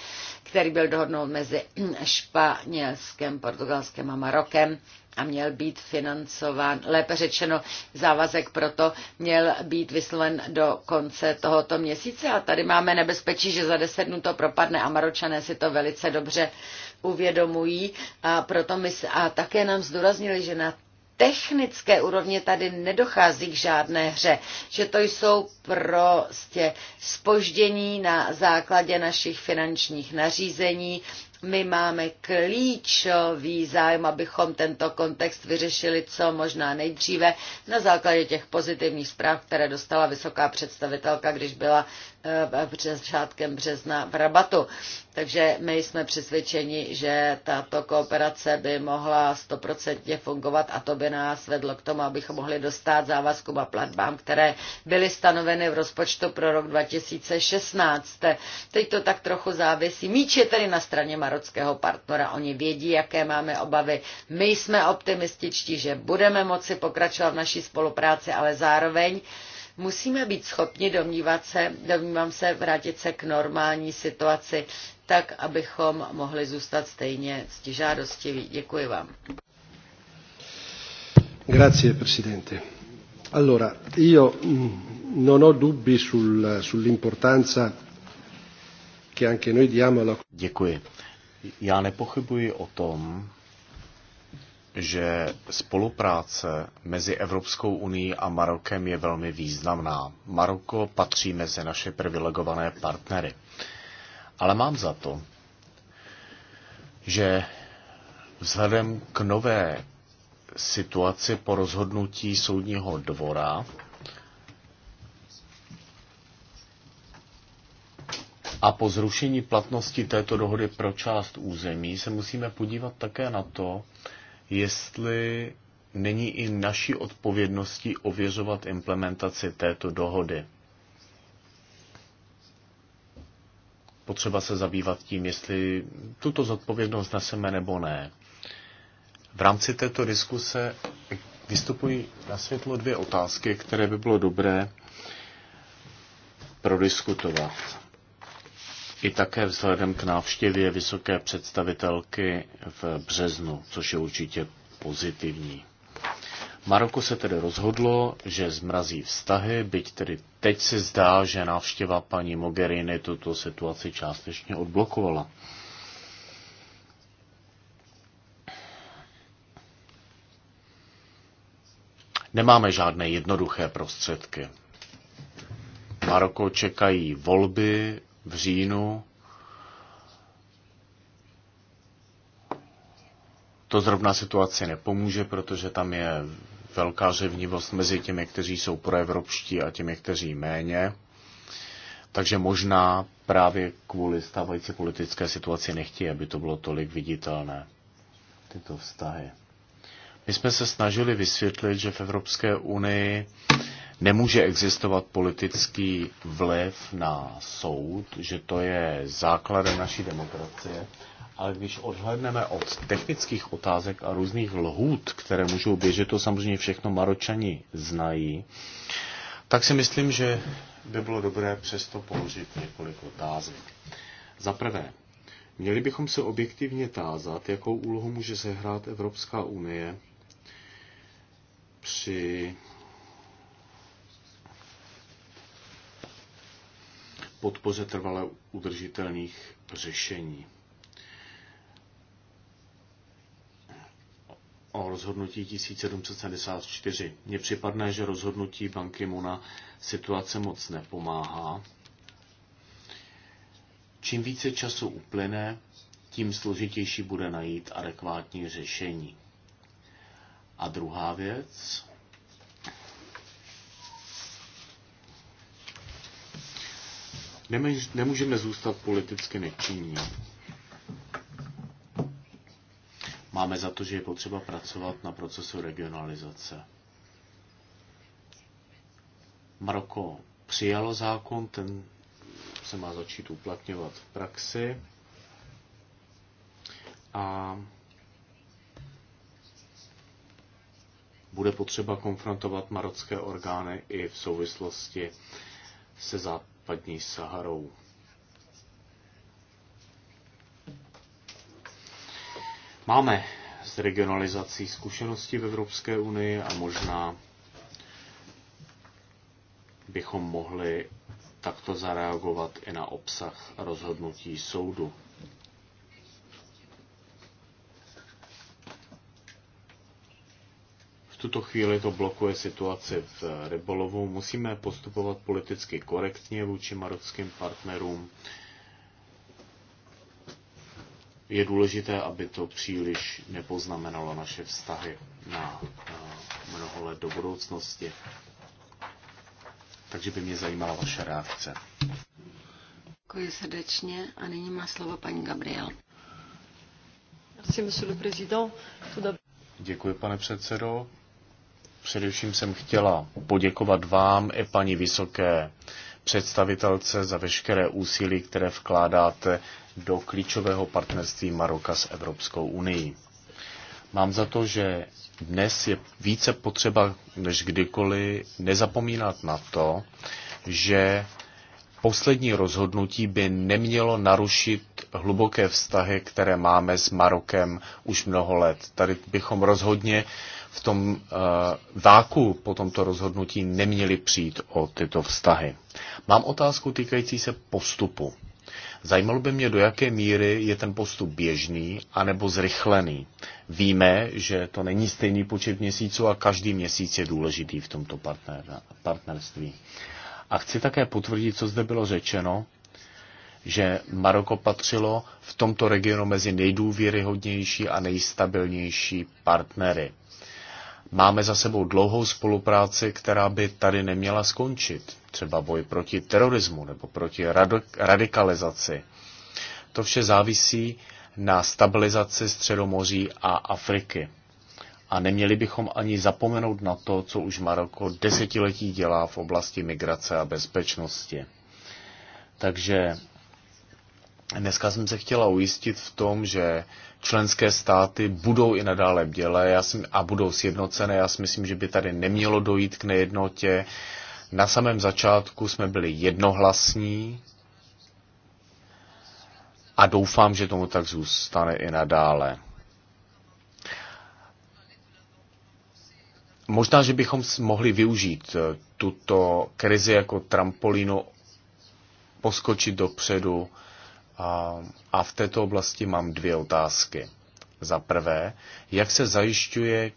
S1: který byl dohodnout mezi Španělskem, Portugalskem a Marokem a měl být financován, lépe řečeno závazek proto měl být vysloven do konce tohoto měsíce a tady máme nebezpečí, že za deset dnů to propadne a Maročané si to velice dobře uvědomují a, proto my, a také nám zdůraznili, že na technické úrovně tady nedochází k žádné hře, že to jsou prostě spoždění na základě našich finančních nařízení. My máme klíčový zájem, abychom tento kontext vyřešili co možná nejdříve na základě těch pozitivních zpráv, které dostala vysoká představitelka, když byla přes řádkem března v Rabatu. Takže my jsme přesvědčeni, že tato kooperace by mohla stoprocentně fungovat a to by nás vedlo k tomu, abychom mohli dostat závazkům a platbám, které byly stanoveny v rozpočtu pro rok 2016. Teď to tak trochu závisí. Míč je tedy na straně marockého partnera. Oni vědí, jaké máme obavy. My jsme optimističtí, že budeme moci pokračovat v naší spolupráci, ale zároveň Musíme být schopni domnívat se, domnívám se, vrátit se k normální situaci, tak, abychom mohli zůstat stejně stižádostiví. Děkuji vám.
S3: Grazie, Presidente. Allora, io mm, non ho dubbi
S2: sul, sull'importanza che anche noi diamo alla... Děkuji. Já nepochybuji o tom, že spolupráce mezi Evropskou unii a Marokem je velmi významná. Maroko patří mezi naše privilegované partnery. Ale mám za to, že vzhledem k nové situaci po rozhodnutí soudního dvora a po zrušení platnosti této dohody pro část území se musíme podívat také na to, jestli není i naší odpovědností ověřovat implementaci této dohody. Potřeba se zabývat tím, jestli tuto zodpovědnost neseme nebo ne. V rámci této diskuse vystupují na světlo dvě otázky, které by bylo dobré prodiskutovat i také vzhledem k návštěvě vysoké představitelky v březnu, což je určitě pozitivní. Maroko se tedy rozhodlo, že zmrazí vztahy, byť tedy teď se zdá, že návštěva paní Mogherini tuto situaci částečně odblokovala. Nemáme žádné jednoduché prostředky. Maroko čekají volby, v říjnu. To zrovna situaci nepomůže, protože tam je velká řevnivost mezi těmi, kteří jsou proevropští a těmi, kteří méně. Takže možná právě kvůli stávající politické situaci nechtějí, aby to bylo tolik viditelné, tyto vztahy. My jsme se snažili vysvětlit, že v Evropské unii nemůže existovat politický vliv na soud, že to je základem naší demokracie, ale když odhledneme od technických otázek a různých lhůt, které můžou běžet, to samozřejmě všechno Maročani znají, tak si myslím, že by bylo dobré přesto položit několik otázek. Za prvé, měli bychom se objektivně tázat, jakou úlohu může sehrát Evropská unie při podpoře trvale udržitelných řešení. o rozhodnutí 1774. Mně připadne, že rozhodnutí banky Muna situace moc nepomáhá. Čím více času uplyne, tím složitější bude najít adekvátní řešení. A druhá věc, Nemůžeme zůstat politicky nečinní. Máme za to, že je potřeba pracovat na procesu regionalizace. Maroko přijalo zákon, ten se má začít uplatňovat v praxi. A bude potřeba konfrontovat marocké orgány i v souvislosti se, zápasem západní Saharou. Máme s regionalizací zkušenosti v Evropské unii a možná bychom mohli takto zareagovat i na obsah rozhodnutí soudu. tuto chvíli to blokuje situaci v rybolovu. Musíme postupovat politicky korektně vůči marockým partnerům. Je důležité, aby to příliš nepoznamenalo naše vztahy na mnoho let do budoucnosti. Takže by mě zajímala vaše reakce.
S1: Děkuji srdečně a nyní má slovo paní Gabriel.
S2: Děkuji, pane předsedo. Především jsem chtěla poděkovat vám i paní vysoké představitelce za veškeré úsilí, které vkládáte do klíčového partnerství Maroka s Evropskou unii. Mám za to, že dnes je více potřeba než kdykoliv nezapomínat na to, že poslední rozhodnutí by nemělo narušit hluboké vztahy, které máme s Marokem už mnoho let. Tady bychom rozhodně v tom uh, váku po tomto rozhodnutí neměli přijít o tyto vztahy. Mám otázku týkající se postupu. Zajímalo by mě, do jaké míry je ten postup běžný anebo zrychlený. Víme, že to není stejný počet měsíců a každý měsíc je důležitý v tomto partner, partnerství. A chci také potvrdit, co zde bylo řečeno, že Maroko patřilo v tomto regionu mezi nejdůvěryhodnější a nejstabilnější partnery. Máme za sebou dlouhou spolupráci, která by tady neměla skončit. Třeba boj proti terorismu nebo proti radikalizaci. To vše závisí na stabilizaci Středomoří a Afriky. A neměli bychom ani zapomenout na to, co už Maroko desetiletí dělá v oblasti migrace a bezpečnosti. Takže dneska jsem se chtěla ujistit v tom, že členské státy budou i nadále bělé a budou sjednocené. Já si myslím, že by tady nemělo dojít k nejednotě. Na samém začátku jsme byli jednohlasní a doufám, že tomu tak zůstane i nadále. Možná, že bychom mohli využít eh, tuto krizi jako trampolínu, poskočit dopředu, a, a v této oblasti mám dvě otázky. Za prvé, jak se zajišťuje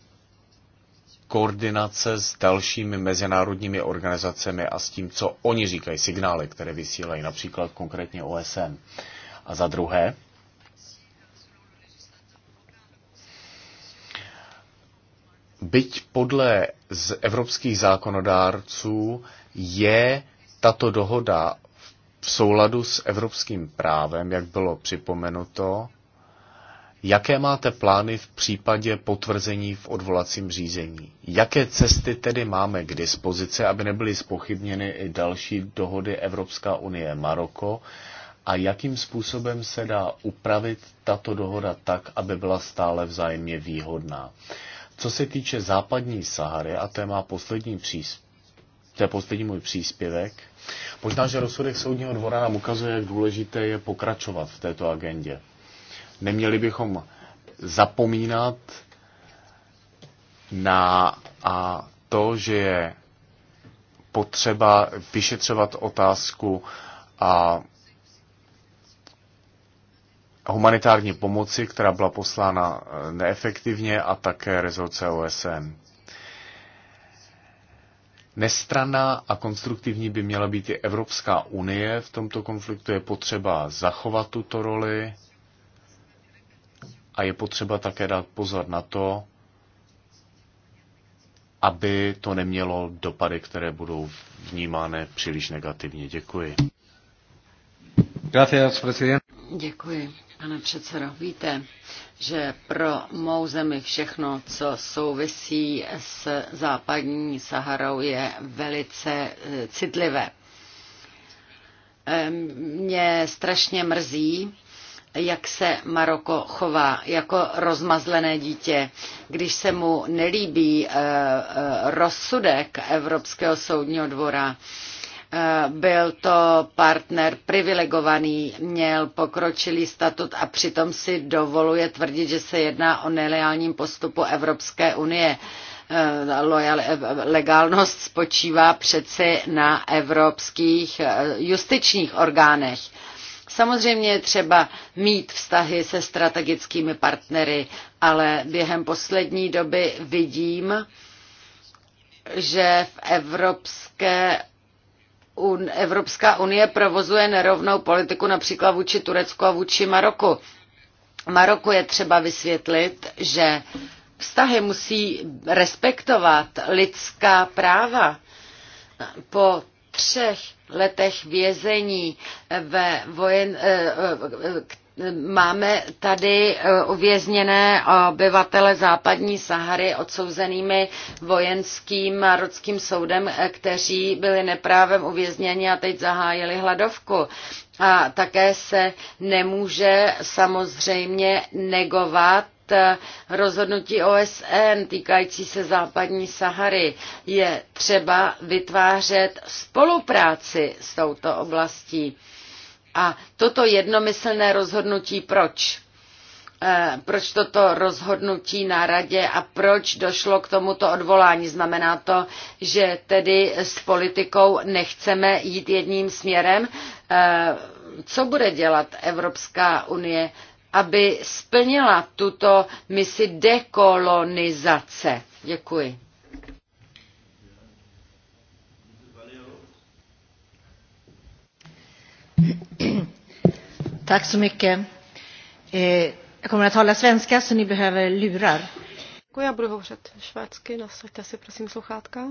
S2: koordinace s dalšími mezinárodními organizacemi a s tím, co oni říkají, signály, které vysílají, například konkrétně OSN. A za druhé, byť podle z evropských zákonodárců je tato dohoda v souladu s evropským právem, jak bylo připomenuto, Jaké máte plány v případě potvrzení v odvolacím řízení? Jaké cesty tedy máme k dispozici, aby nebyly spochybněny i další dohody Evropská unie Maroko? A jakým způsobem se dá upravit tato dohoda tak, aby byla stále vzájemně výhodná? Co se týče západní Sahary, a to je, má poslední přís... to je poslední můj příspěvek, Možná, že rozsudek soudního dvora nám ukazuje, jak důležité je pokračovat v této agendě. Neměli bychom zapomínat na a to, že je potřeba vyšetřovat otázku a humanitární pomoci, která byla poslána eh, neefektivně a také rezoluce OSN. Nestranná a konstruktivní by měla být i Evropská unie. V tomto konfliktu je potřeba zachovat tuto roli a je potřeba také dát pozor na to, aby to nemělo dopady, které budou vnímány příliš negativně. Děkuji. Gracias,
S1: Děkuji. Pane předsedo, víte, že pro mou zemi všechno, co souvisí s západní Saharou, je velice eh, citlivé. Mě strašně mrzí, jak se Maroko chová jako rozmazlené dítě. Když se mu nelíbí eh, eh, rozsudek Evropského soudního dvora, Eh, byl to partner privilegovaný, měl pokročilý statut a přitom si dovoluje tvrdit, že se jedná o nelegálním postupu Evropské unie. Eh, Loyal, eh, legálnost spočívá přeci na evropských justičních orgánech. Samozřejmě je třeba mít vztahy se strategickými partnery, ale během poslední doby vidím, že v Evropské Evropská unie provozuje nerovnou politiku například vůči Turecku a vůči Maroku. Maroku je třeba vysvětlit, že vztahy musí respektovat lidská práva. Po třech letech vězení ve vojen, eh, eh, Máme tady eh, uvězněné obyvatele západní Sahary odsouzenými vojenským marockým soudem, eh, kteří byli neprávem uvězněni a teď zahájili hladovku. A také se nemůže samozřejmě negovat eh, rozhodnutí OSN týkající se západní Sahary. Je třeba vytvářet spolupráci s touto oblastí a toto jednomyslné rozhodnutí proč? Eh, proč toto rozhodnutí na radě a proč došlo k tomuto odvolání. Znamená to, že tedy s politikou nechceme jít jedním směrem. Eh, co bude dělat Evropská unie, aby splnila tuto misi dekolonizace? Děkuji. Tack så mycket. Eh, jag kommer att tala svenska så ni behöver lurar.
S4: Děkuji, já budu hovořit švédsky, nasaďte si prosím sluchátka.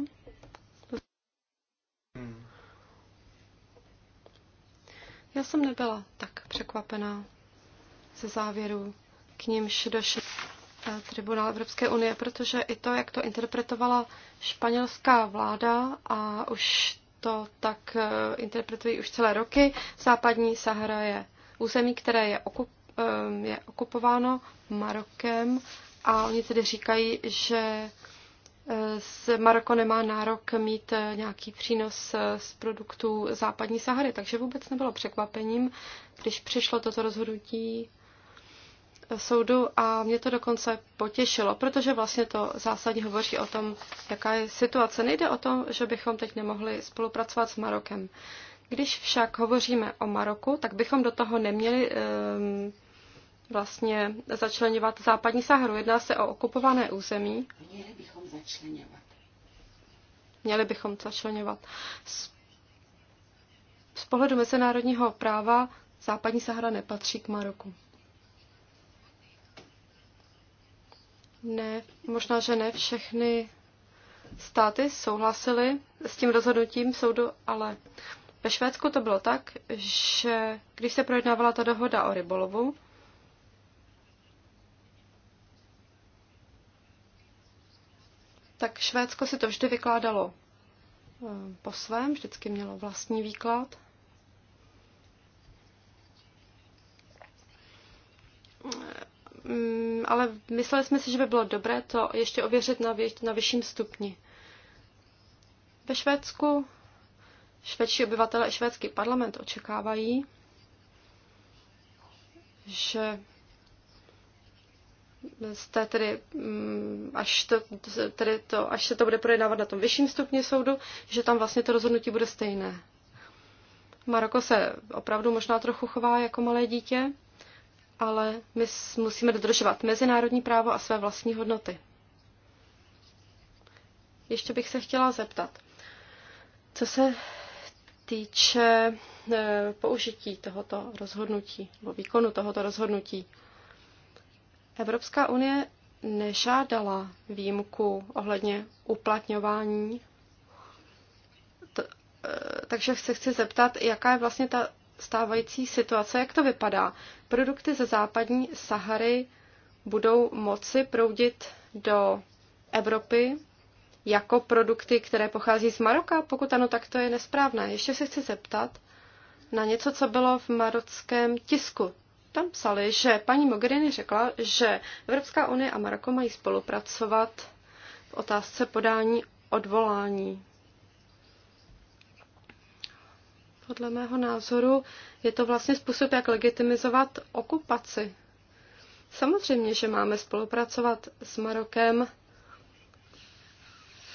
S4: Já jsem nebyla tak překvapená ze závěru, k nímž došel eh, Tribunál Evropské unie, protože i to, jak to interpretovala španělská vláda a už to tak eh, interpretují už celé roky, západní Sahara je území, které je, okup, ehm, je okupováno Marokem a oni tedy říkají, že eh, Maroko nemá nárok mít eh, nějaký přínos eh, z produktů západní Sahary, takže vůbec nebylo překvapením, když přišlo toto rozhodnutí soudu a mě to dokonce potěšilo, protože vlastně to zásadně hovoří o tom, jaká je situace. Nejde o to, že bychom teď nemohli spolupracovat s Marokem. Když však hovoříme o Maroku, tak bychom do toho neměli um, vlastně začlenovat západní Saharu. Jedná se o okupované území. Měli
S1: bychom začlenovat.
S4: Měli bychom začlenovat. Z, z pohledu mezinárodního práva západní Sahara nepatří k Maroku. Ne, možná, že ne všechny státy souhlasily s tím rozhodnutím soudu, ale ve Švédsku to bylo tak, že když se projednávala ta dohoda o rybolovu, tak Švédsko si to vždy vykládalo eh, po svém, vždycky mělo vlastní výklad. Mm, ale mysleli jsme si, že by bylo dobré to ještě ověřit na, vy, na vyšším stupni. Ve Švédsku Švédští obyvatele a švédský parlament očekávají, že jste tedy, mm, až, to, tedy to, až se to bude projednávat na tom vyšším stupni soudu, že tam vlastně to rozhodnutí bude stejné. Maroko se opravdu možná trochu chová jako malé dítě, ale my musíme dodržovat mezinárodní právo a své vlastní hodnoty. Ještě bych se chtěla zeptat, co se týče eh, použití tohoto rozhodnutí nebo výkonu tohoto rozhodnutí. Evropská unie nežádala výjimku ohledně uplatňování. Eh, takže se chci zeptat, jaká je vlastně ta stávající situace, jak to vypadá. Produkty ze západní Sahary budou moci proudit do Evropy jako produkty, které pochází z Maroka? Pokud ano, tak to je nesprávné. Ještě se chci zeptat na něco, co bylo v marockém tisku. Tam psali, že paní Mogherini řekla, že Evropská unie a Maroko mají spolupracovat v otázce podání odvolání. Podle mého názoru je to vlastně způsob, jak legitimizovat okupaci. Samozřejmě, že máme spolupracovat s Marokem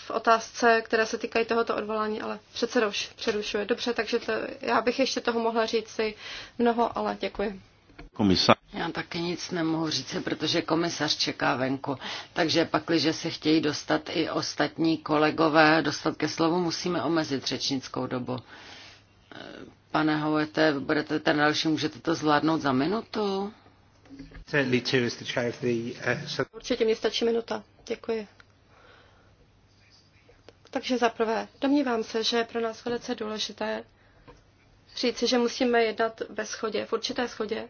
S4: v otázce, které se týkají tohoto odvolání, ale přece už přerušuje. Dobře, takže to, já bych ještě toho mohla říct si mnoho, ale děkuji.
S3: Komisar.
S1: Já taky nic nemohu říct, protože komisař čeká venku. Takže pakliže se chtějí dostat i ostatní kolegové dostat ke slovu, musíme omezit řečnickou dobu. Pane Hovete, budete ten další, můžete to zvládnout za minutu?
S3: Uh,
S4: Určitě mě stačí minuta. Děkuji. Takže zaprvé, domnívám se, že je pro nás velice důležité říci, že musíme jednat ve schodě, v určité schodě,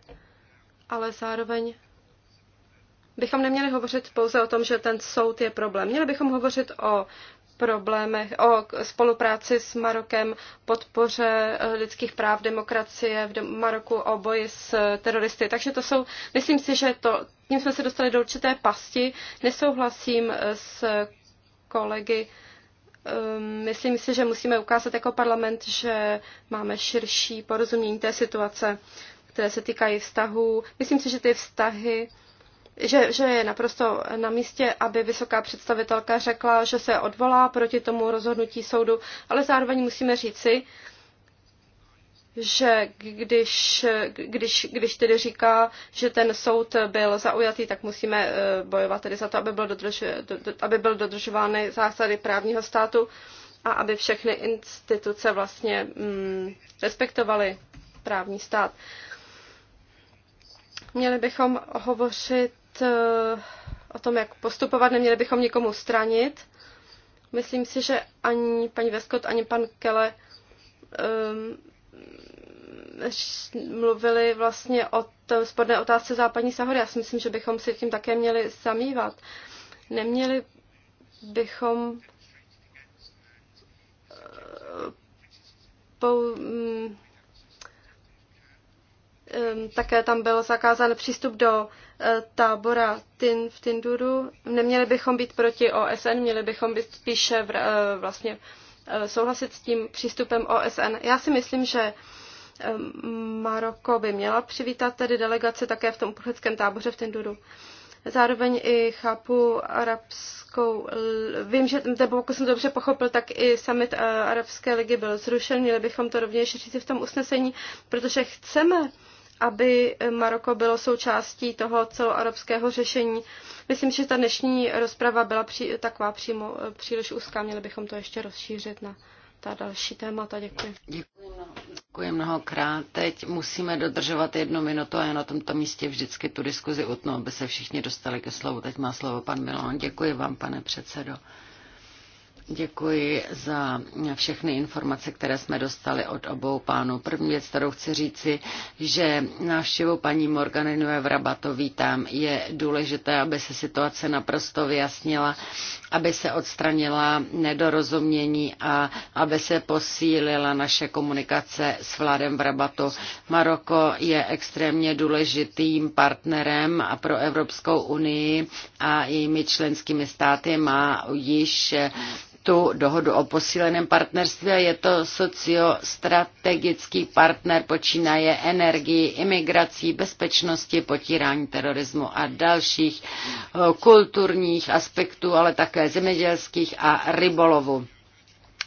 S4: ale zároveň bychom neměli hovořit pouze o tom, že ten soud je problém. Měli bychom hovořit o problémech, o spolupráci s Marokem, podpoře eh, lidských práv, demokracie v Maroku, o boji s teroristy. Takže to jsou, myslím si, že to, tím jsme se dostali do určité pasti. Nesouhlasím eh, s kolegy Ehm, myslím si, že musíme ukázat jako parlament, že máme širší porozumění té situace, které se týkají vztahů. Myslím si, že ty vztahy že, že je naprosto na místě, aby vysoká představitelka řekla, že se odvolá proti tomu rozhodnutí soudu, ale zároveň musíme říci, že když, když, když tedy říká, že ten soud byl zaujatý, tak musíme eh, bojovat tedy za to, aby, byl dodrž, aby byl dodržovány zásady právního státu a aby všechny instituce vlastně mm, respektovaly právní stát. Měli bychom hovořit eh, o tom, jak postupovat, neměli bychom nikomu stranit. Myslím si, že ani paní Veskot, ani pan Kele um, mluvili vlastně o sporné otázce západní Sahory. Já si myslím, že bychom se tím také měli zamývat. Neměli bychom eh, pou, um, také tam byl zakázán přístup do eh, tábora tin, v Tinduru. Neměli bychom být proti OSN, měli bychom být spíše v, eh, vlastně Eh, souhlasit s tím přístupem OSN. Já si myslím, že eh, Maroko by měla přivítat tedy delegace také v tom uprchlickém táboře v Tinduru. Zároveň i chápu arabskou, vím, že nebo pokud jsem dobře pochopil, tak i summit eh, Arabské ligy byl zrušen, měli bychom to rovněž říci v tom usnesení, protože chceme aby Maroko bylo součástí toho celoarabského řešení. Myslím, že ta dnešní rozprava byla pří, taková přímo, příliš úzká, měli bychom to ještě rozšířit na ta další témata. Děkuji.
S3: Děkuji,
S1: mnoho, děkuji mnohokrát. Teď musíme dodržovat jednu minutu a já na tomto místě vždycky tu diskuzi utnu, aby se všichni dostali ke slovu. Teď má slovo pan Milon. Děkuji vám, pane předsedo. Děkuji za všechny informace, které jsme dostali od obou pánů. První věc, kterou chci říci, že návštěvu paní Morganinové v Rabato vítám. Je důležité, aby se situace naprosto vyjasnila, aby se odstranila nedorozumění a aby se posílila naše komunikace s vládem v Rabatu. Maroko je extrémně důležitým partnerem a pro Evropskou unii a jejími členskými státy má již tu dohodu o posíleném partnerství a je to sociostrategický partner, počínaje energii, imigrací, bezpečnosti, potírání terorismu a dalších eh, kulturních aspektů, ale také zemědělských a rybolovu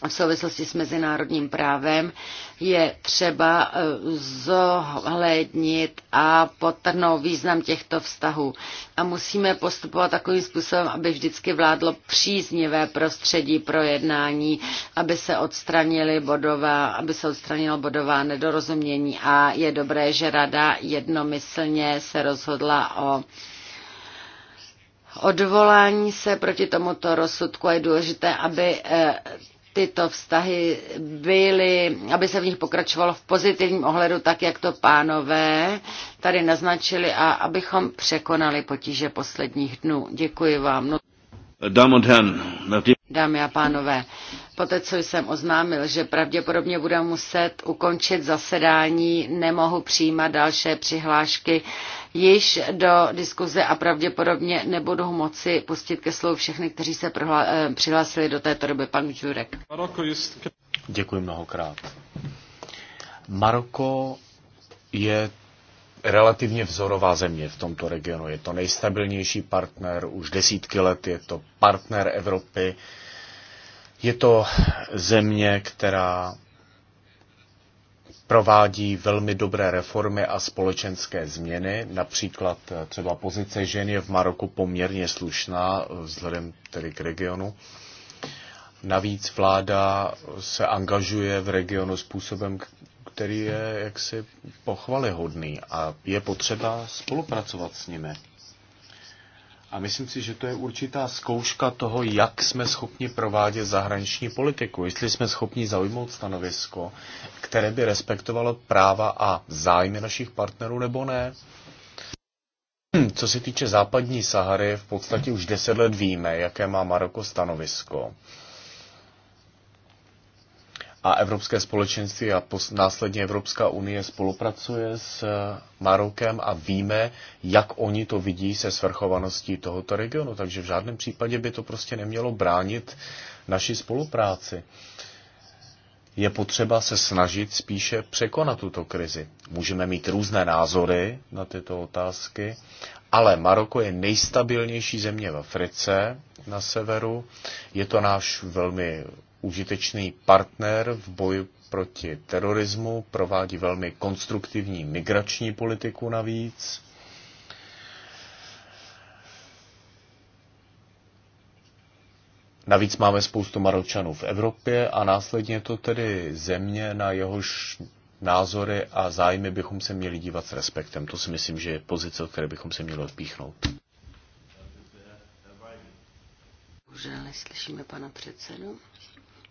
S1: v souvislosti s mezinárodním právem je třeba eh, zohlednit a potrhnout význam těchto vztahů. A musíme postupovat takovým způsobem, aby vždycky vládlo příznivé prostředí pro jednání, aby se, odstranili bodová, aby se odstranilo bodová nedorozumění. A je dobré, že rada jednomyslně se rozhodla o odvolání se proti tomuto rozsudku je důležité, aby eh, tyto vztahy byly, aby se v nich pokračovalo v pozitivním ohledu, tak jak to pánové tady naznačili a abychom překonali potíže posledních dnů. Děkuji vám. Dámy a pánové, poté, co jsem oznámil, že pravděpodobně budeme muset ukončit zasedání, nemohu přijímat další přihlášky již do diskuze a pravděpodobně nebudu moci pustit ke slovu všechny, kteří se eh, přihlásili do této doby. Pan Jurek.
S2: Děkuji mnohokrát. Maroko je relativně vzorová země v tomto regionu. Je to nejstabilnější partner už desítky let, je to partner Evropy, je to země, která provádí velmi dobré reformy a společenské změny. Například eh, třeba pozice žen je v Maroku poměrně slušná eh, vzhledem tedy k regionu. Navíc vláda se angažuje v regionu způsobem, který je jaksi pochvalihodný a je potřeba spolupracovat s nimi. A myslím si, že to je určitá zkouška toho, jak jsme schopni provádět zahraniční politiku, jestli jsme schopni zaujmout stanovisko, které by respektovalo práva a zájmy našich partnerů nebo ne. Hm, co se týče západní Sahary, v podstatě už deset let víme, jaké má Maroko stanovisko a Evropské společenství a následně Evropská unie spolupracuje s eh, Marokem a víme, jak oni to vidí se svrchovaností tohoto regionu. Takže v žádném případě by to prostě nemělo bránit naší spolupráci. Je potřeba se snažit spíše překonat tuto krizi. Můžeme mít různé názory na tyto otázky, ale Maroko je nejstabilnější země v Africe na severu. Je to náš velmi užitečný partner v boji proti terorismu, provádí velmi konstruktivní migrační politiku navíc. Navíc máme spoustu Maročanů v Evropě a následně to tedy země, na jehož názory a zájmy bychom se měli dívat s respektem. To si myslím, že je pozice, které bychom se měli odpíchnout.
S1: Bohužel slyšíme, pana předsedu.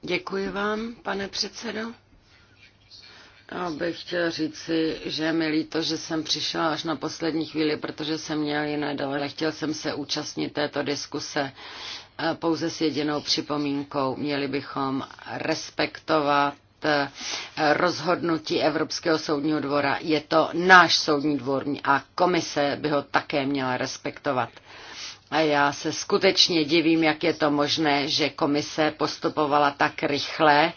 S1: Děkuji vám, pane předsedo. Já bych chtěl říci, že mi líto, že jsem přišel až na poslední chvíli, protože jsem měl jiné dole. Chtěl jsem se účastnit této diskuse eh, pouze s jedinou připomínkou. Měli bychom respektovat eh, rozhodnutí Evropského soudního dvora. Je to náš soudní dvorní a komise by ho také měla respektovat. A já se skutečně divím, jak je to možné, že komise postupovala tak rychle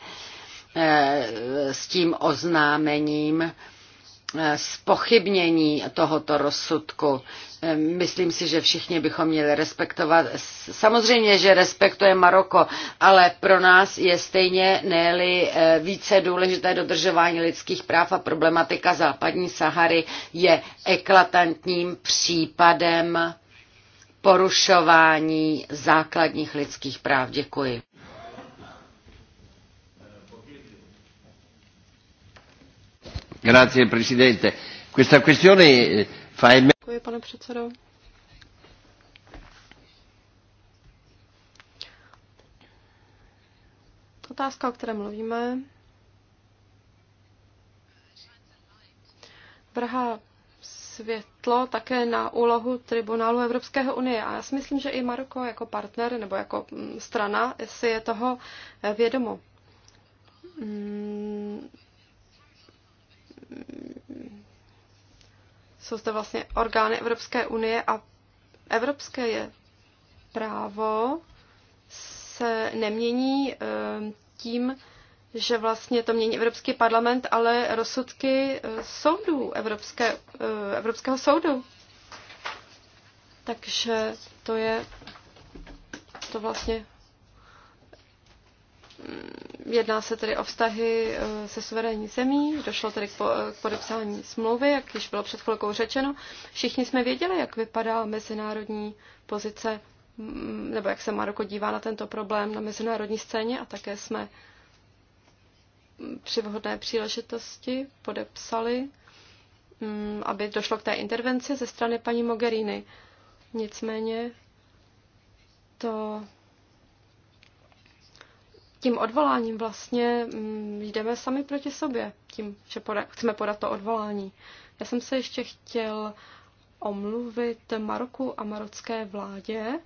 S1: eh, s tím oznámením eh, spochybnění tohoto rozsudku. Eh, myslím si, že všichni bychom měli respektovat. Samozřejmě, že respektuje Maroko, ale pro nás je stejně ne více důležité dodržování lidských práv a problematika západní Sahary je eklatantním případem porušování základních lidských práv. Děkuji.
S3: Grazie, presidente. Questa questione eh, fa Děkuji,
S4: pane předsedo. Otázka, o které mluvíme, vrhá světlo také na úlohu Tribunálu Evropského unie. A já si myslím, že i Maroko jako partner nebo jako mm, strana si je toho eh, vědomo.
S3: Mm.
S4: Jsou zde vlastně orgány Evropské unie a evropské je právo se nemění eh, tím, že vlastně to mění Evropský parlament, ale rozsudky eh, soudů, Evropské, eh, Evropského soudu. Takže to je to vlastně mm, jedná se tedy o vztahy eh, se suverénní zemí, došlo tedy k, po, k podepsání smlouvy, jak již bylo před chvilkou řečeno. Všichni jsme věděli, jak vypadá mezinárodní pozice, mm, nebo jak se Maroko dívá na tento problém na mezinárodní scéně a také jsme při vhodné příležitosti podepsali, mm, aby došlo k té intervenci ze strany paní Mogherini. Nicméně to tím odvoláním vlastně mm, jdeme sami proti sobě, tím, že poda, chceme podat to odvolání. Já jsem se ještě chtěl omluvit Maroku a marocké vládě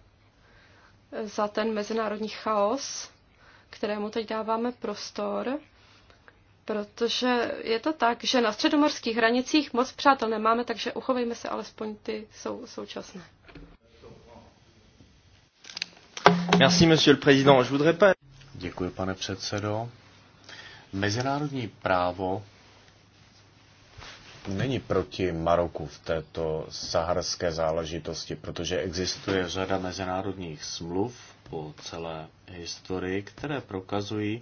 S4: eh, za ten mezinárodní chaos, kterému teď dáváme prostor protože je to tak, že na středomorských hranicích moc přátel nemáme, takže uchovejme se alespoň ty sou, současné.
S2: Merci, monsieur le président. Je voudrais pas... Děkuji, pane předsedo. Mezinárodní právo není proti Maroku v této saharské záležitosti, protože existuje řada mezinárodních smluv po celé historii, které prokazují,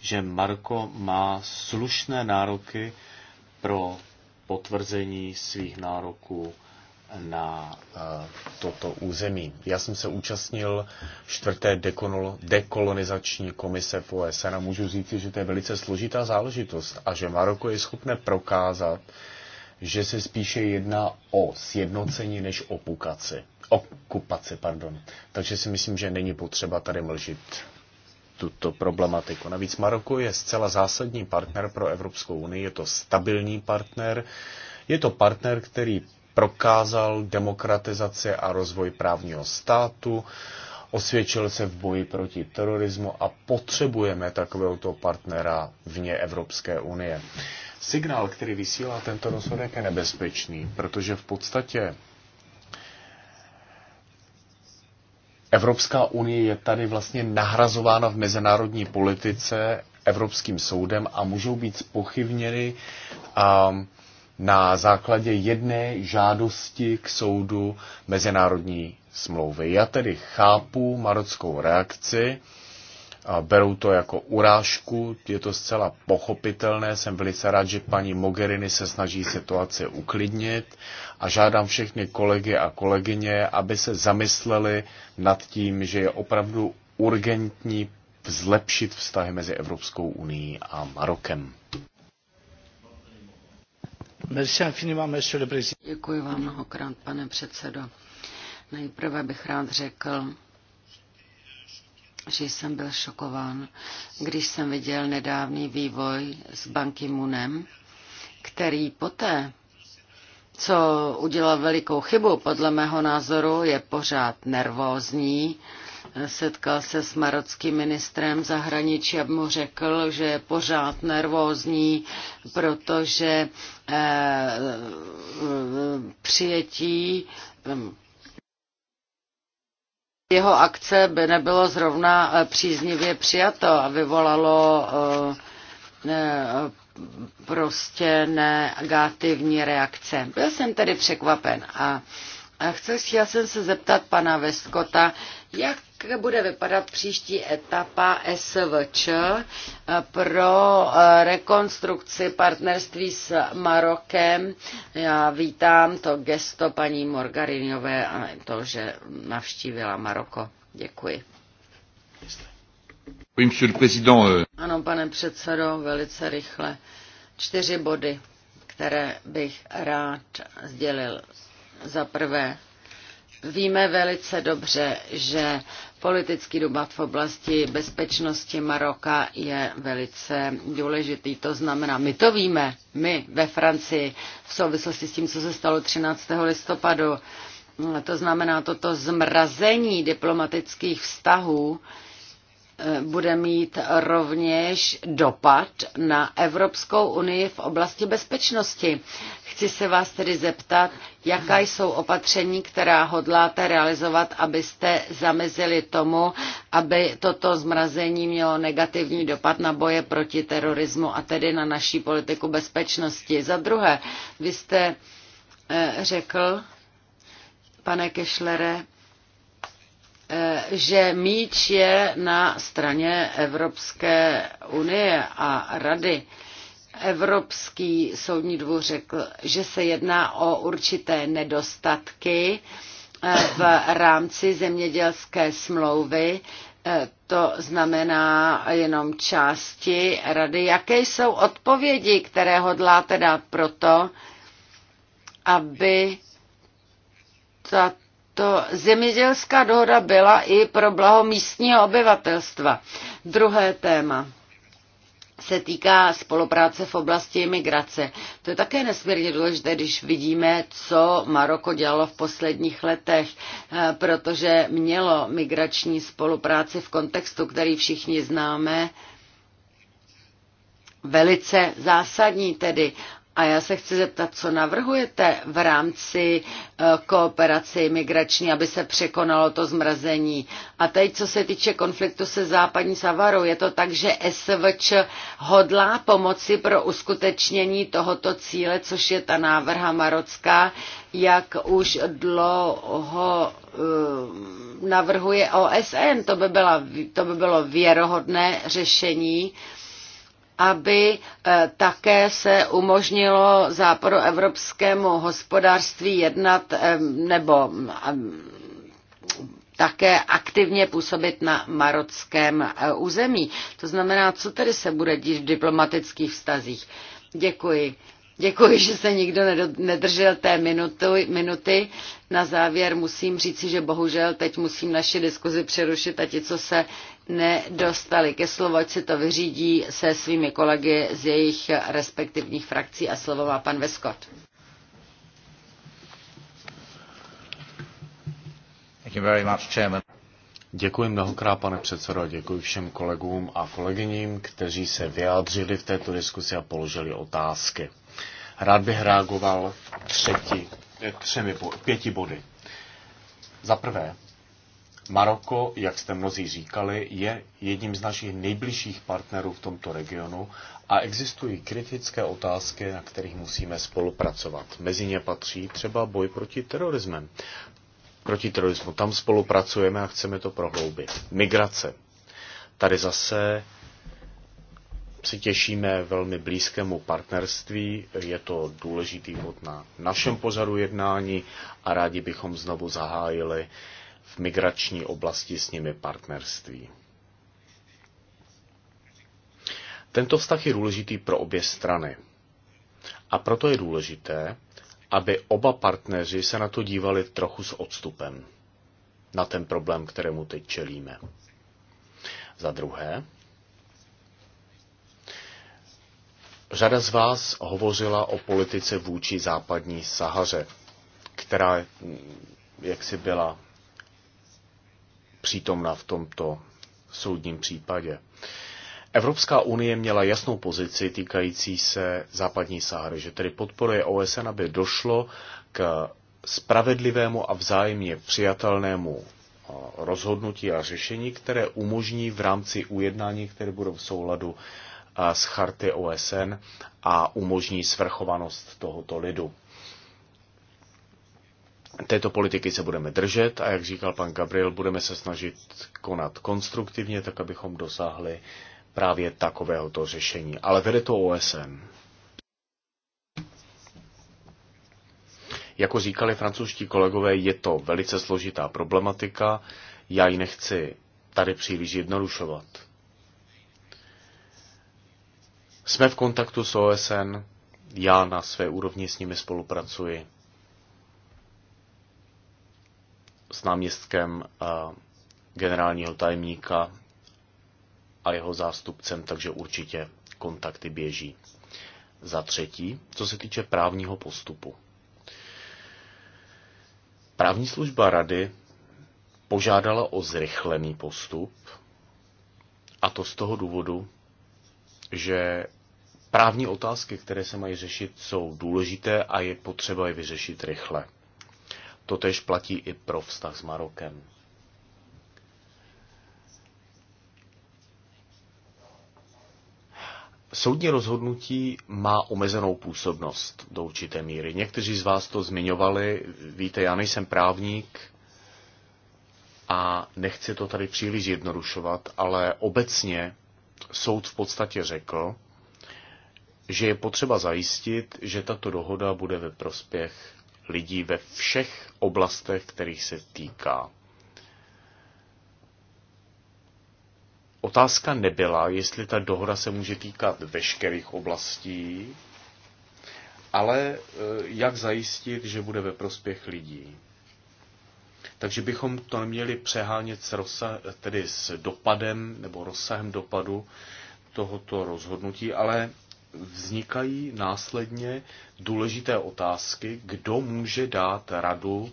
S2: že Marko má slušné nároky pro potvrzení svých nároků na eh, toto území. Já jsem se účastnil čtvrté dekolonizační komise v OSN a můžu říct, že to je velice složitá záležitost a že Maroko je schopné prokázat, že se spíše jedná o sjednocení než o pukaci. Okupaci, pardon. Takže si myslím, že není potřeba tady mlžit tuto problematiku. Navíc Maroko je zcela zásadní partner pro Evropskou unii, je to stabilní partner, je to partner, který prokázal demokratizaci a rozvoj právního státu, osvědčil se v boji proti terorismu a potřebujeme takovéhoto partnera vně Evropské unie. Signál, který vysílá tento rozhodek, je nebezpečný, protože v podstatě Evropská unie je tady vlastně nahrazována v mezinárodní politice Evropským soudem a můžou být spochybněny um, na základě jedné žádosti k soudu mezinárodní smlouvy. Já tedy chápu marockou reakci, berou to jako urážku, je to zcela pochopitelné, jsem velice rád, že paní Mogherini se snaží situaci uklidnit a žádám všechny kolegy a kolegyně, aby se zamysleli nad tím, že je opravdu urgentní zlepšit vztahy mezi Evropskou unii a Marokem.
S1: Děkuji vám mnohokrát, pane předsedo. Nejprve bych rád řekl, že jsem byl šokován, když jsem viděl nedávný vývoj s Banky Munem, který poté, co udělal velikou chybu, podle mého názoru, je pořád nervózní. Setkal se s marockým ministrem zahraničí a mu řekl, že je pořád nervózní, protože eh, přijetí jeho akce by nebylo zrovna eh, příznivě přijato a vyvolalo eh, eh, prostě negativní reakce. Byl jsem tedy překvapen a Chci, chtěl jsem se zeptat pana Vestkota, jak bude vypadat příští etapa SVČ eh, pro eh, rekonstrukci partnerství s Marokem? Já vítám to gesto paní Morgariniové a to, že navštívila Maroko. Děkuji.
S2: Euh,
S1: ano, pane předsedo, velice rychle. Čtyři body, které bych rád sdělil. Za prvé, Víme velice dobře, že politický dubat v oblasti bezpečnosti Maroka je velice důležitý. To znamená, my to víme, my ve Francii, v souvislosti s tím, co se stalo 13. listopadu. To znamená, toto zmrazení diplomatických vztahů bude mít rovněž dopad na Evropskou unii v oblasti bezpečnosti. Chci se vás tedy zeptat, jaká jsou opatření, která hodláte realizovat, abyste zamezili tomu, aby toto zmrazení mělo negativní dopad na boje proti terorismu a tedy na naší politiku bezpečnosti. Za druhé, vy jste eh, řekl, pane Kešlere, Eh, že míč je na straně Evropské unie a rady. Evropský soudní dvůr řekl, že se jedná o určité nedostatky eh, v rámci zemědělské smlouvy, eh, to znamená jenom části rady. Jaké jsou odpovědi, které hodláte dát proto, aby tato to zemědělská dohoda byla i pro blaho místního obyvatelstva. Druhé téma se týká spolupráce v oblasti imigrace. To je také nesmírně důležité, když vidíme, co Maroko dělalo v posledních letech, eh, protože mělo migrační spolupráci v kontextu, který všichni známe, velice zásadní tedy a já se chci zeptat, co navrhujete v rámci eh, kooperace imigrační, aby se překonalo to zmrazení. A teď, co se týče konfliktu se západní Savarou, je to tak, že SVČ hodlá pomoci pro uskutečnění tohoto cíle, což je ta návrha marocká, jak už dlouho eh, navrhuje OSN. To by, byla, to by bylo věrohodné řešení aby eh, také se umožnilo západoevropskému hospodářství jednat eh, nebo mm, eh, také aktivně působit na marockém území. To znamená, co tedy se bude dít v diplomatických vztazích. Děkuji. Děkuji, že se nikdo nedržel té minutu, minuty. Na závěr musím říci, že bohužel teď musím naši diskuzi přerušit a ti, co se nedostali ke slovu, ať si to vyřídí se svými kolegy z jejich respektivních frakcí a slovo má pan Veskot.
S2: Děkuji mnohokrát, pane předsedo, děkuji všem kolegům a kolegyním, kteří se vyjádřili v této diskusi a položili otázky. Rád bych reagoval třetí, eh, třemi, pěti body. Za prvé, Maroko, jak jste mnozí říkali, je jedním z našich nejbližších partnerů v tomto regionu a existují kritické otázky, na kterých musíme spolupracovat. Mezi ně patří třeba boj proti terorismem. Proti terorismu. Tam spolupracujeme a chceme to prohloubit. Migrace. Tady zase si těšíme velmi blízkému partnerství. Je to důležitý bod na našem pořadu jednání a rádi bychom znovu zahájili v migrační oblasti s nimi partnerství. Tento vztah je důležitý pro obě strany. A proto je důležité, aby oba partneři se na to dívali trochu s odstupem, na ten problém, kterému teď čelíme. Za druhé, řada z vás hovořila o politice vůči západní Sahaře, která jaksi byla přítomna v tomto soudním případě. Evropská unie měla jasnou pozici týkající se západní Sahary, že tedy podporuje OSN, aby došlo k spravedlivému a vzájemně přijatelnému eh, rozhodnutí a řešení, které umožní v rámci ujednání, které budou v souladu eh, s charty OSN a umožní svrchovanost tohoto lidu. Této politiky se budeme držet a jak říkal pan Gabriel, budeme se snažit konat konstruktivně, tak abychom dosáhli právě takovéhoto řešení. Ale vede to OSN. Jako říkali francouzští kolegové, je to velice složitá problematika, já ji nechci tady příliš jednodušovat. Jsme v kontaktu s OSN, já na své úrovni s nimi spolupracuji. s náměstkem eh, generálního tajemníka a jeho zástupcem, takže určitě kontakty běží. Za třetí, co se týče právního postupu. Právní služba rady požádala o zrychlený postup, a to z toho důvodu, že právní otázky, které se mají řešit, jsou důležité a je potřeba je vyřešit rychle. Totež platí i pro vztah s Marokem. Soudní rozhodnutí má omezenou působnost do určité míry. Někteří z vás to zmiňovali. Víte, já nejsem právník a nechci to tady příliš jednorušovat, ale obecně soud v podstatě řekl, že je potřeba zajistit, že tato dohoda bude ve prospěch lidí ve všech oblastech, kterých se týká. Otázka nebyla, jestli ta dohoda se může týkat veškerých oblastí, ale eh, jak zajistit, že bude ve prospěch lidí. Takže bychom to neměli přehánět s, rozsah, tedy s dopadem nebo rozsahem dopadu tohoto rozhodnutí, ale vznikají následně důležité otázky, kdo může dát radu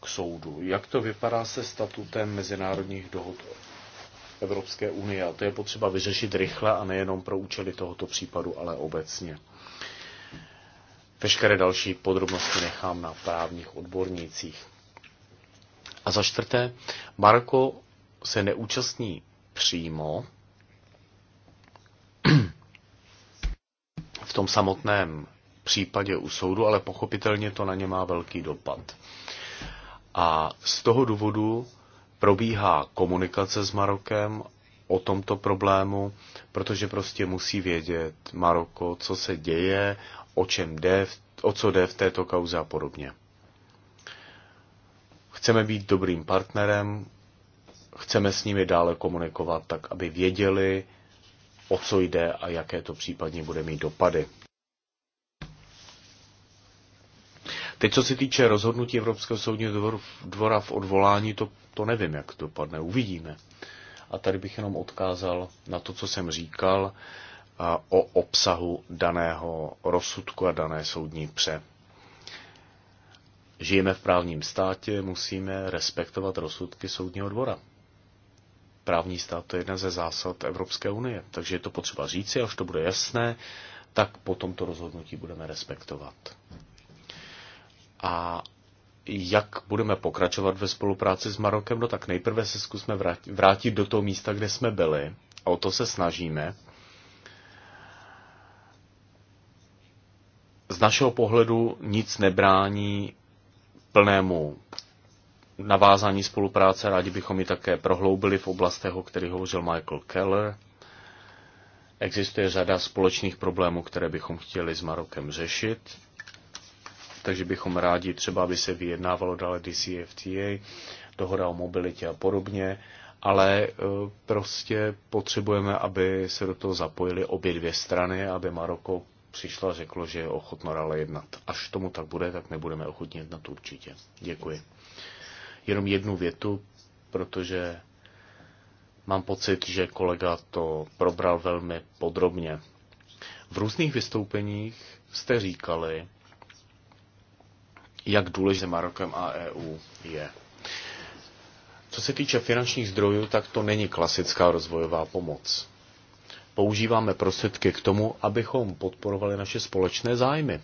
S2: k soudu. Jak to vypadá se statutem mezinárodních dohod Evropské unie? A to je potřeba vyřešit rychle a nejenom pro účely tohoto případu, ale obecně. Veškeré další podrobnosti nechám na právních odbornících. A za čtvrté, Marko se neúčastní přímo tom samotném případě u soudu, ale pochopitelně to na ně má velký dopad. A z toho důvodu probíhá komunikace s Marokem o tomto problému, protože prostě musí vědět Maroko, co se děje, o čem jde, o co jde v této kauze a podobně. Chceme být dobrým partnerem, chceme s nimi dále komunikovat tak, aby věděli, o co jde a jaké to případně bude mít dopady. Teď, co se týče rozhodnutí Evropského soudního dvora v odvolání, to, to nevím, jak to dopadne. Uvidíme. A tady bych jenom odkázal na to, co jsem říkal a, o obsahu daného rozsudku a dané soudní pře. Žijeme v právním státě, musíme respektovat rozsudky soudního dvora právní stát to je jedna ze zásad Evropské unie. Takže je to potřeba říci, až to bude jasné, tak potom to rozhodnutí budeme respektovat. A jak budeme pokračovat ve spolupráci s Marokem, no tak nejprve se zkusme vrátit do toho místa, kde jsme byli. A o to se snažíme. Z našeho pohledu nic nebrání plnému navázání spolupráce, rádi bychom ji také prohloubili v oblastech, o kterých hovořil Michael Keller. Existuje řada společných problémů, které bychom chtěli s Marokem řešit, takže bychom rádi třeba, aby se vyjednávalo dále DCFTA, dohoda o mobilitě a podobně, ale e, prostě potřebujeme, aby se do toho zapojily obě dvě strany, aby Maroko přišlo a řeklo, že je ochotno dále jednat. Až tomu tak bude, tak nebudeme ochotni ochotně jednat určitě. Děkuji jenom jednu větu, protože mám pocit, že kolega to probral velmi podrobně. V různých vystoupeních jste říkali, jak důležité Marokem a EU je. Co se týče finančních zdrojů, tak to není klasická rozvojová pomoc. Používáme prostředky k tomu, abychom podporovali naše společné zájmy.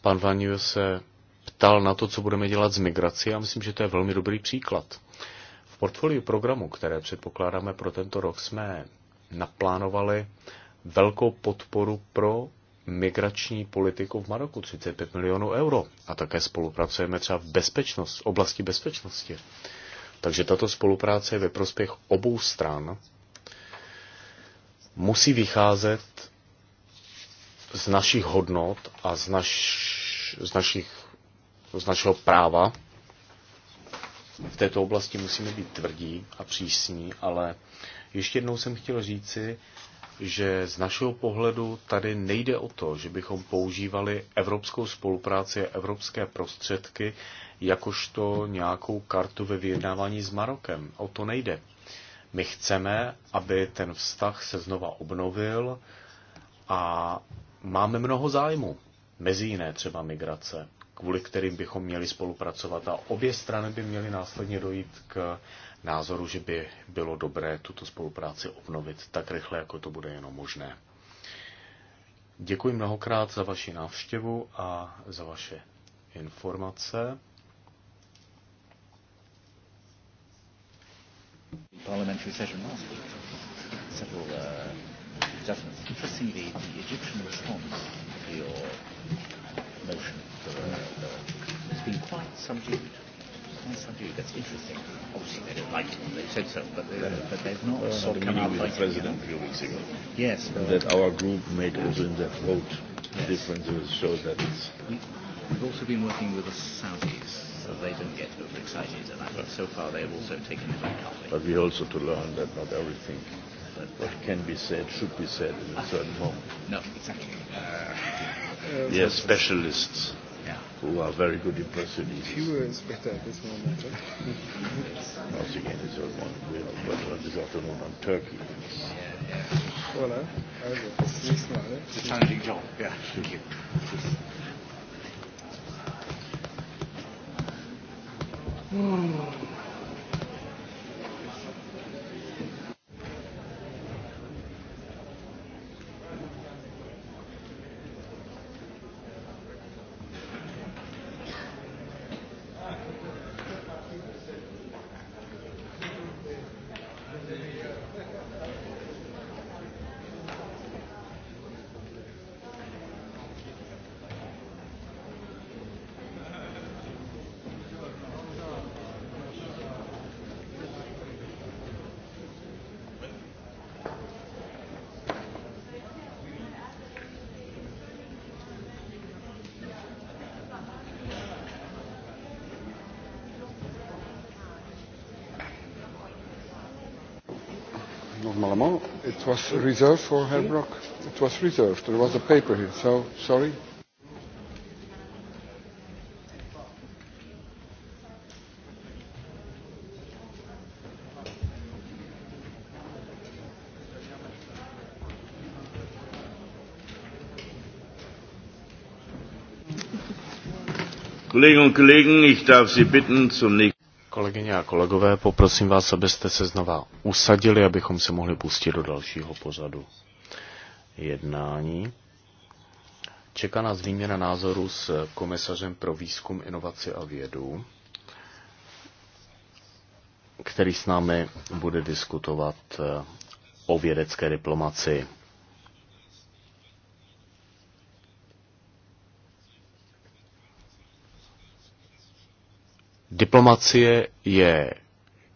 S2: Pan Vanil se ptal na to, co budeme dělat s migrací a myslím, že to je velmi dobrý příklad. V portfoliu programu, které předpokládáme pro tento rok, jsme naplánovali velkou podporu pro migrační politiku v Maroku, 35 milionů euro. A také spolupracujeme třeba v bezpečnost, oblasti bezpečnosti. Takže tato spolupráce je ve prospěch obou stran. Musí vycházet z našich hodnot a z, naš, z našich z našeho práva. V této oblasti musíme být tvrdí a přísní, ale ještě jednou jsem chtěl říci, že z našeho pohledu tady nejde o to, že bychom používali evropskou spolupráci a evropské prostředky jakožto nějakou kartu ve vyjednávání s Marokem. O to nejde. My chceme, aby ten vztah se znova obnovil a máme mnoho zájmu. Mezi jiné třeba migrace kvůli kterým bychom měli spolupracovat a obě strany by měly následně dojít k názoru, že by bylo dobré tuto spolupráci obnovit tak rychle, jako to bude jenom možné. Děkuji mnohokrát za vaši návštěvu a za vaše informace. Parliamentary session
S3: last week, several uh, Interestingly, the Egyptian response to your motion It's been quite subdued. Quite subdued. That's interesting. Obviously, they don't like it. They said so, but, they, yeah. but they've not well, sort of come out with like the president a few weeks ago. Yes. Well, that our group made also in that vote yes. differences shows that it's. we've also been working with the Saudis so they don't get overexcited. And I so far they've also taken it very calmly. But we also to learn that not everything that what can be said should be said in a certain moment. No, exactly. Uh, yes, specialists who are very good in Brazilians. Fewer is better at this moment. Right? Once again, it's all one. We are better on this afternoon on Turkey. Voilà. Also, bis nächstes Mal. Ne? It's a challenging job. Yeah. Thank you. Mm. was reserved for Herr Brock. It was reserved. There was a paper here. So, sorry.
S2: Kolleginnen und Kollegen, ich darf Sie bitten, zum nächsten Kolegyně a kolegové, poprosím vás, abyste se znova usadili, abychom se mohli pustit do dalšího pozadu jednání. Čeká nás výměna názoru s komisařem pro výzkum, inovaci a vědu, který s námi bude diskutovat o vědecké diplomaci Diplomacie je,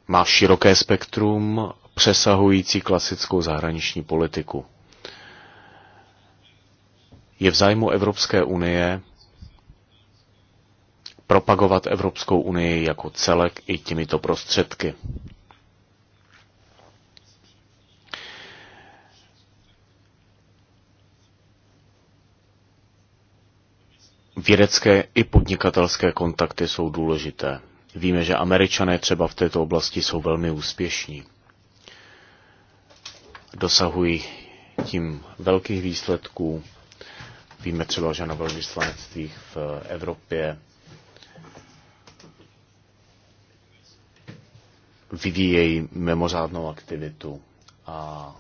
S2: má široké spektrum přesahující klasickou zahraniční politiku. Je v zájmu Evropské unie propagovat Evropskou unii jako celek i těmito prostředky. Vědecké i podnikatelské kontakty jsou důležité. Víme, že američané třeba v této oblasti jsou velmi úspěšní. Dosahují tím velkých výsledků. Víme třeba, že na velvyslanectvích v Evropě vyvíjejí mimořádnou aktivitu a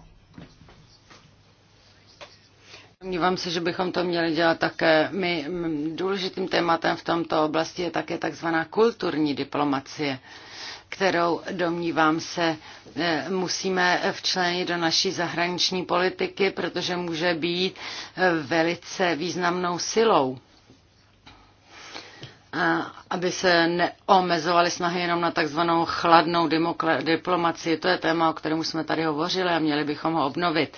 S1: Domnívám se, že bychom to měli dělat také. My, důležitým tématem v tomto oblasti je také takzvaná kulturní diplomacie kterou, domnívám se, e, musíme včlenit do naší zahraniční politiky, protože může být e, velice významnou silou. Aby se neomezovaly snahy jenom na takzvanou chladnou diplomacii. To je téma, o kterém jsme tady hovořili a měli bychom ho obnovit.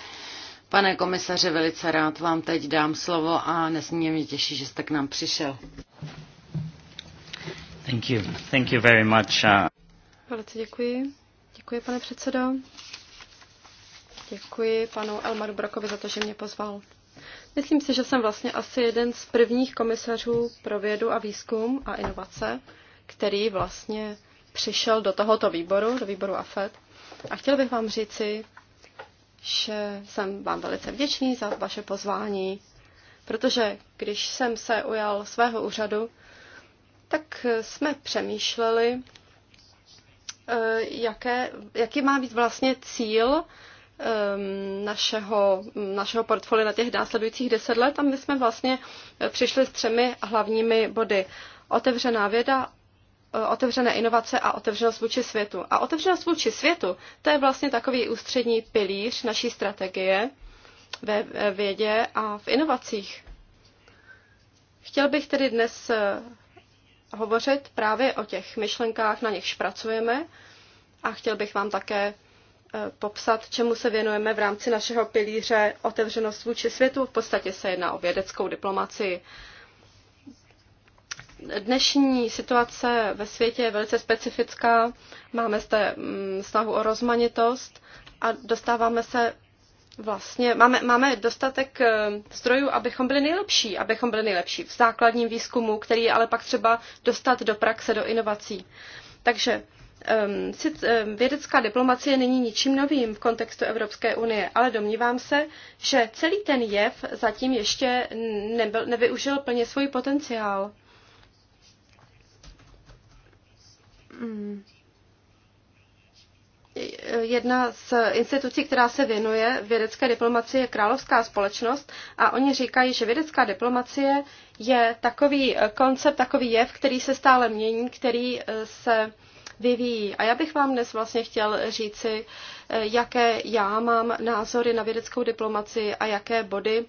S1: Pane komisaře, velice rád vám teď dám slovo a nesmírně mě těší, že jste k nám přišel. Thank you. Thank you very much. Uh,
S4: velice děkuji. Děkuji, pane předsedo. Děkuji panu Elmaru Brokovi za to, že mě pozval. Myslím si, že jsem vlastně asi jeden z prvních komisařů pro vědu a výzkum a inovace, který vlastně přišel do tohoto výboru, do výboru AFED. A chtěl bych vám říci, že jsem vám velice vděčný za vaše pozvání, protože když jsem se ujal svého úřadu, tak jsme přemýšleli, e, jaké, jaký má být vlastně cíl e, našeho, našeho portfolia na těch následujících deset let a my jsme vlastně přišli s třemi hlavními body. Otevřená věda, Eh, otevřené inovace a otevřenost vůči světu. A otevřenost vůči světu, to je vlastně takový ústřední pilíř naší strategie ve vědě a v inovacích. Chtěl bych tedy dnes eh, hovořit právě o těch myšlenkách, na nichž pracujeme a chtěl bych vám také eh, popsat, čemu se věnujeme v rámci našeho pilíře otevřenost vůči světu. V podstatě se jedná o vědeckou diplomacii. Dnešní situace ve světě je velice specifická. Máme zde mm, snahu o rozmanitost a dostáváme se vlastně, máme, máme dostatek eh, zdrojů, abychom byli nejlepší, abychom byli nejlepší v základním výzkumu, který je ale pak třeba dostat do praxe, do inovací. Takže ehm, ehm, vědecká diplomacie není ničím novým v kontextu Evropské unie, ale domnívám se, že celý ten jev zatím ještě nebyl, nevyužil plně svůj potenciál. jedna z institucí, která se věnuje vědecké diplomacie, je Královská společnost a oni říkají, že vědecká diplomacie je takový eh, koncept, takový jev, který se stále mění, který eh, se vyvíjí. A já bych vám dnes vlastně chtěl říci, eh, jaké já mám názory na vědeckou diplomaci a jaké body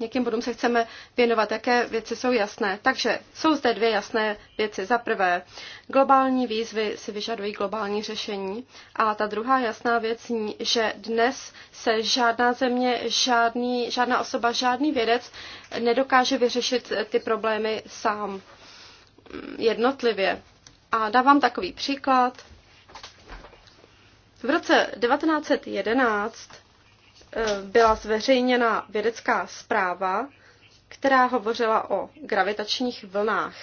S4: jakým bodům se chceme věnovat, jaké věci jsou jasné. Takže jsou zde dvě jasné věci. Za prvé, globální výzvy si vyžadují globální řešení. A ta druhá jasná věc je, že dnes se žádná země, žádný, žádná osoba, žádný vědec nedokáže vyřešit ty problémy sám mm, jednotlivě. A dávám takový příklad. V roce 1911 Eh, byla zveřejněna vědecká zpráva, která hovořila o gravitačních vlnách.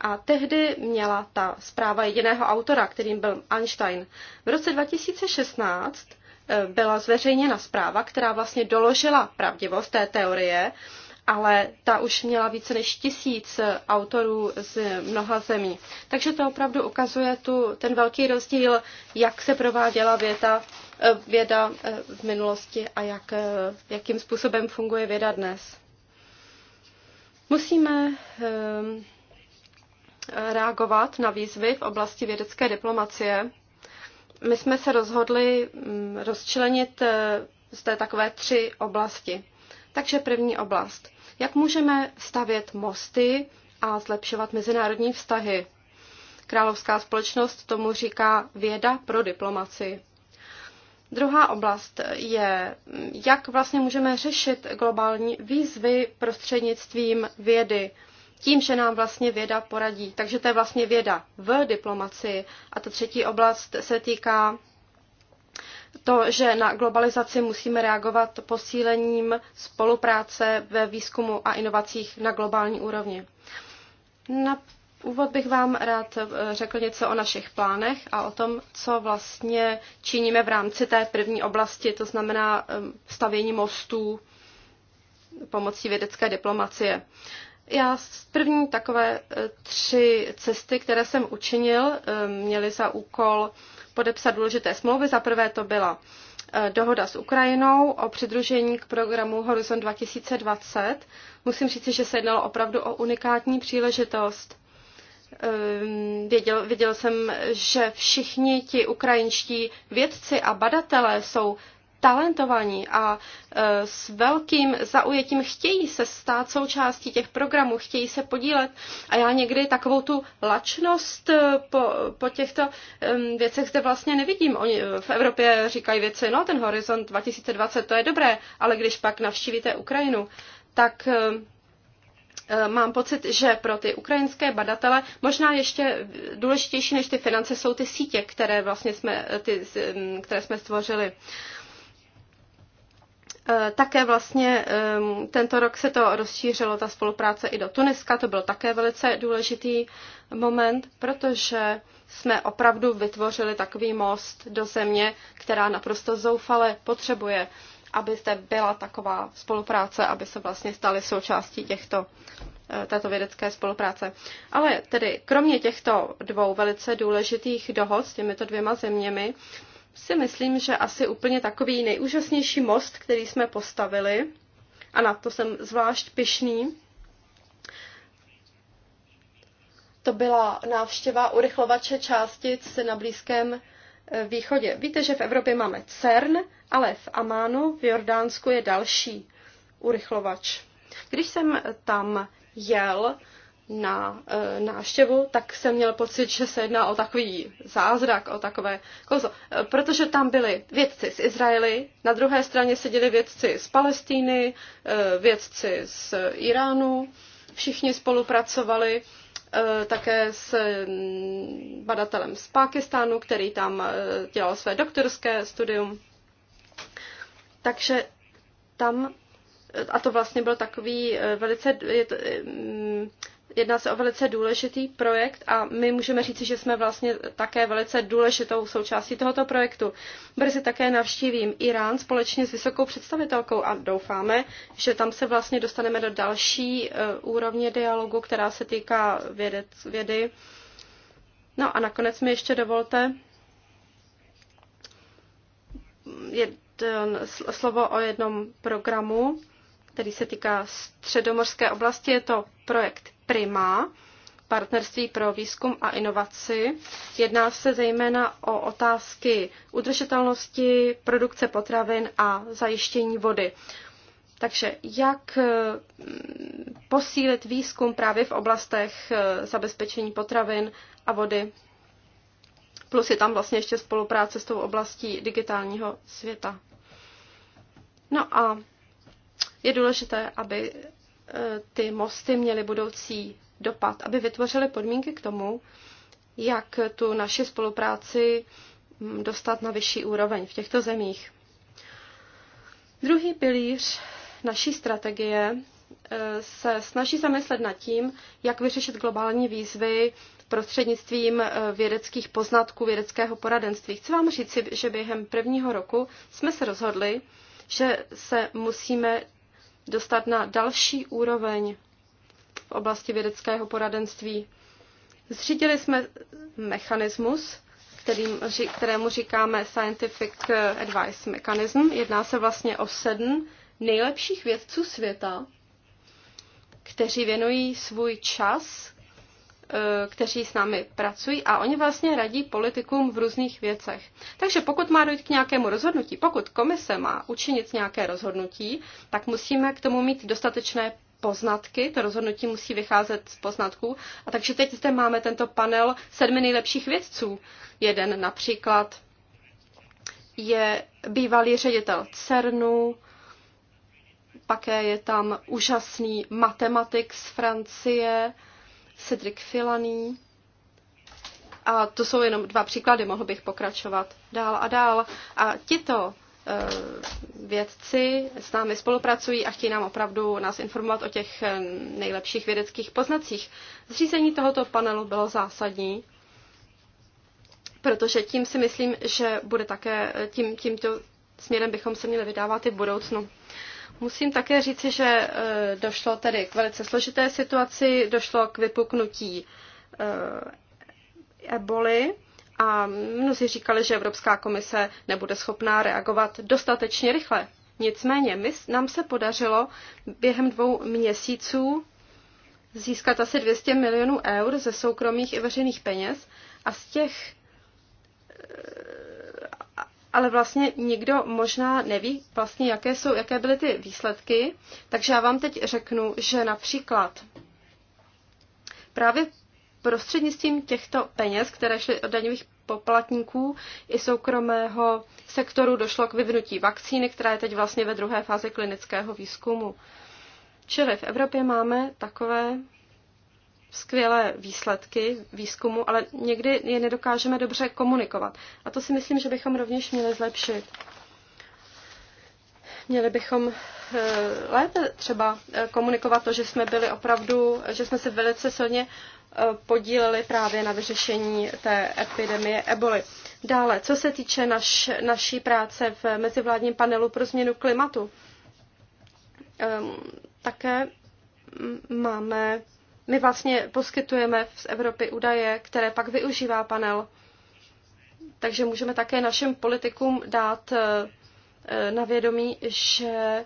S4: A tehdy měla ta zpráva jediného autora, kterým byl Einstein. V roce 2016 eh, byla zveřejněna zpráva, která vlastně doložila pravdivost té teorie ale ta už měla více než tisíc autorů z mnoha zemí. Takže to opravdu ukazuje tu, ten velký rozdíl, jak se prováděla věta, eh, věda eh, v minulosti a jak, eh, jakým způsobem funguje věda dnes. Musíme reagovat na výzvy v oblasti vědecké diplomacie. My jsme se rozhodli mm, rozčlenit z té takové tři oblasti. Takže první oblast. Jak můžeme stavět mosty a zlepšovat mezinárodní vztahy? Královská společnost tomu říká věda pro diplomaci. Druhá oblast je, jak vlastně můžeme řešit globální výzvy prostřednictvím vědy, tím, že nám vlastně věda poradí. Takže to je vlastně věda v diplomaci. A ta třetí oblast se týká to, že na globalizaci musíme reagovat posílením spolupráce ve výzkumu a inovacích na globální úrovni. Na úvod bych vám rád eh, řekl něco o našich plánech a o tom, co vlastně činíme v rámci té první oblasti, to znamená eh, stavění mostů pomocí vědecké diplomacie. Já první takové eh, tři cesty, které jsem učinil, měly za úkol podepsat důležité smlouvy. Za prvé to byla eh, dohoda s Ukrajinou o přidružení k programu Horizon 2020. Musím říct, že se jednalo opravdu o unikátní příležitost. Ehm, věděl, věděl jsem, že všichni ti ukrajinští vědci a badatelé jsou talentovaní a e, s velkým zaujetím chtějí se stát součástí těch programů, chtějí se podílet. A já někdy takovou tu lačnost e, po, po těchto věcech zde vlastně nevidím. Oni e, v Evropě říkají věci, no ten horizont 2020 to je dobré, ale když pak navštívíte Ukrajinu, tak mám pocit, že pro ty ukrajinské badatele možná ještě důležitější než ty finance jsou ty sítě, které vlastně jsme, ty, které jsme stvořili. Eh, také vlastně ehm, tento rok se to rozšířilo, ta spolupráce i do Tuniska, to byl také velice důležitý moment, protože jsme opravdu vytvořili takový most do země, která naprosto zoufale potřebuje, aby zde byla taková spolupráce, aby se vlastně staly součástí těchto eh, této vědecké spolupráce. Ale tedy kromě těchto dvou velice důležitých dohod s těmito dvěma zeměmi, si myslím, že asi úplně takový nejúžasnější most, který jsme postavili, a na to jsem zvlášť pišný, to byla návštěva urychlovače částic na Blízkém e, východě. Víte, že v Evropě máme CERN, ale v Amánu, v Jordánsku je další urychlovač. Když jsem tam jel, na e, návštěvu, tak jsem měl pocit, že se jedná o takový zázrak, o takové kozo. E, protože tam byli vědci z Izraeli, na druhé straně seděli vědci z Palestíny, e, vědci z Iránu, všichni spolupracovali e, také s mm, badatelem z Pákistánu, který tam e, dělal své doktorské studium. Takže tam e, a to vlastně byl takový e, velice, je to, e, mm, Jedná se o velice důležitý projekt a my můžeme říci, že jsme vlastně také velice důležitou součástí tohoto projektu. Brzy také navštívím Irán společně s vysokou představitelkou a doufáme, že tam se vlastně dostaneme do další eh, úrovně dialogu, která se týká vědec, vědy. No a nakonec mi ještě dovolte slovo o jednom programu, který se týká středomorské oblasti. Je to projekt Prima, partnerství pro výzkum a inovaci. Jedná se zejména o otázky udržitelnosti, produkce potravin a zajištění vody. Takže jak eh, posílit výzkum právě v oblastech eh, zabezpečení potravin a vody? Plus je tam vlastně ještě spolupráce s tou oblastí digitálního světa. No a je důležité, aby eh, ty mosty měly budoucí dopad, aby vytvořily podmínky k tomu, jak tu naši spolupráci mm, dostat na vyšší úroveň v těchto zemích. Druhý pilíř naší strategie eh, se snaží zamyslet nad tím, jak vyřešit globální výzvy prostřednictvím eh, vědeckých poznatků, vědeckého poradenství. Chci vám říct, že během prvního roku jsme se rozhodli, že se musíme dostat na další úroveň v oblasti vědeckého poradenství. Zřídili jsme mechanismus, kterým, kterému říkáme Scientific Advice Mechanism. Jedná se vlastně o sedm nejlepších vědců světa, kteří věnují svůj čas Eh, kteří s námi pracují a oni vlastně radí politikům v různých věcech. Takže pokud má dojít k nějakému rozhodnutí, pokud komise má učinit nějaké rozhodnutí, tak musíme k tomu mít dostatečné poznatky, to rozhodnutí musí vycházet z poznatků. A takže teď zde máme tento panel sedmi nejlepších vědců. Jeden například je bývalý ředitel CERNu, také je tam úžasný matematik z Francie, Cedric Filaný. A to jsou jenom dva příklady, mohl bych pokračovat dál a dál. A tito eh, vědci s námi spolupracují a chtějí nám opravdu nás informovat o těch eh, nejlepších vědeckých poznacích. Zřízení tohoto panelu bylo zásadní, protože tím si myslím, že bude také eh, tím, tímto směrem bychom se měli vydávat i v budoucnu. Musím také říci, že eh, došlo tedy k velice složité situaci, došlo k vypuknutí eh, eboli a mnozí říkali, že Evropská komise nebude schopná reagovat dostatečně rychle. Nicméně my, nám se podařilo během dvou měsíců získat asi 200 milionů eur ze soukromých i veřejných peněz a z těch eh, ale vlastně nikdo možná neví vlastně, jaké, jsou, jaké byly ty výsledky. Takže já vám teď řeknu, že například právě prostřednictvím těchto peněz, které šly od daňových poplatníků i soukromého sektoru, došlo k vyvinutí vakcíny, která je teď vlastně ve druhé fázi klinického výzkumu. Čili v Evropě máme takové skvělé výsledky výzkumu, ale někdy je nedokážeme dobře komunikovat. A to si myslím, že bychom rovněž měli zlepšit. Měli bychom eh, lépe třeba eh, komunikovat to, že jsme byli opravdu, že jsme se velice silně eh, podíleli právě na vyřešení té epidemie eboli. Dále, co se týče naš, naší práce v mezivládním panelu pro změnu klimatu, také máme my vlastně poskytujeme z Evropy údaje, které pak využívá panel. Takže můžeme také našim politikům dát eh, eh, na vědomí, že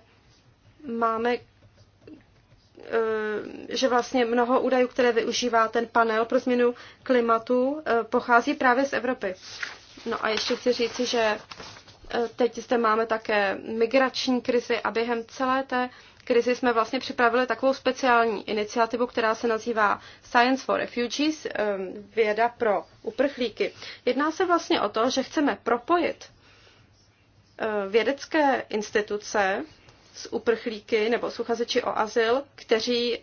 S4: máme eh, že vlastně mnoho údajů, které využívá ten panel pro změnu klimatu, pochází právě z Evropy. No a ještě chci říci, že teď zde máme také migrační krizi a během celé té krizi jsme vlastně připravili takovou speciální iniciativu, která se nazývá Science for Refugees, věda pro uprchlíky. Jedná se vlastně o to, že chceme propojit eh, vědecké instituce s uprchlíky nebo s uchazeči o azyl, kteří eh,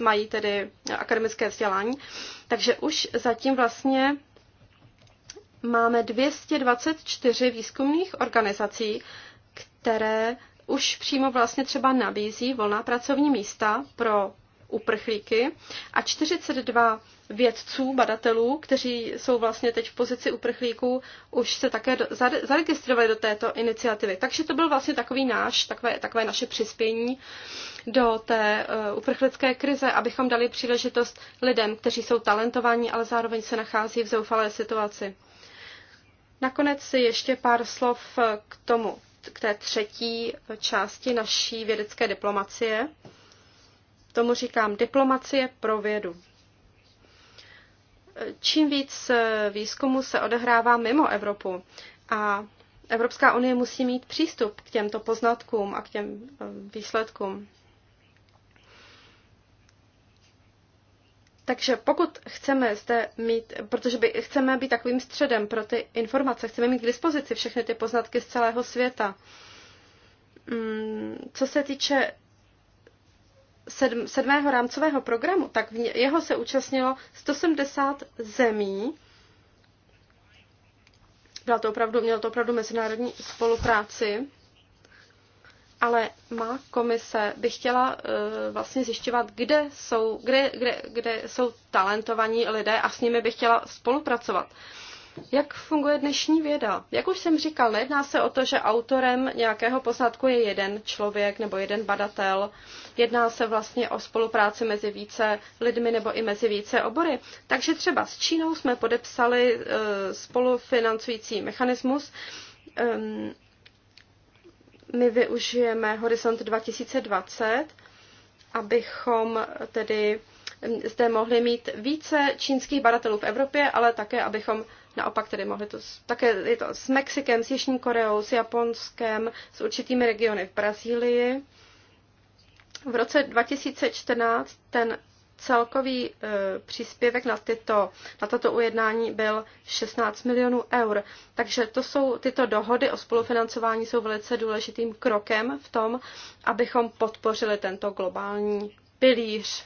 S4: mají tedy akademické vzdělání. Takže už zatím vlastně máme 224 výzkumných organizací, které už přímo vlastně třeba nabízí volná pracovní místa pro uprchlíky a 42 vědců, badatelů, kteří jsou vlastně teď v pozici uprchlíků, už se také do, zaregistrovali do této iniciativy. Takže to byl vlastně takový náš, takové, takové naše přispění do té uh, uprchlické krize, abychom dali příležitost lidem, kteří jsou talentovaní, ale zároveň se nachází v zoufalé situaci. Nakonec si ještě pár slov eh, k tomu k té třetí části naší vědecké diplomacie. Tomu říkám diplomacie pro vědu. Čím víc výzkumu se odehrává mimo Evropu a Evropská unie musí mít přístup k těmto poznatkům a k těm eh, výsledkům. Takže pokud chceme zde mít, protože by, chceme být takovým středem pro ty informace, chceme mít k dispozici všechny ty poznatky z celého světa. Mm, co se týče sedm, sedmého rámcového programu, tak v jeho se účastnilo 170 zemí. Bylo to opravdu, mělo to opravdu mezinárodní spolupráci ale má komise by chtěla uh, vlastně zjišťovat, kde jsou, kde, kde, kde jsou talentovaní lidé a s nimi by chtěla spolupracovat. Jak funguje dnešní věda? Jak už jsem říkal, nejedná se o to, že autorem nějakého poznatku je jeden člověk nebo jeden badatel. Jedná se vlastně o spolupráci mezi více lidmi nebo i mezi více obory. Takže třeba s Čínou jsme podepsali uh, spolufinancující mechanismus. Um, my využijeme Horizont 2020, abychom tedy zde mohli mít více čínských badatelů v Evropě, ale také, abychom naopak tedy mohli to, také je to s Mexikem, s Jižní Koreou, s Japonskem, s určitými regiony v Brazílii. V roce 2014 ten celkový e, příspěvek na, tyto, na tato ujednání byl 16 milionů eur. Takže to jsou tyto dohody o spolufinancování jsou velice důležitým krokem v tom, abychom podpořili tento globální pilíř.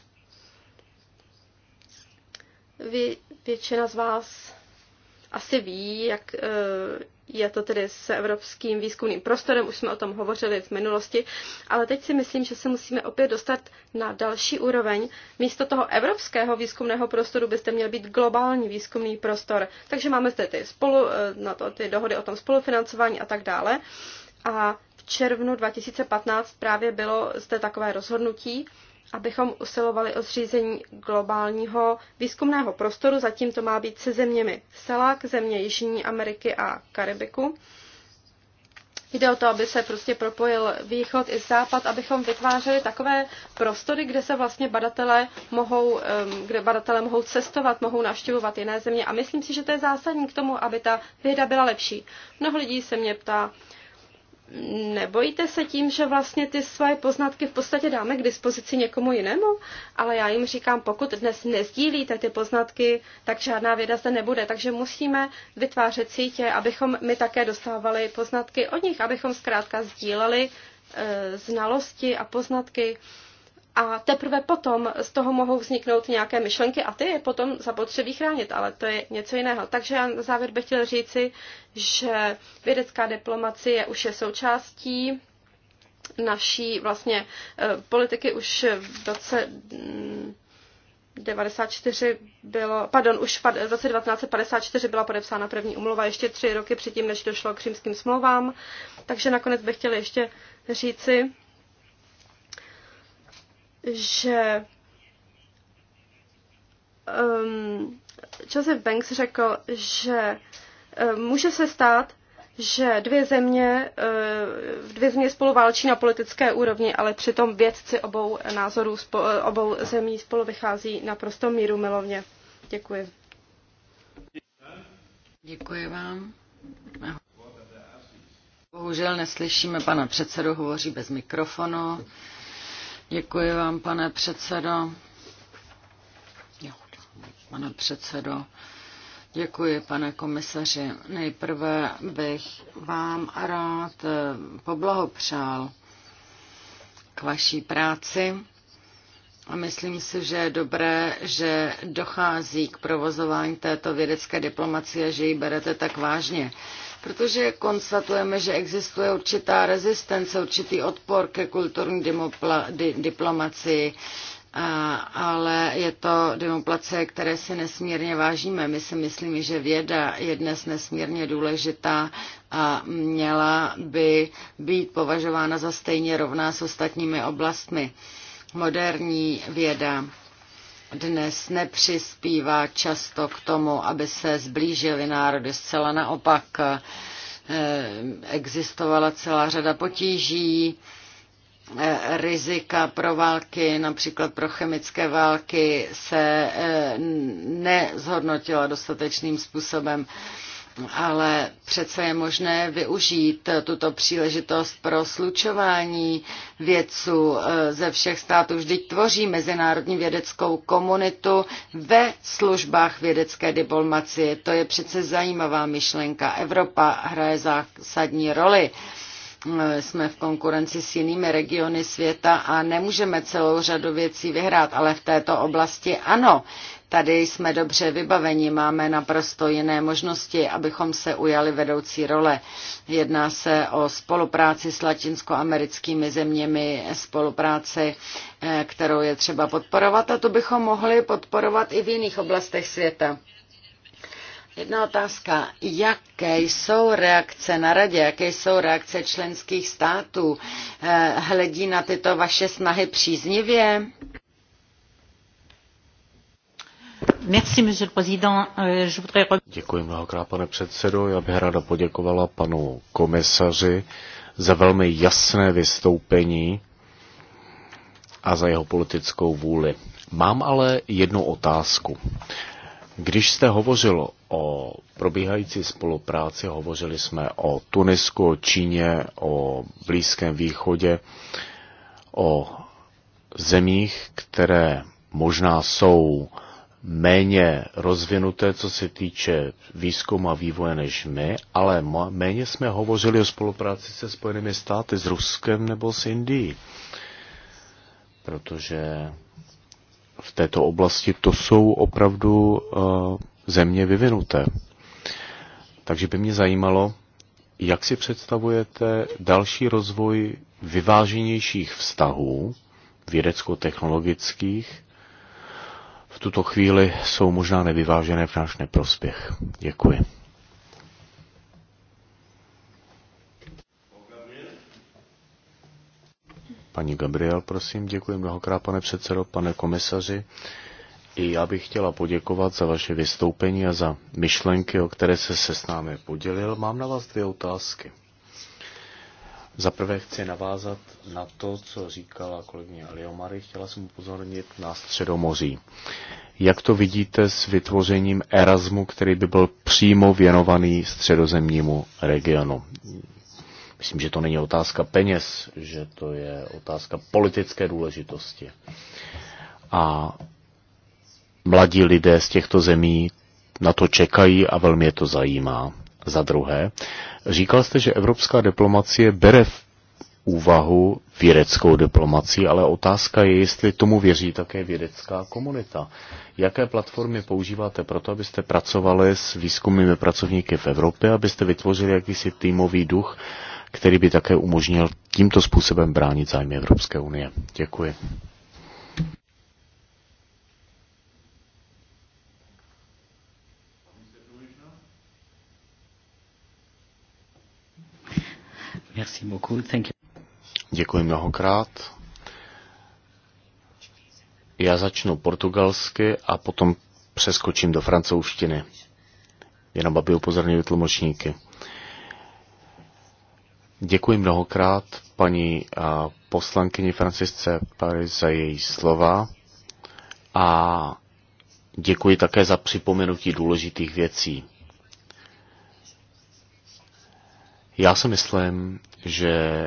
S4: Vy, většina z vás asi ví, jak, e, je to tedy s evropským výzkumným prostorem, už jsme o tom hovořili v minulosti, ale teď si myslím, že se musíme opět dostat na další úroveň. Místo toho evropského výzkumného prostoru byste měl být globální výzkumný prostor. Takže máme zde ty, spolu, eh, na to, ty dohody o tom spolufinancování a tak dále. A v červnu 2015 právě bylo zde takové rozhodnutí, abychom usilovali o zřízení globálního výzkumného prostoru. Zatím to má být se zeměmi SELAK, země Jižní Ameriky a Karibiku. Jde o to, aby se prostě propojil východ i západ, abychom vytvářeli takové prostory, kde se vlastně badatelé mohou, kde badatelé mohou cestovat, mohou navštěvovat jiné země. A myslím si, že to je zásadní k tomu, aby ta věda byla lepší. Mnoho lidí se mě ptá, nebojíte se tím, že vlastně ty svoje poznatky v podstatě dáme k dispozici někomu jinému? Ale já jim říkám, pokud dnes nezdílíte ty poznatky, tak žádná věda zde nebude. Takže musíme vytvářet sítě, abychom my také dostávali poznatky od nich, abychom zkrátka sdíleli e, znalosti a poznatky. E, a teprve potom z toho mohou vzniknout nějaké myšlenky a ty je potom zapotřebí chránit, ale to je něco jiného. Takže já na závěr bych chtěl říci, že vědecká diplomacie už je součástí naší vlastně eh, politiky už v roce 94 mm, bylo, pardon, už v roce 1954 byla podepsána první umluva, ještě tři roky předtím, než došlo k římským smlouvám. Takže nakonec bych chtěla ještě říci, že um, Joseph Banks řekl, že um, může se stát, že dvě země, uh, dvě země spolu válčí na politické úrovni, ale přitom vědci obou názorů, eh, obou zemí spolu vychází naprosto míru milovně. Děkuji.
S1: Děkuji vám. Bohužel neslyšíme pana předsedu, hovoří bez mikrofonu. Děkuji vám, pane předsedo. Pane předsedo, děkuji, pane komisaři. Nejprve bych vám rád poblahopřál k vaší práci a myslím si, že je dobré, že dochází k provozování této vědecké diplomacie, že ji berete tak vážně. Protože konstatujeme, že existuje určitá rezistence, určitý odpor ke kulturní diplomacii, ale je to demoplace, které si nesmírně vážíme. My si myslíme, že věda je dnes nesmírně důležitá a měla by být považována za stejně rovná s ostatními oblastmi. Moderní věda dnes nepřispívá často k tomu, aby se zblížily národy. Zcela naopak eh, existovala celá řada potíží, eh, rizika pro války, například pro chemické války, se eh, nezhodnotila dostatečným způsobem ale přece je možné využít tuto příležitost pro slučování vědců eh, ze všech států. Vždyť tvoří mezinárodní vědeckou komunitu ve službách vědecké diplomacie. To je přece zajímavá myšlenka. Evropa hraje zásadní roli eh, jsme v konkurenci s jinými regiony světa a nemůžeme celou řadu věcí vyhrát, ale v této oblasti ano. Tady jsme dobře vybaveni, máme naprosto jiné možnosti, abychom se ujali vedoucí role. Jedná se o spolupráci s latinskoamerickými zeměmi, spolupráci, eh, kterou je třeba podporovat a to bychom mohli podporovat i v jiných oblastech světa. Jedna otázka. Jaké jsou reakce na radě, jaké jsou reakce členských států? Eh, hledí na tyto vaše snahy příznivě?
S3: Euh,
S2: Děkuji pane předsedající Já bych ráda poděkovala panu komisaři za velmi jasné vystoupení a za jeho politickou vůli. Mám ale jednu otázku. Když jste hovořil o probíhající spolupráci, hovořili jsme o Tunisku, o Číně, o Blízkém východě, o zemích, které možná jsou méně rozvinuté, co se týče výzkumu a vývoje než my, ale méně jsme hovořili o spolupráci se Spojenými státy, s Ruskem nebo s Indií. Protože v této oblasti to jsou opravdu uh, země vyvinuté. Takže by mě zajímalo, jak si představujete další rozvoj vyváženějších vztahů vědecko-technologických v tuto chvíli jsou možná nevyvážené v náš neprospěch. Děkuji. Paní Gabriel, prosím, děkuji mnohokrát, pane předsedo, pane komisaři. I já bych chtěla poděkovat za vaše vystoupení a za myšlenky, o které se se s námi podělil. Mám na vás dvě otázky. Za prvé chci navázat na to, co říkala kolegyně Aliomary. Chtěla jsem upozornit na Středomoří. Jak to vidíte s vytvořením Erasmu, který by byl přímo věnovaný středozemnímu regionu? Myslím, že to není otázka peněz, že to je otázka politické důležitosti. A mladí lidé z těchto zemí na to čekají a velmi je to zajímá. Za druhé, říkal jste, že evropská diplomacie bere v úvahu vědeckou diplomaci, ale otázka je, jestli tomu věří také vědecká komunita. Jaké platformy používáte pro to, abyste pracovali s výzkumnými pracovníky v Evropě, abyste vytvořili jakýsi týmový duch, který by také umožnil tímto způsobem bránit zájmy Evropské unie? Děkuji. Děkuji mnohokrát. Já začnu portugalsky a potom přeskočím do francouzštiny. Jenom aby upozornili tlumočníky. Děkuji mnohokrát paní poslankyni Francisce Paris za její slova a děkuji také za připomenutí důležitých věcí. Já si myslím, že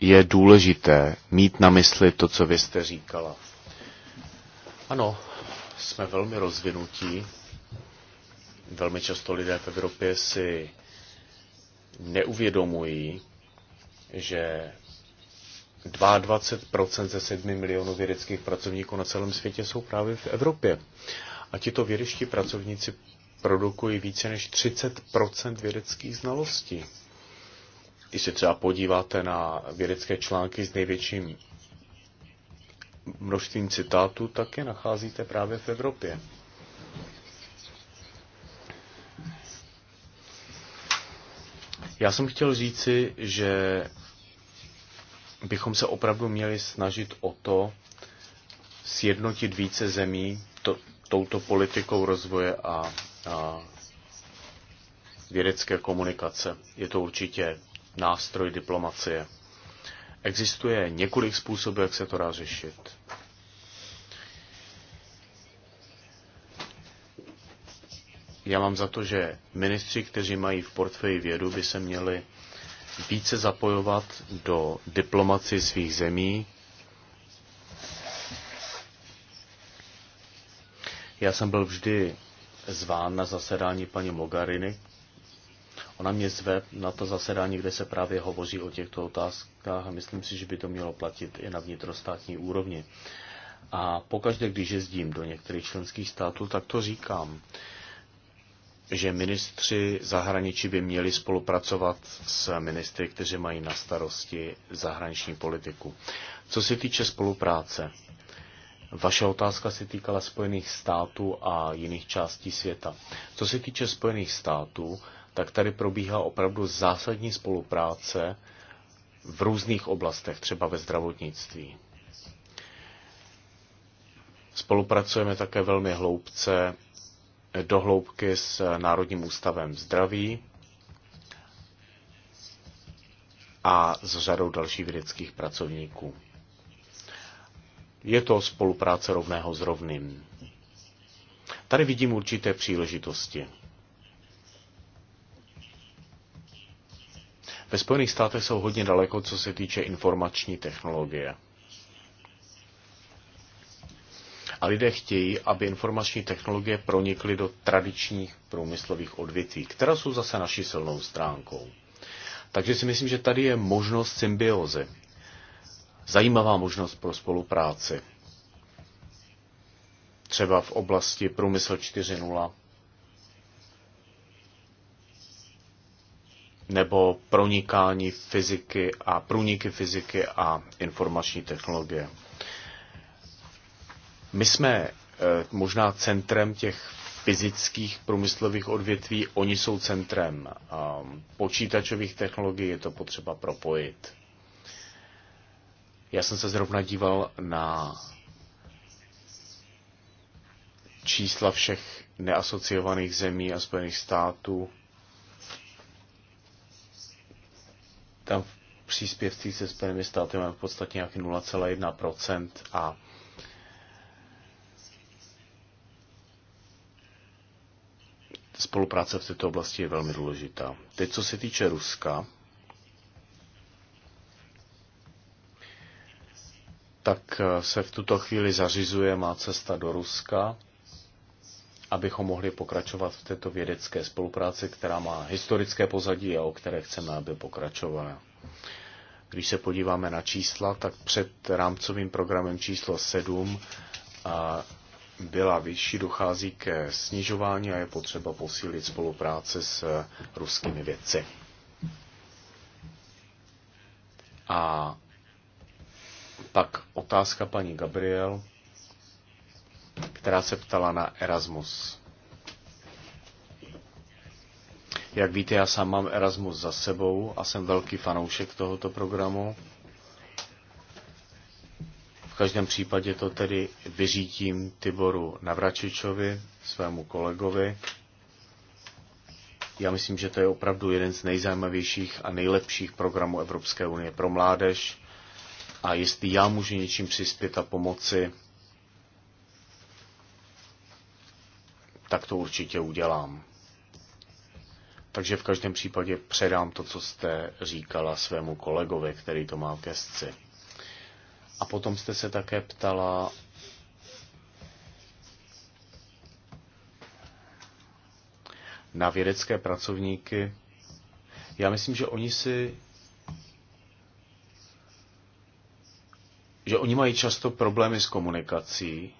S2: je důležité mít na mysli to, co vy jste říkala. Ano, jsme velmi rozvinutí. Velmi často lidé v Evropě si neuvědomují, že 22% ze 7 milionů vědeckých pracovníků na celém světě jsou právě v Evropě. A tito vědeští pracovníci produkují více než 30 vědeckých znalostí. Když se třeba podíváte na vědecké články s největším množstvím citátů, tak je nacházíte právě v Evropě. Já jsem chtěl říci, že bychom se opravdu měli snažit o to, sjednotit více zemí to, touto politikou rozvoje a vědecké komunikace. Je to určitě nástroj diplomacie. Existuje několik způsobů, jak se to dá řešit. Já mám za to, že ministři, kteří mají v portfeji vědu, by se měli více zapojovat do diplomaci svých zemí. Já jsem byl vždy zván na zasedání paní Mogariny. Ona mě zve na to zasedání, kde se právě hovoří o těchto otázkách a myslím si, že by to mělo platit i na vnitrostátní úrovni. A pokaždé, když jezdím do některých členských států, tak to říkám, že ministři zahraničí by měli spolupracovat s ministry, kteří mají na starosti zahraniční politiku. Co se týče spolupráce, vaše otázka se týkala Spojených států a jiných částí světa. Co se týče Spojených států, tak tady probíhá opravdu zásadní spolupráce v různých oblastech, třeba ve zdravotnictví. Spolupracujeme také velmi hloubce do hloubky s Národním ústavem zdraví a s řadou dalších vědeckých pracovníků je to spolupráce rovného s rovným. Tady vidím určité příležitosti. Ve Spojených státech jsou hodně daleko, co se týče informační technologie. A lidé chtějí, aby informační technologie pronikly do tradičních průmyslových odvětví, která jsou zase naší silnou stránkou. Takže si myslím, že tady je možnost symbiozy zajímavá možnost pro spolupráci. Třeba v oblasti průmysl 4.0 nebo pronikání fyziky a průniky fyziky a informační technologie. My jsme eh, možná centrem těch fyzických průmyslových odvětví, oni jsou centrem eh, počítačových technologií, je to potřeba propojit. Já jsem se zrovna díval na čísla všech neasociovaných zemí a Spojených států. Tam v příspěvcí se Spojenými státy máme v podstatě nějaký 0,1% a spolupráce v této oblasti je velmi důležitá. Teď, co se týče Ruska, tak eh, se v tuto chvíli zařizuje má cesta do Ruska, abychom mohli pokračovat v této vědecké spolupráci, která má historické pozadí a o které chceme, aby pokračovala. Když se podíváme na čísla, tak před rámcovým programem číslo 7 eh, byla vyšší, dochází ke snižování a je potřeba posílit spolupráce s eh, ruskými vědci. A pak otázka paní Gabriel, která se ptala na Erasmus. Jak víte, já sám mám Erasmus za sebou a jsem velký fanoušek tohoto programu. V každém případě to tedy vyřítím Tiboru Navračičovi, svému kolegovi. Já myslím, že to je opravdu jeden z nejzajímavějších a nejlepších programů Evropské unie pro mládež a jestli já můžu něčím přispět a pomoci, tak to určitě udělám. Takže v každém případě předám to, co jste říkala svému kolegovi, který to má v gestci. A potom jste se také ptala na vědecké pracovníky. Já myslím, že oni si že oni mají často problémy s komunikací,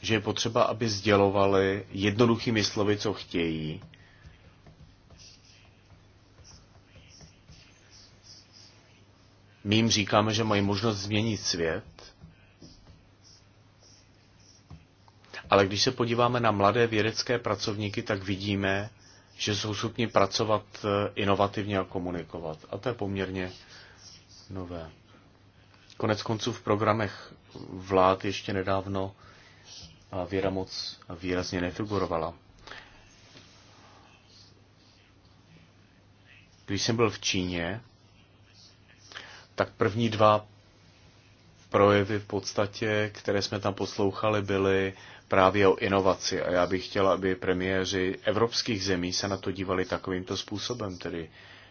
S2: že je potřeba, aby sdělovali jednoduchými slovy, co chtějí. My jim říkáme, že mají možnost změnit svět, ale když se podíváme na mladé vědecké pracovníky, tak vidíme, že jsou schopni pracovat eh, inovativně a komunikovat. A to je poměrně nové. Konec konců v programech vlád ještě nedávno věda moc výrazně nefigurovala. Když jsem byl v Číně, tak první dva projevy v podstatě, které jsme tam poslouchali, byly právě o inovaci. A já bych chtěla, aby premiéři evropských zemí se na to dívali takovýmto způsobem, tedy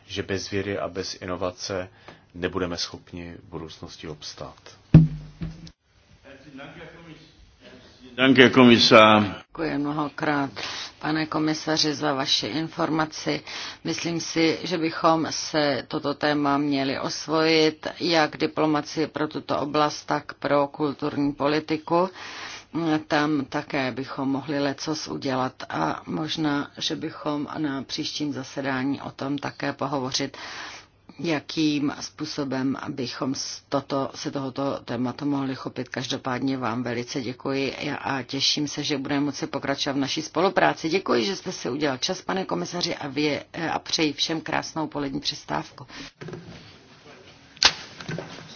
S2: že bez vědy a bez inovace nebudeme schopni v budoucnosti obstát.
S1: Děkuji mnohokrát pane komisaři, za vaši informaci. Myslím si, že bychom se toto téma měli osvojit, jak diplomaci pro tuto oblast, tak pro kulturní politiku. Tam také bychom mohli lecos udělat a možná, že bychom na příštím zasedání o tom také pohovořit jakým způsobem bychom toto, se tohoto tématu mohli chopit. Každopádně vám velice děkuji a těším se, že budeme moci pokračovat v naší spolupráci. Děkuji, že jste si udělal čas, pane komisaři,
S3: a, vě, a přeji všem krásnou polední přestávku.